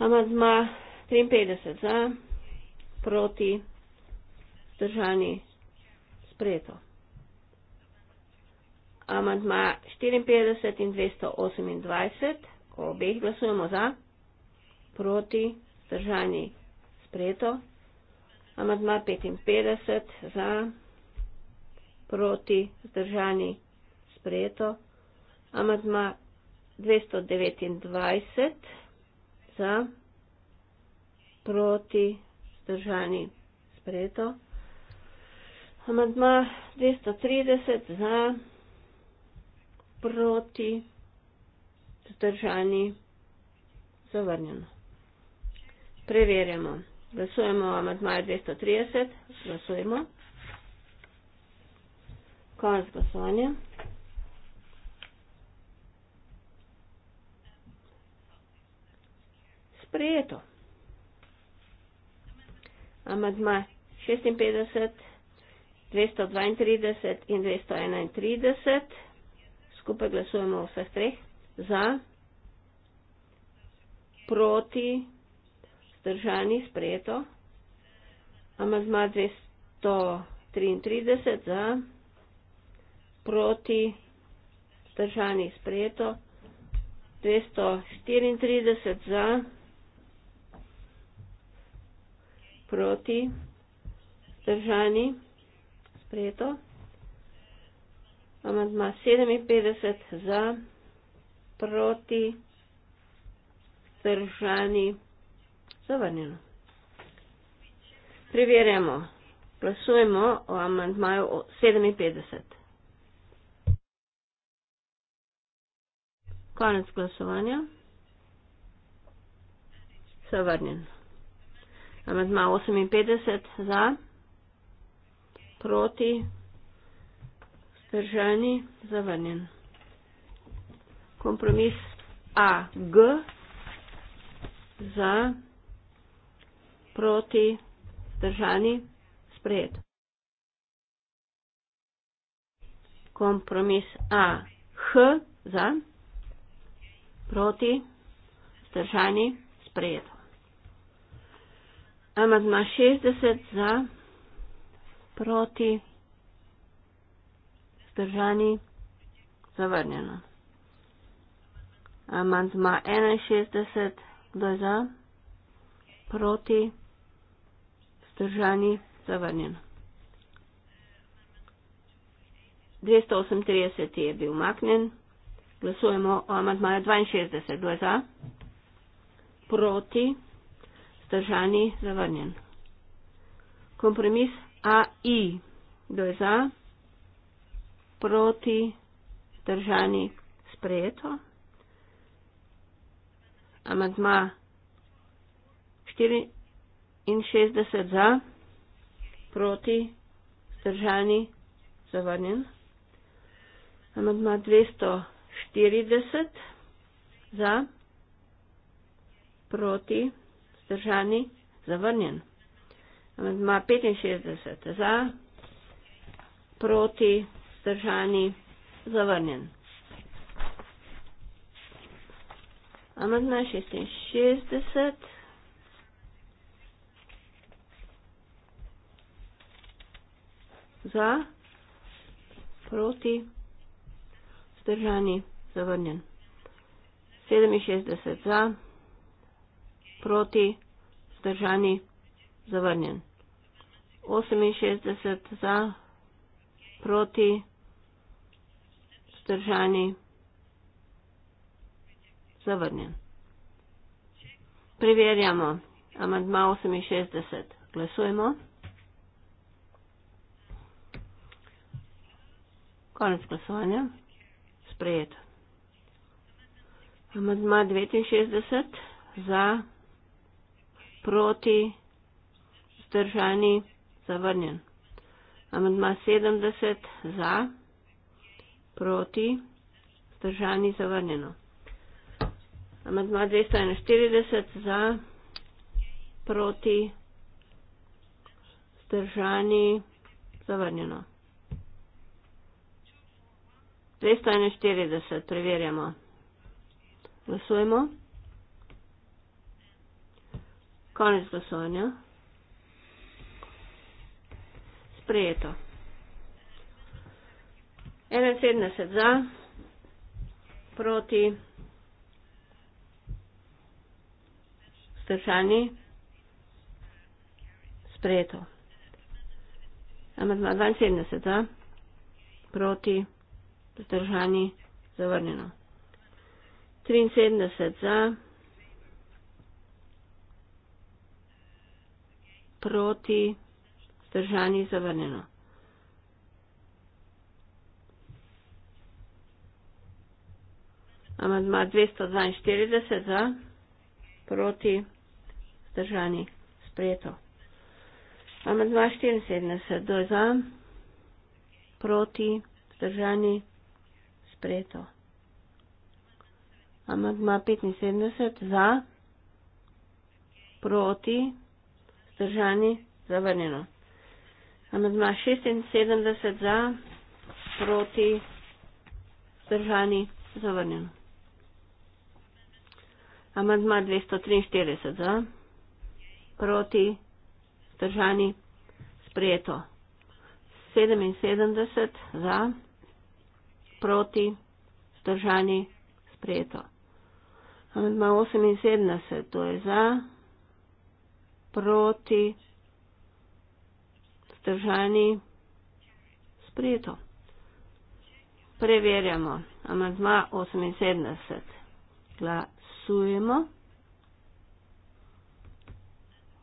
Amadma 53 za, proti držani sprejeto. Amadma 54 in 228, obeh glasujemo za, proti držani sprejeto. Amadma 55 za, proti zdržani sprejeto amadma 229 za proti zdržani spreto. Amadma 230 za proti zdržani zavrnjeno. Preverjamo. Glasujemo o amadmaju 230. Glasujemo. Konec glasovanja. sprejeto. Amadma 56, 232 in 231. Skupaj glasujemo vseh treh. Za, proti, zdržani, sprejeto. Amadma 233 za, proti, zdržani, sprejeto. 234 za. proti, zdržani, sprejeto. Amandma 57 za, proti, zdržani, zavrnjeno. Preverjamo. Glasujemo o amandmaju 57. Konec glasovanja. Zavrnjeno amatma 58 za, proti, stržani, zavrnjen. Kompromis A, G, za, proti, stržani, sprejet. Kompromis A, H, za, proti, stržani, sprejet. Amadma 60 za, proti, zdržani, zavrnjeno. Amadma 61, kdo je za, proti, zdržani, zavrnjeno. 238 je bil umaknjen. Glasujemo o amadmaju 62, kdo je za, proti, zdržani, zavrnjeno. Zdržani, zavrnjen. Kompromis AI. Kdo je za? Proti, zdržani, sprejeto. Amadma 64 za, proti, zdržani, zavrnjen. Amadma 240 za, proti, zdržani vzdržani, zavrnjen. Amandma 65 za, proti, vzdržani, zavrnjen. Amandma 66. Za, proti, vzdržani, zavrnjen. 67 za proti, zdržani, zavrnjen. 68 za, proti, zdržani, zavrnjen. Preverjamo. Amandma 68. Glasujemo. Konec glasovanja. Sprejet. Amandma 69 za proti, vzdržani, zavrnjen. Amandma 70 za, proti, vzdržani, zavrnjeno. Amandma 241 za, proti, vzdržani, zavrnjeno. 241 preverjamo. Glasujemo. Konec glasovanja. Sprejeto. 71 za, proti, stršani. Sprejeto. Amatma 72 za, proti, stršani, zavrnjeno. 73 za, proti, stršani. proti, vzdržani, zavrnjeno. Amadma 242 za, proti, vzdržani, sprejeto. Amadma 74 do za, proti, vzdržani, sprejeto. Amadma 75 za, proti, vzdržani, sprejeto vzdržani, zavrnjeno. Amazma 76 za, proti, vzdržani, zavrnjeno. Amazma 243 za, proti, vzdržani, sprejeto. 77 za, proti, vzdržani, sprejeto. Amazma 78, to je za, proti, vzdržani, sprijeto. Preverjamo. Amazma 78. Glasujemo.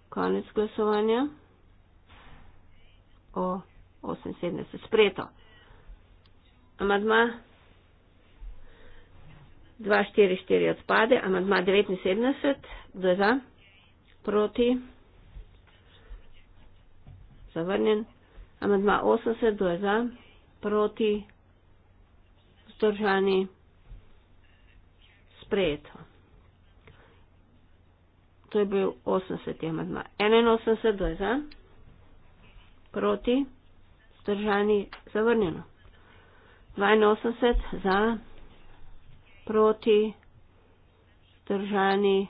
Konec glasovanja. O 78. Spreto. Amazma 244 odpade. Amazma 79. Dva za. Proti zavrnjen. Amedma 80, kdo je za, proti, vzdržani, sprejeto. To je bil 80. amedma. 81, kdo je za, proti, vzdržani, zavrnjeno. 82, za, proti, vzdržani,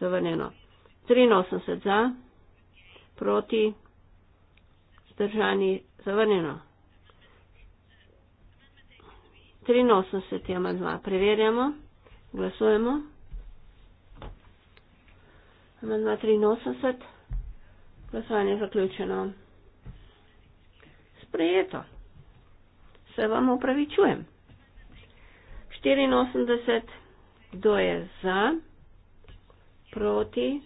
zavrnjeno. 83, za, proti, vzdržani. Zdržani, zavrnjeno. 83. amandma. Preverjamo. Glasujemo. Amandma 83. Glasovanje je zaključeno. Sprejeto. Se vam upravičujem. 84. Kdo je za? Proti?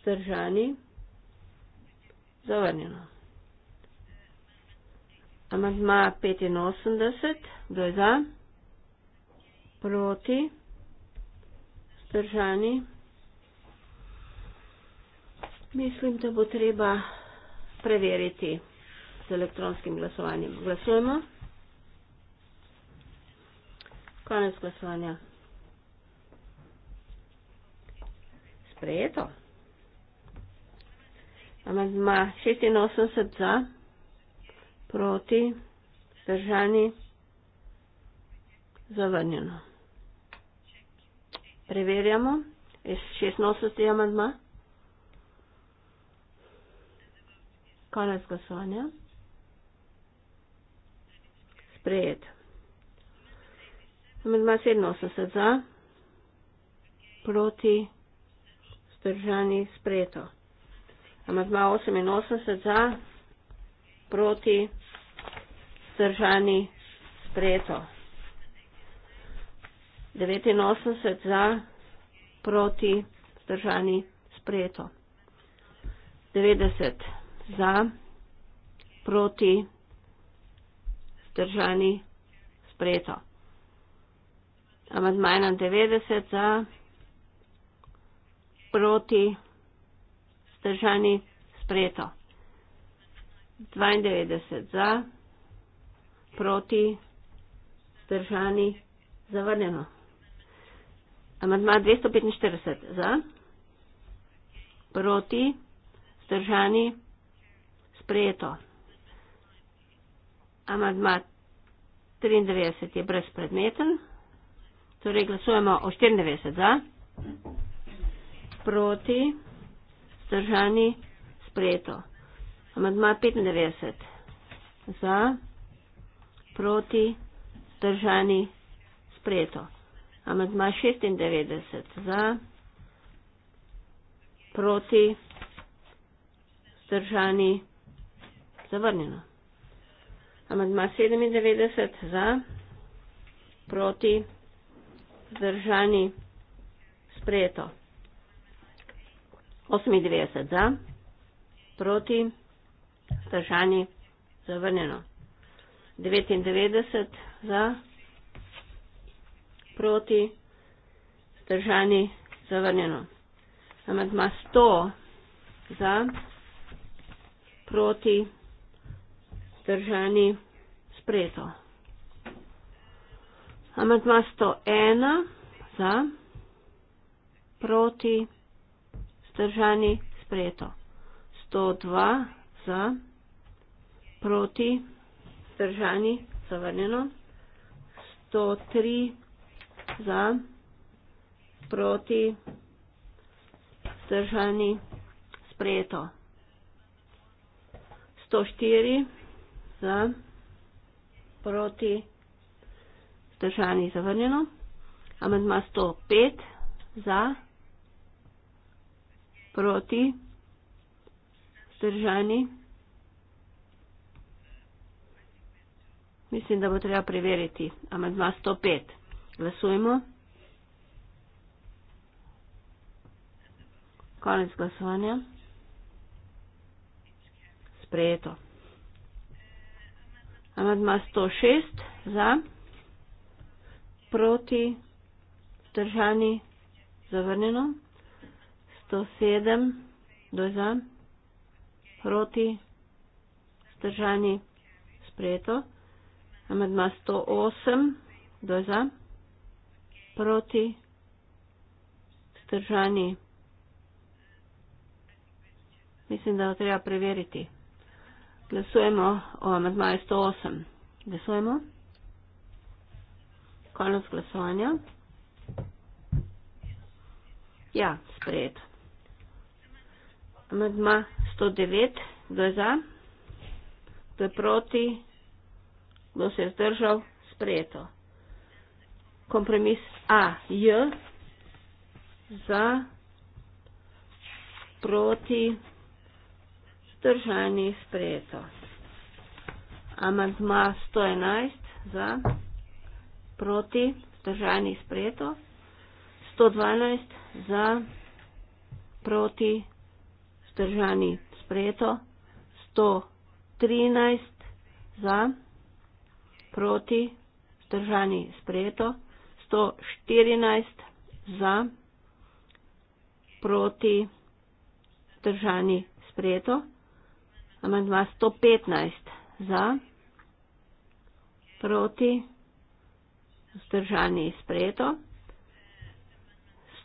Zdržani. Zavrnjeno. Amandma 85, kdo je za? Proti? Zdržani? Mislim, da bo treba preveriti z elektronskim glasovanjem. Glasujemo. Konec glasovanja. Sprejeto. Amadma 86 za, proti, zdržani, zavrnjeno. Preverjamo. 86 je amadma. Konec glasovanja. Sprejet. Amadma 87 za, proti, zdržani, sprejeto amatma 88 za, proti, stržani, spreto. 89 za, proti, stržani, spreto. 90 za, proti, stržani, spreto. Amatma 91 za, proti, stržani, spreto vzdržani sprejeto. 92 za, proti, vzdržani, zavrnjeno. Amadma 245 za, proti, vzdržani, sprejeto. Amadma 93 je brezpredmeten, torej glasujemo o 94 za, proti, Zdržani. Sprejeto. Amadma 95. Za. Proti. Zdržani. Sprejeto. Amadma 96. Za. Proti. Zdržani. Zavrnjeno. Amadma 97. Za. Proti. Zdržani. Sprejeto. 98 za, proti, vzdržani, zavrnjeno. 99 za, proti, vzdržani, zavrnjeno. Amatma 100 za, proti, vzdržani, sprejeto. Amatma 101 za, proti, vzdržani, sprejeto vzdržani, sprejeto. 102 za, proti, vzdržani, zavrnjeno. 103 za, proti, vzdržani, sprejeto. 104 za, proti, vzdržani, zavrnjeno. Amendma 105 za, proti proti, zdržani. Mislim, da bo treba preveriti. Amadma 105. Glasujemo. Konec glasovanja. Sprejeto. Amadma 106. Za. Proti. Zdržani. Zavrnjeno. 107, kdo je za, proti, stržani, sprejeto. Amedma 108, kdo je za, proti, stržani. Mislim, da ga treba preveriti. Glasujemo o amedmaju 108. Glasujemo. Konec glasovanja. Ja, sprejeto. Amadma 109, kdo je za, kdo je proti, kdo se je zdržal, sprejeto. Kompromis A, J, za, proti, zdržani, sprejeto. Amadma 111, za, proti, zdržani, sprejeto. 112, za, proti, zdržani vzdržani sprejeto 113 za, proti vzdržani sprejeto 114 za, proti vzdržani sprejeto. Amandma 115 za, proti vzdržani sprejeto.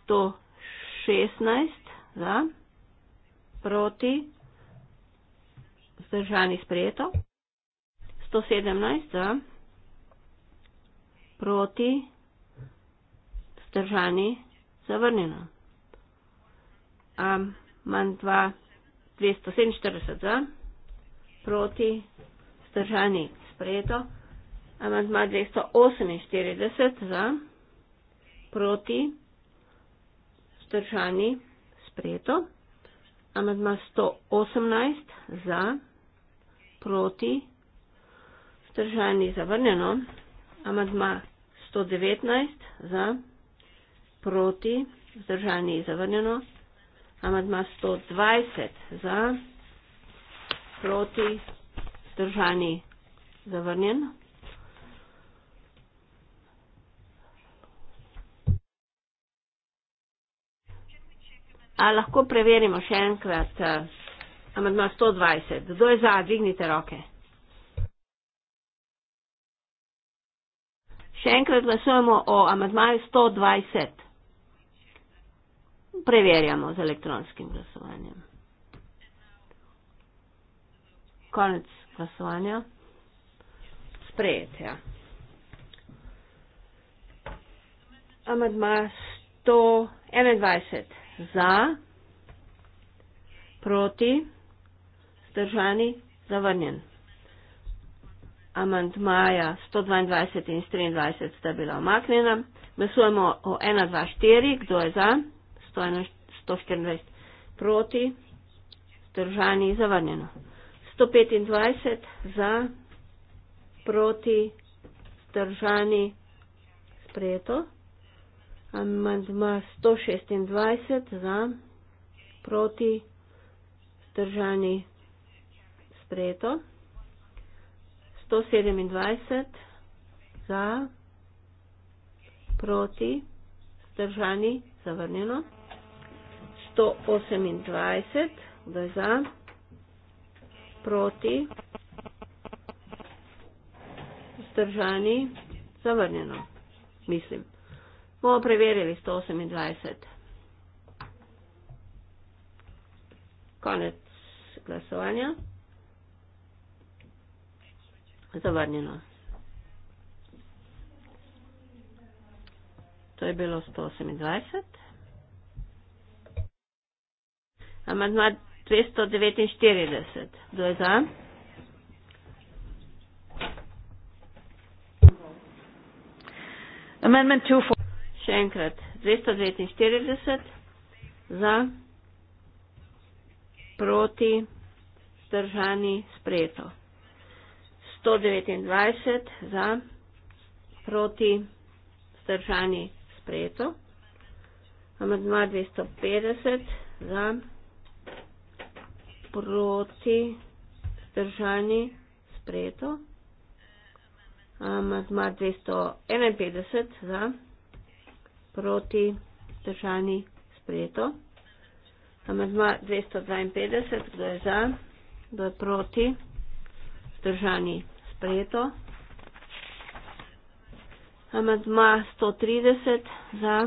116 za proti, zdržani sprejeto, 117 za, proti, zdržani zavrnjeno. Manj 2, 247 za, proti, zdržani sprejeto, manj 2, 248 za, proti, zdržani sprejeto amadma 118 za, proti, vzdržani zavrnjeno, amadma 119 za, proti, vzdržani zavrnjeno, amadma 120 za, proti, vzdržani zavrnjeno. A lahko preverimo še enkrat, amat ima 120. Kdo je za, dvignite roke. Še enkrat glasujemo o amatmaju 120. Preverjamo z elektronskim glasovanjem. Konec glasovanja. Sprejetja. Amatma 121 za, proti, zdržani, zavrnjen. Amantmaja 122 in 23 sta bila omaknjena. Glasujemo o 1, 2, 4, kdo je za, 124 proti, zdržani, zavrnjeno. 125 za, proti, zdržani, sprejeto amandma 126 za, proti, vzdržani, sprejeto. 127 za, proti, vzdržani, zavrnjeno. 128, kdo je za, proti, vzdržani, zavrnjeno, mislim bomo preverili 128. Konec glasovanja. Zavrnjeno. To je bilo 128. Amandma 249. Kdo je za? Amendment 24 še enkrat 249 za, proti, zdržani, sprejeto. 129 za, proti, zdržani, sprejeto. Amadma 250 za, proti, zdržani, sprejeto. Amadma 251 za proti držani sprejeto. Amedma 252, kdo je za, kdo je proti, držani sprejeto. Amedma 130 za,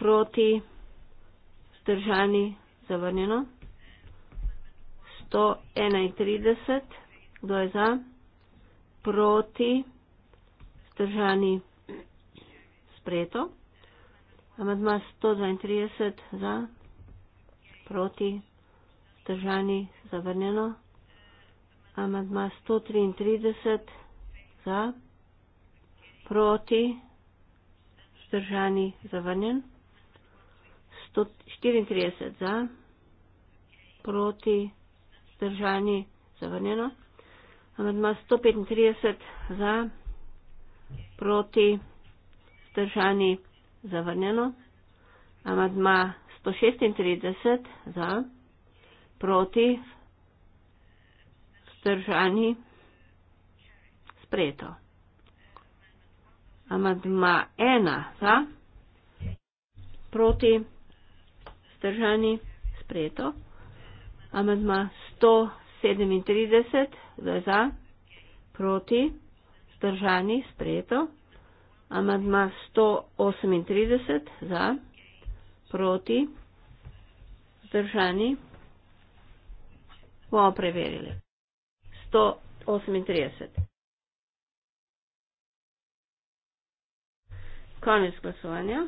proti, držani zavrnjeno. 131, kdo je za, proti, držani sprejeto sprejeto. Amadma 132 za, proti, držani, zavrnjeno. Amadma 133 za, proti, držani, zavrnjen. 134 za, proti, držani, zavrnjeno. Amadma 135 za, proti, držani, zavrnjeno vzdržani, zavrnjeno. Amadma 136 za, proti, vzdržani, sprejeto. Amadma 1 za, proti, vzdržani, sprejeto. Amadma 137 za, proti, vzdržani, sprejeto. Amadma 138 za, proti, zdržani. Bomo preverili. 138. Konec glasovanja.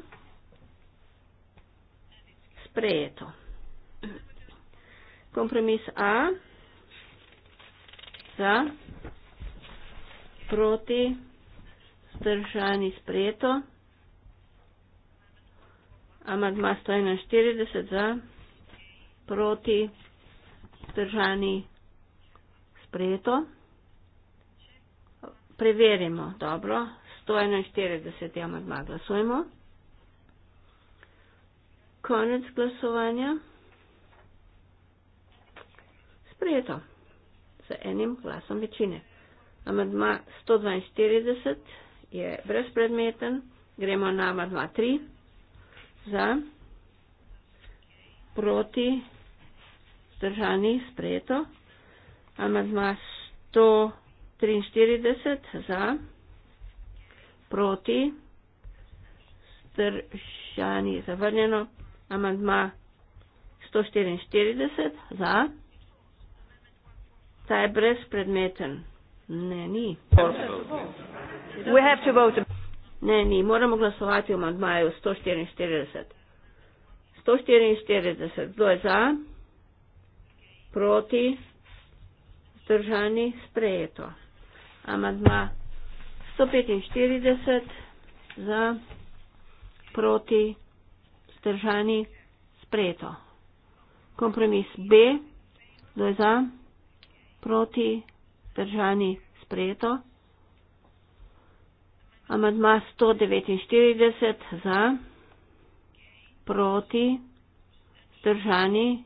Sprejeto. Kompromis A za, proti, zdržani stržani sprejeto. Amadma 141 za, proti stržani sprejeto. Preverimo, dobro, 141 je amadma, glasujemo. Konec glasovanja. Sprejeto. Z enim glasom večine. Amadma 142 je brezpredmeten. Gremo na amadma 3 za proti zdržani sprejeto. Amadma 143 za proti zdržani zavrnjeno. Amadma 144 za. Ta je brezpredmeten. Ne, ni. Prosto. We have to vote. Ne, ni, moramo glasovati o amandmaju 144. 144, kdo je za, proti, zdržani, sprejeto. Amandma 145, za, proti, zdržani, sprejeto. Kompromis B, kdo je za, proti, zdržani, sprejeto. Amadma 149 za, proti, zdržani,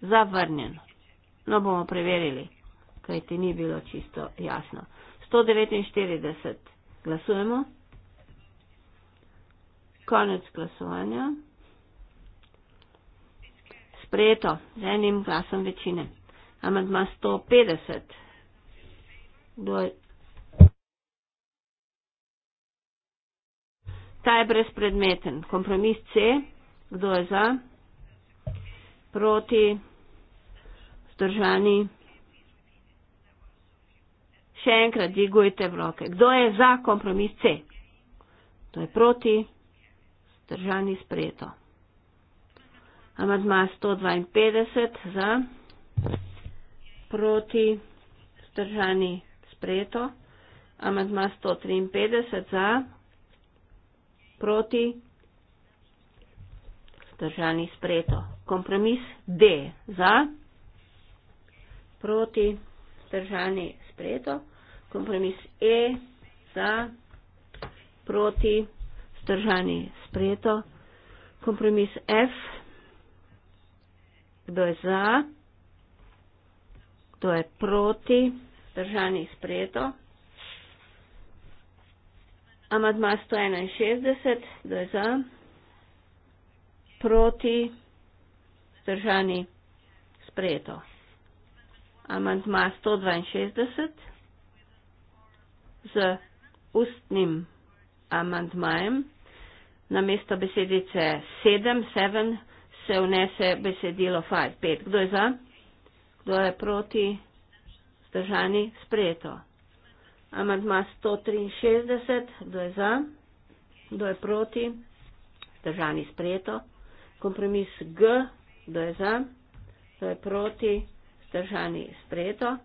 zavrnjen. No, bomo preverili, kaj ti ni bilo čisto jasno. 149 glasujemo. Konec glasovanja. Sprejeto z enim glasom večine. Amadma 150. Do Ta je brezpredmeten. Kompromis C. Kdo je za? Proti? Zdržani? Še enkrat dvigujte v roke. Kdo je za kompromis C? To je proti? Zdržani sprejeto. Amadma 152 za? Proti? Zdržani sprejeto. Amadma 153 za? proti, vzdržani spreto. Kompromis D za, proti, vzdržani spreto. Kompromis E za, proti, vzdržani spreto. Kompromis F, kdo je za, kdo je proti, vzdržani spreto. Amadma 161, kdo je za? Proti? Zdržani? Sprejeto. Amadma 162 z ustnim amandmajem. Na mesto besedice 7, 7 se vnese besedilo 5, 5. Kdo je za? Kdo je proti? Zdržani? Sprejeto. Amandma 163, kdo je za, kdo je proti, zdržani sprejeto. Kompromis G, kdo je za, kdo je proti, zdržani sprejeto.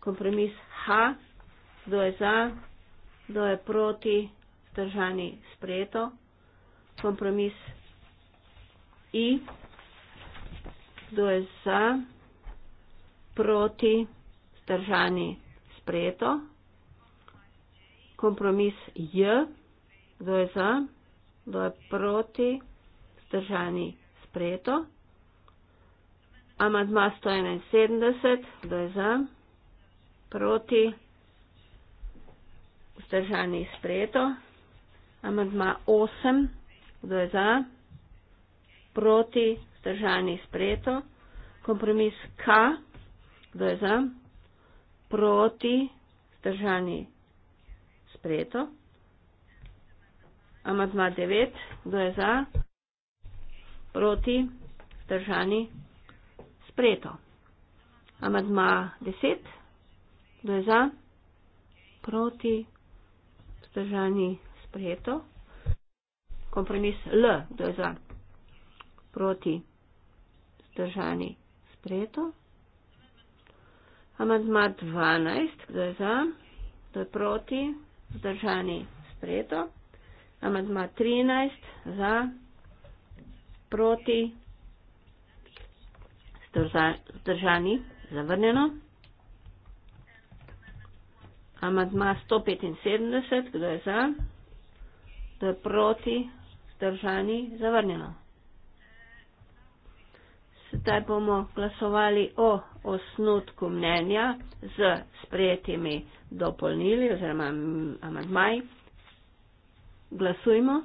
Kompromis H, kdo je za, kdo je proti, zdržani sprejeto. Kompromis I, kdo je za, proti, zdržani sprejeto kompromis J, kdo je za, kdo je proti, zdržani sprejeto. Amadma 171, kdo je za, proti, zdržani sprejeto. Amadma 8, kdo je za, proti, zdržani sprejeto. Kompromis K, kdo je za, proti, zdržani sprejeto sprejeto. Amadma 9, kdo je za, proti, vzdržani, sprejeto. Amadma 10, kdo je za, proti, vzdržani, sprejeto. Kompromis L, kdo je za, proti, vzdržani, sprejeto. Amadma 12, kdo je za, kdo je proti, vzdržani sprejeto. Amadma 13 za, proti, vzdržani zavrnjeno. Amadma 175, kdo je za, kdo je proti, vzdržani zavrnjeno zdaj bomo glasovali o osnutku mnenja z sprejetimi dopolnili oziroma amadmaji. Glasujmo.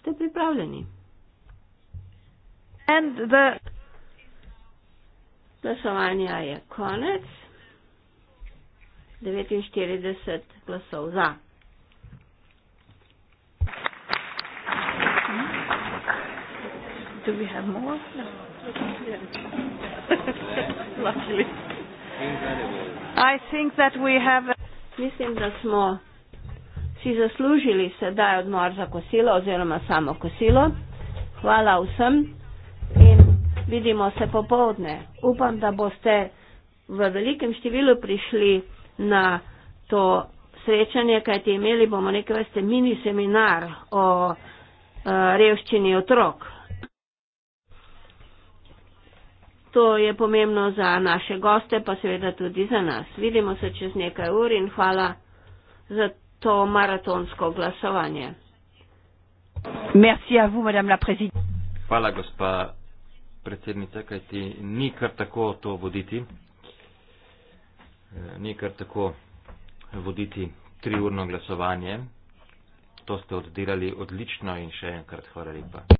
Ste pripravljeni? The... Glasovanja je konec. 49 glasov za. do we have more? No. *laughs* Luckily. Incredible. I think that we have... Mislim, da smo si zaslužili sedaj odmor za kosilo oziroma samo kosilo. Hvala vsem in vidimo se popovdne. Upam, da boste v velikem številu prišli na to srečanje, kajti imeli bomo nekaj veste mini seminar o uh, revščini otrok. to je pomembno za naše goste, pa seveda tudi za nas. Vidimo se čez nekaj ur in hvala za to maratonsko glasovanje. Vous, hvala, gospa predsednica, kaj ti ni kar tako to voditi. Eh, ni kar tako voditi triurno glasovanje. To ste oddelali odlično in še enkrat hvala lepa.